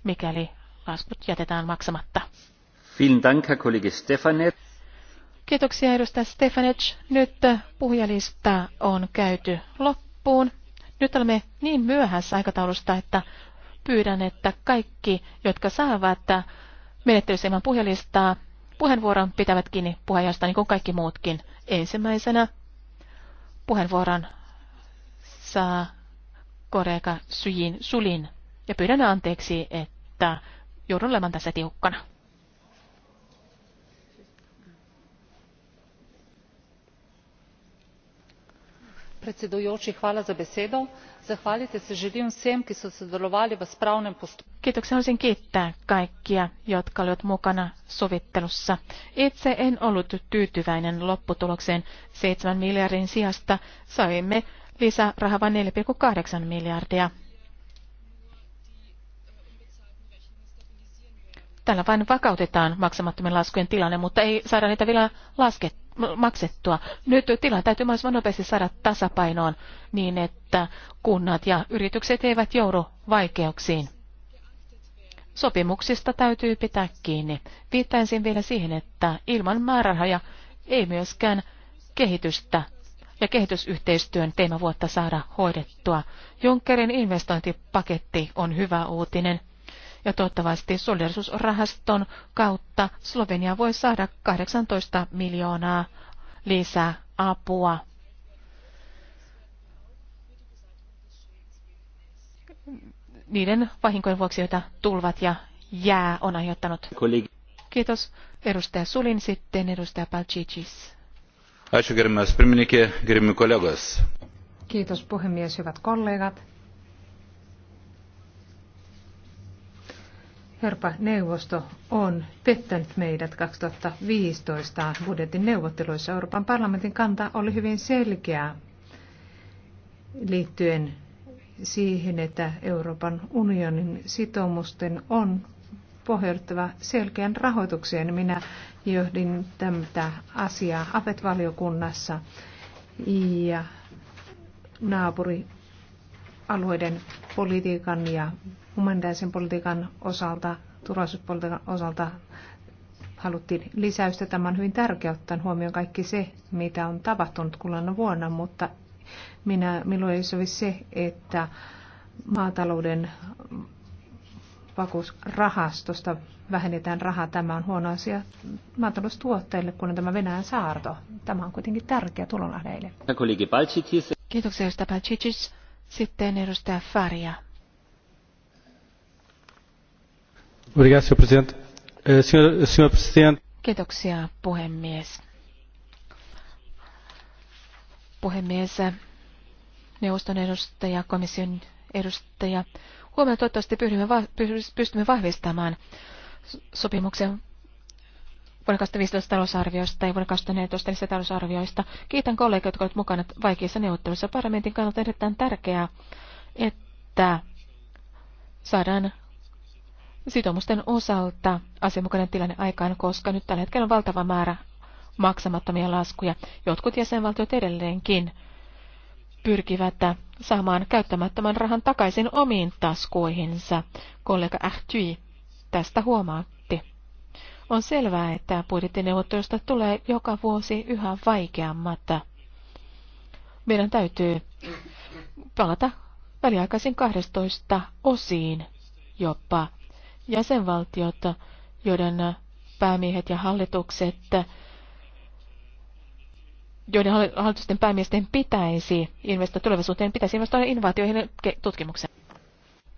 mikäli laskut jätetään maksamatta. Kiitoksia edustaja Stefanec. Nyt puhujalista on käyty loppuun. Nyt olemme niin myöhässä aikataulusta, että pyydän, että kaikki, jotka saavat menettelysemän puhujalistaa, puheenvuoron pitävät kiinni puheenjohtajasta, niin kuin kaikki muutkin. Ensimmäisenä puheenvuoron saa korega Syjin Sulin. Ja pyydän anteeksi, että joudun olemaan tässä tiukkana. zahvaliti se želim vsem ki so sodelovali v spravnem postopku. itse en ollut tyytyväinen lopputulokseen seitsemän miljardin sijasta saimme lisärahaa vain neljä kahdeksan miljardia Tällä vain vakautetaan maksamattomien laskujen tilanne, mutta ei saada niitä vielä lasket, maksettua. Nyt tilanne täytyy mahdollisimman nopeasti saada tasapainoon niin, että kunnat ja yritykset eivät joudu vaikeuksiin. Sopimuksista täytyy pitää kiinni. Viittaisin vielä siihen, että ilman määrärahoja ei myöskään kehitystä ja kehitysyhteistyön teemavuotta saada hoidettua. Junckerin investointipaketti on hyvä uutinen. Ja toivottavasti solidarisuusrahaston kautta Slovenia voi saada 18 miljoonaa lisää apua. Niiden vahinkojen vuoksi, joita tulvat ja jää on aiheuttanut. Kiitos. Edustaja Sulin sitten, edustaja Palcicis. Kiitos puhemies, hyvät kollegat. Euroopan neuvosto on pettänyt meidät 2015 budjetin neuvotteluissa. Euroopan parlamentin kanta oli hyvin selkeä liittyen siihen, että Euroopan unionin sitoumusten on pohjattava selkeän rahoitukseen. Minä johdin tätä asiaa APET-valiokunnassa ja naapurialueiden politiikan ja humanitaarisen politiikan osalta, turvallisuuspolitiikan osalta haluttiin lisäystä. Tämä on hyvin tärkeää ottaa huomioon kaikki se, mitä on tapahtunut kulana vuonna, mutta minä, minulla ei sovi se, että maatalouden vakuusrahastosta vähennetään rahaa. Tämä on huono asia maataloustuotteille, kun on tämä Venäjän saarto. Tämä on kuitenkin tärkeä tulonlähde Kiitoksia, edustaja Palcicis. Sitten edustaja Faria. arvoisa eh, puhemies. neuvoston edustaja, komission edustaja. Huomenna toivottavasti pystymme vahvistamaan sopimuksen vuonna viisitoista talousarviosta ja kaksituhatta neljätoista lisätalousarvioista. Kiitän kollegoita, jotka ovat mukana vaikeissa neuvotteluissa. Parlamentin kannalta erittäin tärkeää, että saadaan sitoumusten osalta asianmukainen tilanne aikaan, koska nyt tällä hetkellä on valtava määrä maksamattomia laskuja. Jotkut jäsenvaltiot edelleenkin pyrkivät saamaan käyttämättömän rahan takaisin omiin taskuihinsa. Kollega Ahtyi tästä huomaatti. On selvää, että budjettineuvottelusta tulee joka vuosi yhä vaikeammat. Meidän täytyy palata väliaikaisin 12 osiin jopa jäsenvaltiot, joiden päämiehet ja hallitukset, joiden hallitusten päämiesten pitäisi investoida tulevaisuuteen, pitäisi investoida innovaatioihin tutkimukseen.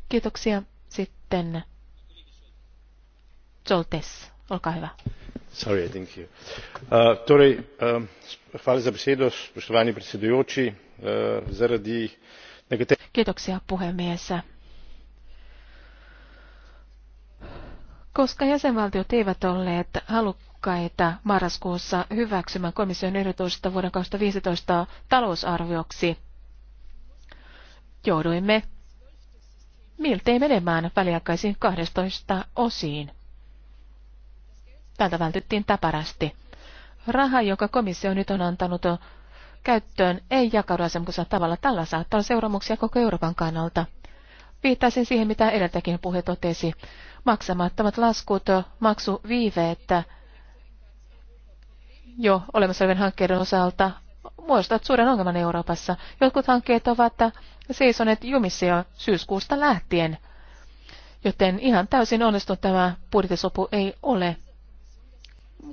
Kiitoksia. Sitten Zoltes, olkaa hyvä. Sorry, thank you. Uh, torej, um, hvala za besedo, spoštovani predsedujoči. Uh, zaradi nekaterih... Kiitoksia puhemies. Koska jäsenvaltiot eivät olleet halukkaita marraskuussa hyväksymään komission ehdotusta vuoden 2015 talousarvioksi, jouduimme miltei menemään väliaikaisiin 12 osiin. Tältä vältyttiin täpärästi. Raha, joka komissio nyt on antanut käyttöön, ei jakaudu asianmukaisella tavalla. Tällä saattaa olla seuraamuksia koko Euroopan kannalta. Viittaisin siihen, mitä edeltäkin puhe totesi maksamattomat laskut, maksuviiveettä jo olemassa olevien hankkeiden osalta muodostavat suuren ongelman Euroopassa. Jotkut hankkeet ovat seisoneet jumissa jo syyskuusta lähtien, joten ihan täysin onnistunut tämä budjettisopu ei ole.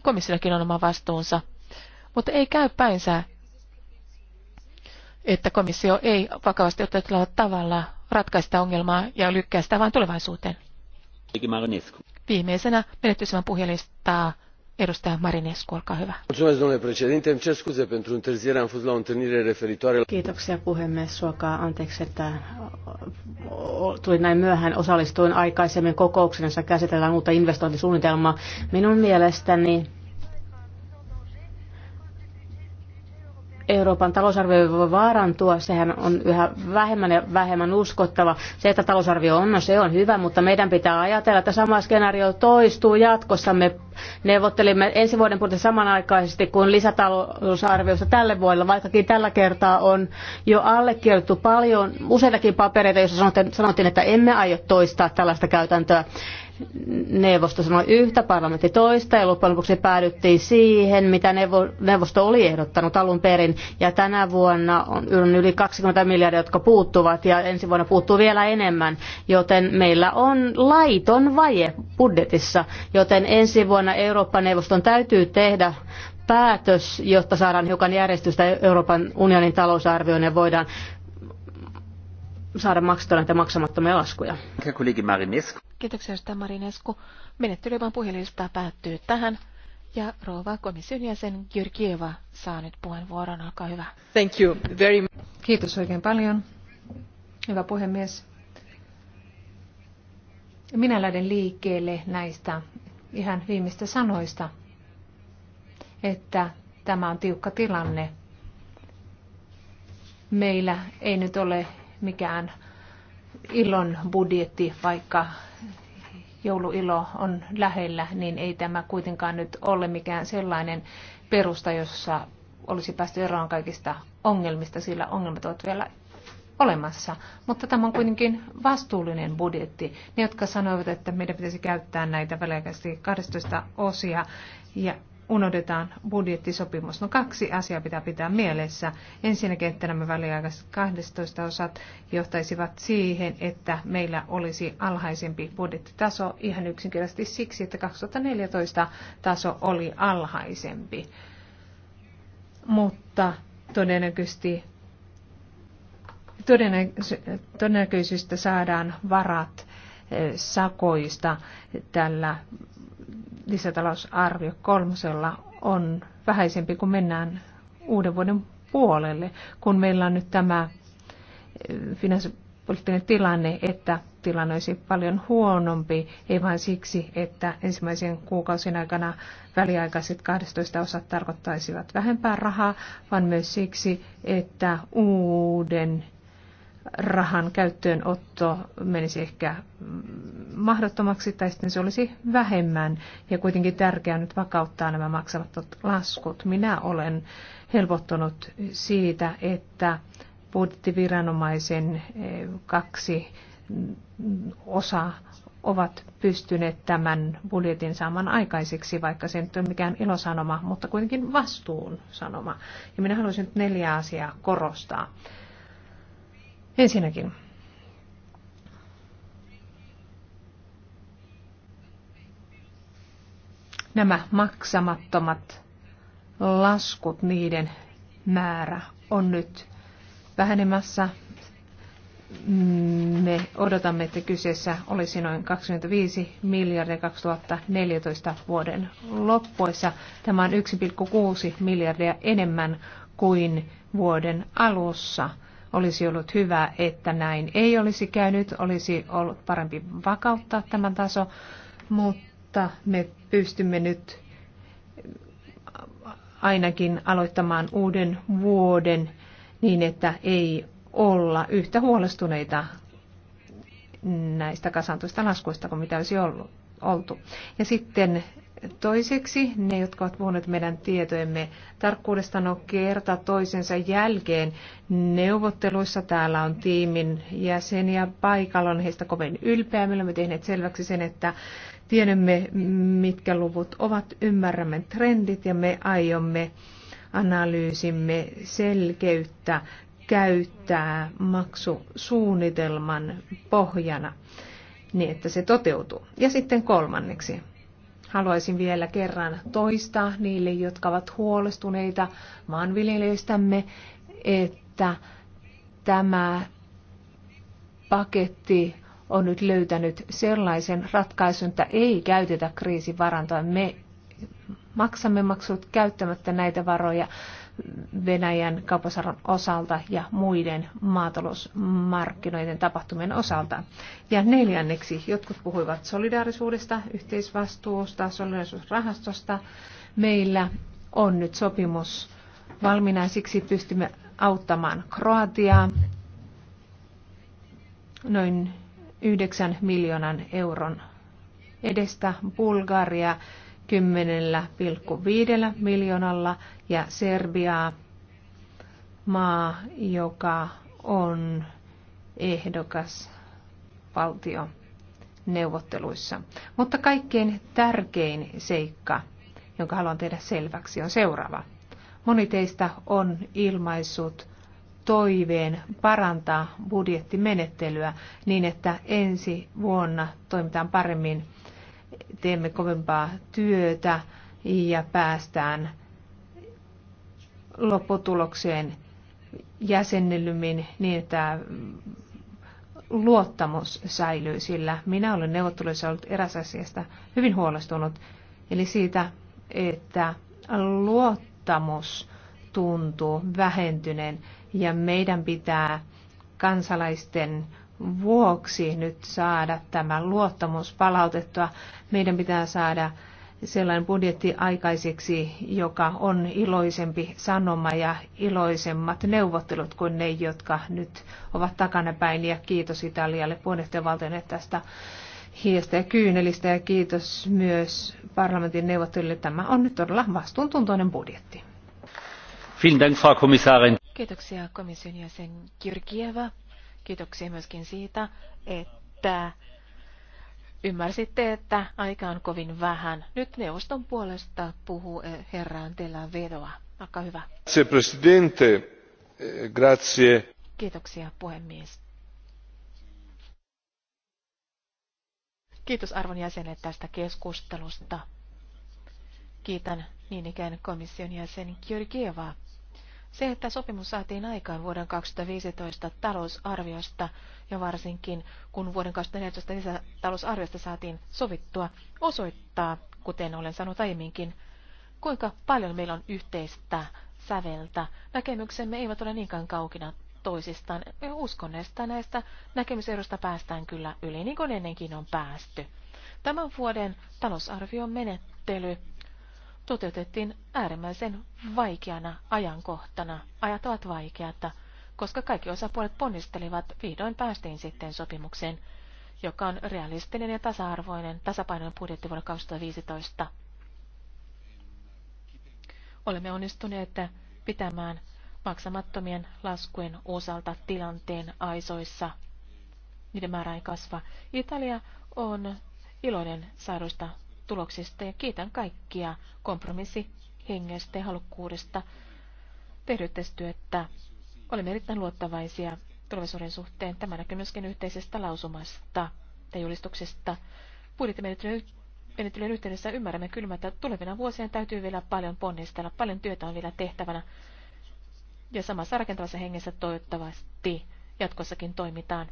Komissiokin on oma vastuunsa, mutta ei käy päinsä, että komissio ei vakavasti otettavalla tavalla ratkaista ongelmaa ja lykkää sitä vain tulevaisuuteen. Viimeisenä menettyisemmän puhelistaa Edustaja Marinescu, olkaa hyvä. Kiitoksia puhemies. Suokaa anteeksi, että tulin näin myöhään. Osallistuin aikaisemmin kokoukseen, jossa käsitellään uutta investointisuunnitelmaa. Minun mielestäni Euroopan talousarvio voi vaarantua, sehän on yhä vähemmän ja vähemmän uskottava. Se, että talousarvio on, no se on hyvä, mutta meidän pitää ajatella, että sama skenaario toistuu jatkossa. Me neuvottelimme ensi vuoden puolta samanaikaisesti kuin lisätalousarviossa tälle vuodelle, vaikkakin tällä kertaa on jo allekirjoitettu paljon useitakin papereita, joissa sanottiin, sanottiin, että emme aio toistaa tällaista käytäntöä neuvosto sanoi yhtä, parlamentti toista ja loppujen lopuksi päädyttiin siihen, mitä neuvosto oli ehdottanut alun perin. Ja tänä vuonna on yli 20 miljardia, jotka puuttuvat ja ensi vuonna puuttuu vielä enemmän, joten meillä on laiton vaje budjetissa, joten ensi vuonna Eurooppa-neuvoston täytyy tehdä päätös, jotta saadaan hiukan järjestystä Euroopan unionin talousarvioon ja voidaan saada maksettua näitä maksamattomia laskuja. Kiitoksia, Sitä Marinesku. Menettelymän puhelista päättyy tähän. Ja rouva komission jäsen Georgieva saa nyt puheenvuoron. Olkaa hyvä. Thank you very much. Kiitos oikein paljon. Hyvä puhemies. Minä lähden liikkeelle näistä ihan viimeistä sanoista, että tämä on tiukka tilanne. Meillä ei nyt ole mikään ilon budjetti, vaikka jouluilo on lähellä, niin ei tämä kuitenkaan nyt ole mikään sellainen perusta, jossa olisi päästy eroon kaikista ongelmista, sillä ongelmat ovat vielä olemassa. Mutta tämä on kuitenkin vastuullinen budjetti. Ne, jotka sanoivat, että meidän pitäisi käyttää näitä väliaikaisesti 12 osia ja unohdetaan budjettisopimus. No kaksi asiaa pitää pitää mielessä. Ensinnäkin, että nämä väliaikaiset 12 osat johtaisivat siihen, että meillä olisi alhaisempi budjettitaso ihan yksinkertaisesti siksi, että 2014 taso oli alhaisempi. Mutta todennäköisesti todennäköisyystä saadaan varat eh, sakoista tällä lisätalousarvio kolmosella on vähäisempi, kun mennään uuden vuoden puolelle, kun meillä on nyt tämä eh, finanssipoliittinen tilanne, että tilanne olisi paljon huonompi, ei vain siksi, että ensimmäisen kuukausien aikana väliaikaiset 12 osat tarkoittaisivat vähempää rahaa, vaan myös siksi, että uuden rahan käyttöönotto menisi ehkä mahdottomaksi tai sitten se olisi vähemmän. Ja kuitenkin tärkeää nyt vakauttaa nämä maksavat laskut. Minä olen helpottunut siitä, että budjettiviranomaisen eh, kaksi osa ovat pystyneet tämän budjetin saamaan aikaiseksi, vaikka se nyt ei ole mikään ilosanoma, mutta kuitenkin vastuun sanoma. Ja minä haluaisin nyt neljä asiaa korostaa. Ensinnäkin. Nämä maksamattomat laskut, niiden määrä on nyt vähenemässä. Me odotamme, että kyseessä olisi noin 25 miljardia 2014 vuoden loppuissa. Tämä on 1,6 miljardia enemmän kuin vuoden alussa – olisi ollut hyvä, että näin ei olisi käynyt, olisi ollut parempi vakauttaa tämä taso, mutta me pystymme nyt ainakin aloittamaan uuden vuoden niin, että ei olla yhtä huolestuneita näistä kasantuista laskuista kuin mitä olisi ollut, oltu. Ja sitten Toiseksi ne, jotka ovat puhuneet meidän tietojemme tarkkuudesta, no kerta toisensa jälkeen neuvotteluissa. Täällä on tiimin jäseniä paikalla, on heistä kovin ylpeä. Me olemme tehneet selväksi sen, että tiedämme, mitkä luvut ovat, ymmärrämme trendit ja me aiomme analyysimme selkeyttä käyttää maksusuunnitelman pohjana niin, että se toteutuu. Ja sitten kolmanneksi Haluaisin vielä kerran toistaa niille, jotka ovat huolestuneita maanviljelijöistämme, että tämä paketti on nyt löytänyt sellaisen ratkaisun, että ei käytetä kriisivarantoa. Me maksamme maksut käyttämättä näitä varoja Venäjän kauppasarron osalta ja muiden maatalousmarkkinoiden tapahtumien osalta. Ja neljänneksi, jotkut puhuivat solidaarisuudesta, yhteisvastuusta, solidaarisuusrahastosta. Meillä on nyt sopimus valmiina ja siksi pystymme auttamaan Kroatiaa noin 9 miljoonan euron edestä Bulgaria 10,5 miljoonalla ja Serbia maa, joka on ehdokas valtio neuvotteluissa. Mutta kaikkein tärkein seikka, jonka haluan tehdä selväksi, on seuraava. Moni teistä on ilmaissut toiveen parantaa budjettimenettelyä niin, että ensi vuonna toimitaan paremmin teemme kovempaa työtä ja päästään lopputulokseen jäsennellymmin niin, että luottamus säilyy, sillä minä olen neuvotteluissa ollut eräs asiasta hyvin huolestunut, eli siitä, että luottamus tuntuu vähentyneen ja meidän pitää kansalaisten vuoksi nyt saada tämä luottamus palautettua. Meidän pitää saada sellainen budjetti aikaiseksi, joka on iloisempi sanoma ja iloisemmat neuvottelut kuin ne, jotka nyt ovat takanapäin. Ja kiitos Italialle puheenjohtajavaltiolle tästä hiestä ja kyynelistä ja kiitos myös parlamentin neuvottelijoille. Tämä on nyt todella vastuuntuntoinen budjetti. Kiitoksia komission jäsen Georgieva. Kiitoksia myöskin siitä, että ymmärsitte, että aika on kovin vähän. Nyt neuvoston puolesta puhuu eh, herraan Tela Vedoa. Aika hyvä. Eh, grazie, Kiitoksia, puhemies. Kiitos arvon jäsenet tästä keskustelusta. Kiitän niin ikään komission jäsen Georgievaa se, että sopimus saatiin aikaan vuoden 2015 talousarviosta ja varsinkin kun vuoden 2014 lisätalousarviosta saatiin sovittua, osoittaa, kuten olen sanonut aiemminkin, kuinka paljon meillä on yhteistä säveltä. Näkemyksemme eivät ole niinkään kaukina toisistaan. Uskon, että näistä näkemyserosta päästään kyllä yli, niin kuin ennenkin on päästy. Tämän vuoden talousarvion menettely toteutettiin äärimmäisen vaikeana ajankohtana. Ajat ovat vaikeata, koska kaikki osapuolet ponnistelivat, vihdoin päästiin sitten sopimukseen, joka on realistinen ja tasa-arvoinen tasapainoinen budjetti vuonna 2015. Olemme onnistuneet pitämään maksamattomien laskujen osalta tilanteen aisoissa. Niiden määrä ei kasva. Italia on iloinen saaduista tuloksista ja kiitän kaikkia hengestä ja halukkuudesta tehdä Olemme erittäin luottavaisia tulevaisuuden suhteen. Tämä näkyy myöskin yhteisestä lausumasta ja julistuksesta. Budjettimenettelyn yhteydessä ymmärrämme kylmä, että tulevina vuosina täytyy vielä paljon ponnistella, paljon työtä on vielä tehtävänä. Ja samassa rakentavassa hengessä toivottavasti jatkossakin toimitaan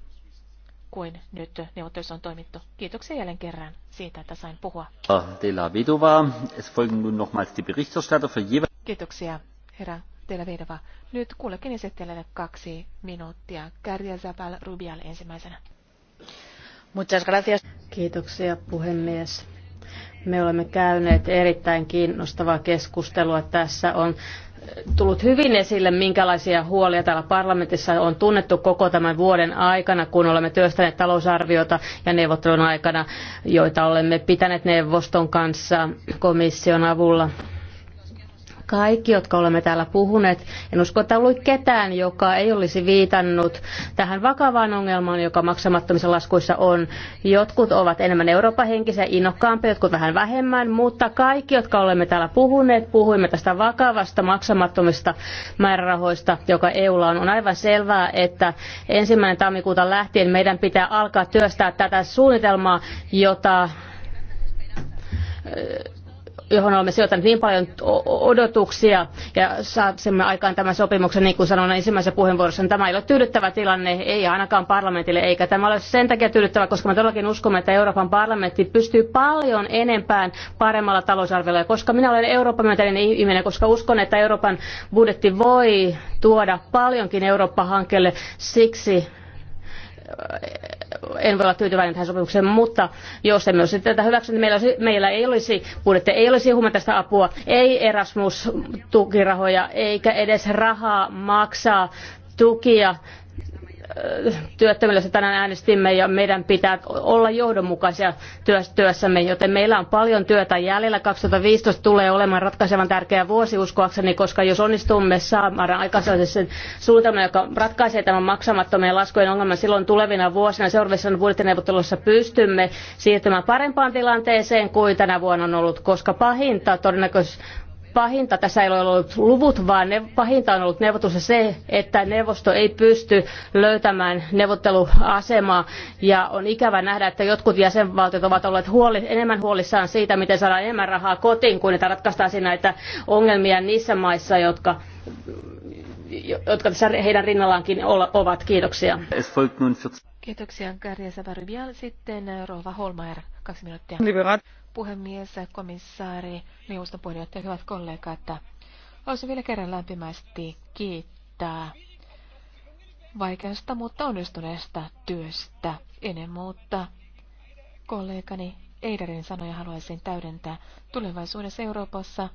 kuin nyt neuvottelussa on toimittu. Kiitoksia jälleen kerran siitä, että sain puhua. Kiitoksia, herra Tela Vedova. Nyt kullekin esittelijälle kaksi minuuttia. Kärjä Zabal Rubial ensimmäisenä. Muchas gracias. Kiitoksia puhemies. Me olemme käyneet erittäin kiinnostavaa keskustelua. Tässä on tullut hyvin esille, minkälaisia huolia täällä parlamentissa on tunnettu koko tämän vuoden aikana, kun olemme työstäneet talousarviota ja neuvottelun aikana, joita olemme pitäneet neuvoston kanssa komission avulla kaikki, jotka olemme täällä puhuneet, en usko, että ollut ketään, joka ei olisi viitannut tähän vakavaan ongelmaan, joka maksamattomissa laskuissa on. Jotkut ovat enemmän henkisiä, innokkaampia, jotkut vähän vähemmän, mutta kaikki, jotka olemme täällä puhuneet, puhuimme tästä vakavasta maksamattomista määrärahoista, joka EUlla on. On aivan selvää, että ensimmäinen tammikuuta lähtien meidän pitää alkaa työstää tätä suunnitelmaa, jota johon olemme sijoittaneet niin paljon odotuksia ja saamme aikaan tämän sopimuksen, niin kuin sanoin ensimmäisessä puheenvuorossa, niin tämä ei ole tyydyttävä tilanne, ei ainakaan parlamentille, eikä tämä ole sen takia tyydyttävä, koska me todellakin uskomme, että Euroopan parlamentti pystyy paljon enempään paremmalla talousarviolla. Ja koska minä olen Euroopan myönteinen ihminen, koska uskon, että Euroopan budjetti voi tuoda paljonkin Eurooppa-hankkeelle, siksi en voi olla tyytyväinen tähän sopimukseen, mutta jos emme olisi tätä hyväksynyt, meillä, olisi, meillä ei olisi budjettia, ei olisi humanitaista apua, ei Erasmus-tukirahoja, eikä edes rahaa maksaa tukia työttömillä tänään äänestimme ja meidän pitää olla johdonmukaisia työssämme, joten meillä on paljon työtä jäljellä. 2015 tulee olemaan ratkaisevan tärkeä vuosi uskoakseni, koska jos onnistumme saamaan aikaisen suunnitelman, joka ratkaisee tämän maksamattomien laskujen ongelman silloin tulevina vuosina seuraavissa budjettineuvotteluissa pystymme siirtymään parempaan tilanteeseen kuin tänä vuonna on ollut, koska pahinta todennäköisesti Pahinta tässä ei ole ollut luvut, vaan ne, pahinta on ollut neuvotussa se, että neuvosto ei pysty löytämään neuvotteluasemaa. Ja on ikävä nähdä, että jotkut jäsenvaltiot ovat olleet huoli, enemmän huolissaan siitä, miten saadaan enemmän rahaa kotiin, kuin että ratkaistaisiin näitä ongelmia niissä maissa, jotka jotka tässä heidän rinnallaankin ovat. Kiitoksia. Kiitoksia, Kärjä Sitten äh, Rova kaksi minuuttia puhemies, komissaari, neuvoston puheenjohtaja, hyvät kollegat. Haluaisin vielä kerran lämpimästi kiittää vaikeasta, mutta onnistuneesta työstä. Ennen muuta kollegani Eiderin sanoja haluaisin täydentää. Tulevaisuudessa Euroopassa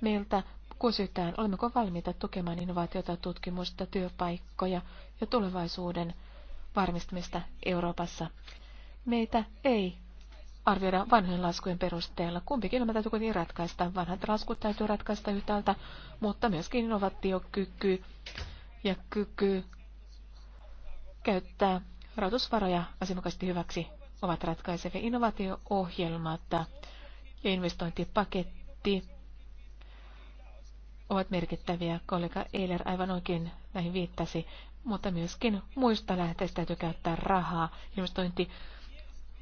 meiltä kysytään, olemmeko valmiita tukemaan innovaatiota, tutkimusta, työpaikkoja ja tulevaisuuden varmistamista Euroopassa. Meitä ei arvioida vanhojen laskujen perusteella. Kumpikin nämä täytyy kuitenkin ratkaista. Vanhat laskut täytyy ratkaista yhtäältä, mutta myöskin innovaatiokyky ja kyky käyttää rahoitusvaroja asianmukaisesti hyväksi ovat ratkaisevia innovaatio-ohjelmat ja investointipaketti ovat merkittäviä. Kollega Eiler aivan oikein näihin viittasi, mutta myöskin muista lähteistä täytyy käyttää rahaa. Investointi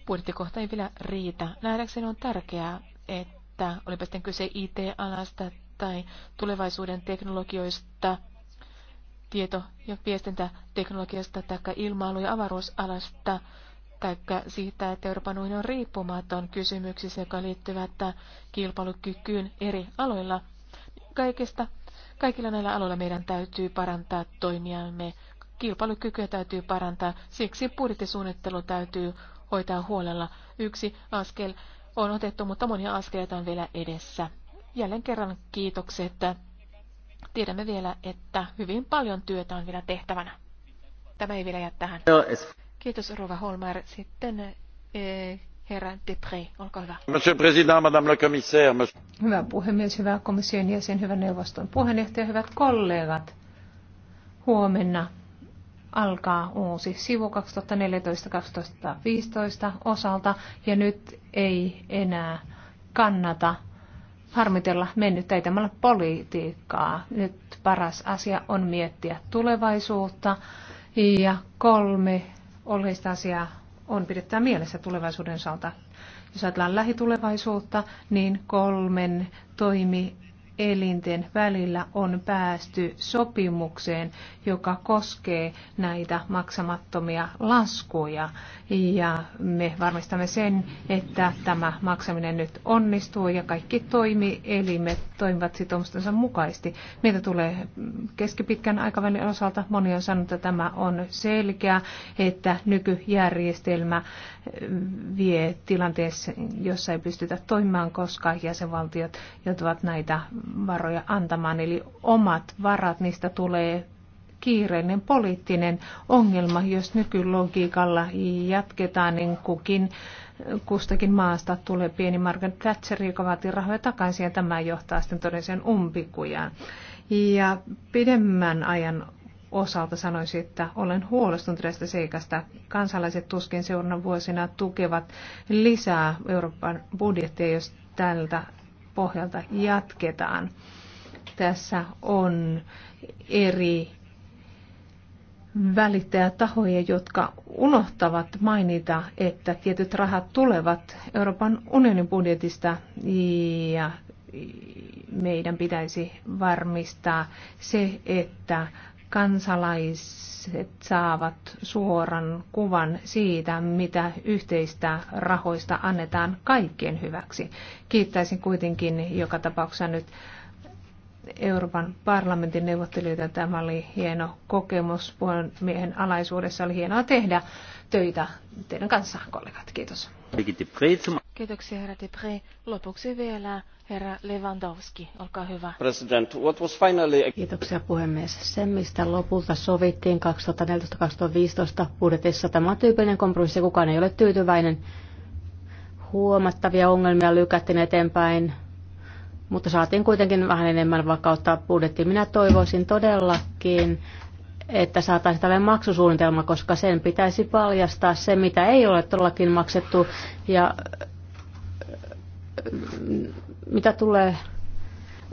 budjettikohta ei vielä riitä. Nähdäkseni on tärkeää, että olipa sitten kyse IT-alasta tai tulevaisuuden teknologioista, tieto- ja viestintäteknologiasta tai ilmailu- ja avaruusalasta, tai siitä, että Euroopan unioni on riippumaton kysymyksissä, joka liittyvät kilpailukykyyn eri aloilla. Kaikista, kaikilla näillä aloilla meidän täytyy parantaa toimiamme. Kilpailukykyä täytyy parantaa, siksi budjettisuunnittelu täytyy hoitaa huolella. Yksi askel on otettu, mutta monia askeleita on vielä edessä. Jälleen kerran kiitokset. Tiedämme vielä, että hyvin paljon työtä on vielä tehtävänä. Tämä ei vielä jää tähän. Kiitos Rova Holmer. Sitten eh, herra Depré, olkaa hyvä. Monsieur Président, Madame la Commissaire. Monsieur... Hyvä puhemies, hyvä komission jäsen, hyvä neuvoston puheenjohtaja, hyvät kollegat. Huomenna alkaa uusi sivu 2014-2015 osalta ja nyt ei enää kannata harmitella mennyt täitämällä politiikkaa. Nyt paras asia on miettiä tulevaisuutta ja kolme oleellista asiaa on pidettävä mielessä tulevaisuuden osalta. Jos ajatellaan lähitulevaisuutta, niin kolmen toimi elinten välillä on päästy sopimukseen, joka koskee näitä maksamattomia laskuja. Ja me varmistamme sen, että tämä maksaminen nyt onnistuu ja kaikki toimielimet toimivat sitoumustensa mukaisesti. Mitä tulee keskipitkän aikavälin osalta, moni on sanonut, että tämä on selkeä, että nykyjärjestelmä vie tilanteessa, jossa ei pystytä toimimaan, koska jäsenvaltiot joutuvat näitä varoja antamaan, eli omat varat, niistä tulee kiireinen poliittinen ongelma, jos nykylogiikalla jatketaan, niin kukin kustakin maasta tulee pieni Margaret Thatcher, joka vaatii rahoja takaisin, ja tämä johtaa sitten todelliseen umpikujaan. Ja pidemmän ajan osalta sanoisin, että olen huolestunut tästä seikasta. Kansalaiset tuskin seurannan vuosina tukevat lisää Euroopan budjettia, jos tältä pohjalta jatketaan. Tässä on eri välittäjätahoja, jotka unohtavat mainita, että tietyt rahat tulevat Euroopan unionin budjetista ja meidän pitäisi varmistaa se, että kansalaiset saavat suoran kuvan siitä, mitä yhteistä rahoista annetaan kaikkien hyväksi. Kiittäisin kuitenkin joka tapauksessa nyt Euroopan parlamentin neuvottelijoita. Tämä oli hieno kokemus. Puhemiehen alaisuudessa oli hienoa tehdä töitä teidän kanssa, kollegat. Kiitos. Kiitoksia, herra Depre. Lopuksi vielä herra Lewandowski, olkaa hyvä. President, what was finally... Kiitoksia puhemies. Se, mistä lopulta sovittiin 2014-2015 budjetissa, tämä on tyypillinen kompromissi, kukaan ei ole tyytyväinen. Huomattavia ongelmia lykättiin eteenpäin, mutta saatiin kuitenkin vähän enemmän vakautta budjettiin. Minä toivoisin todellakin, että saataisiin tällainen maksusuunnitelma, koska sen pitäisi paljastaa se, mitä ei ole todellakin maksettu ja mitä tulee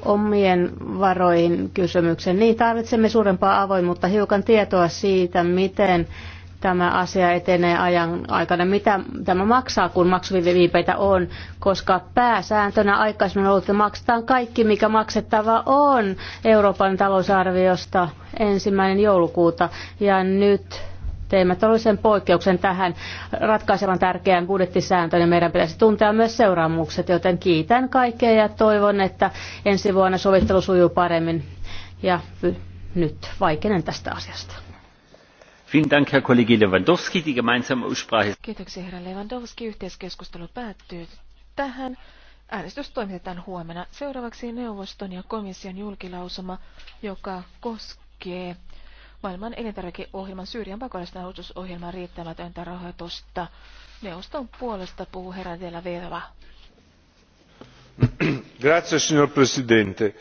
omien varoihin kysymykseen, niin tarvitsemme suurempaa avoimuutta, hiukan tietoa siitä, miten tämä asia etenee ajan aikana, mitä tämä maksaa, kun maksuviipeitä on, koska pääsääntönä aikaisemmin on ollut, että maksetaan kaikki, mikä maksettava on Euroopan talousarviosta ensimmäinen joulukuuta. Ja nyt Teemme todellisen poikkeuksen tähän ratkaisevan tärkeään budjettisääntöön ja meidän pitäisi tuntea myös seuraamukset, joten kiitän kaikkea ja toivon, että ensi vuonna sovittelu sujuu paremmin ja nyt vaikenen tästä asiasta. Kiitoksia, herra Lewandowski. Yhteiskeskustelu päättyy tähän. Äänestys toimitetaan huomenna. Seuraavaksi neuvoston ja komission julkilausuma, joka koskee maailman elintarvikeohjelman Syyrian pakolaisten avustusohjelman riittämätöntä rahoitusta. Neuvoston puolesta puhuu herra Della Grazie, signor Presidente.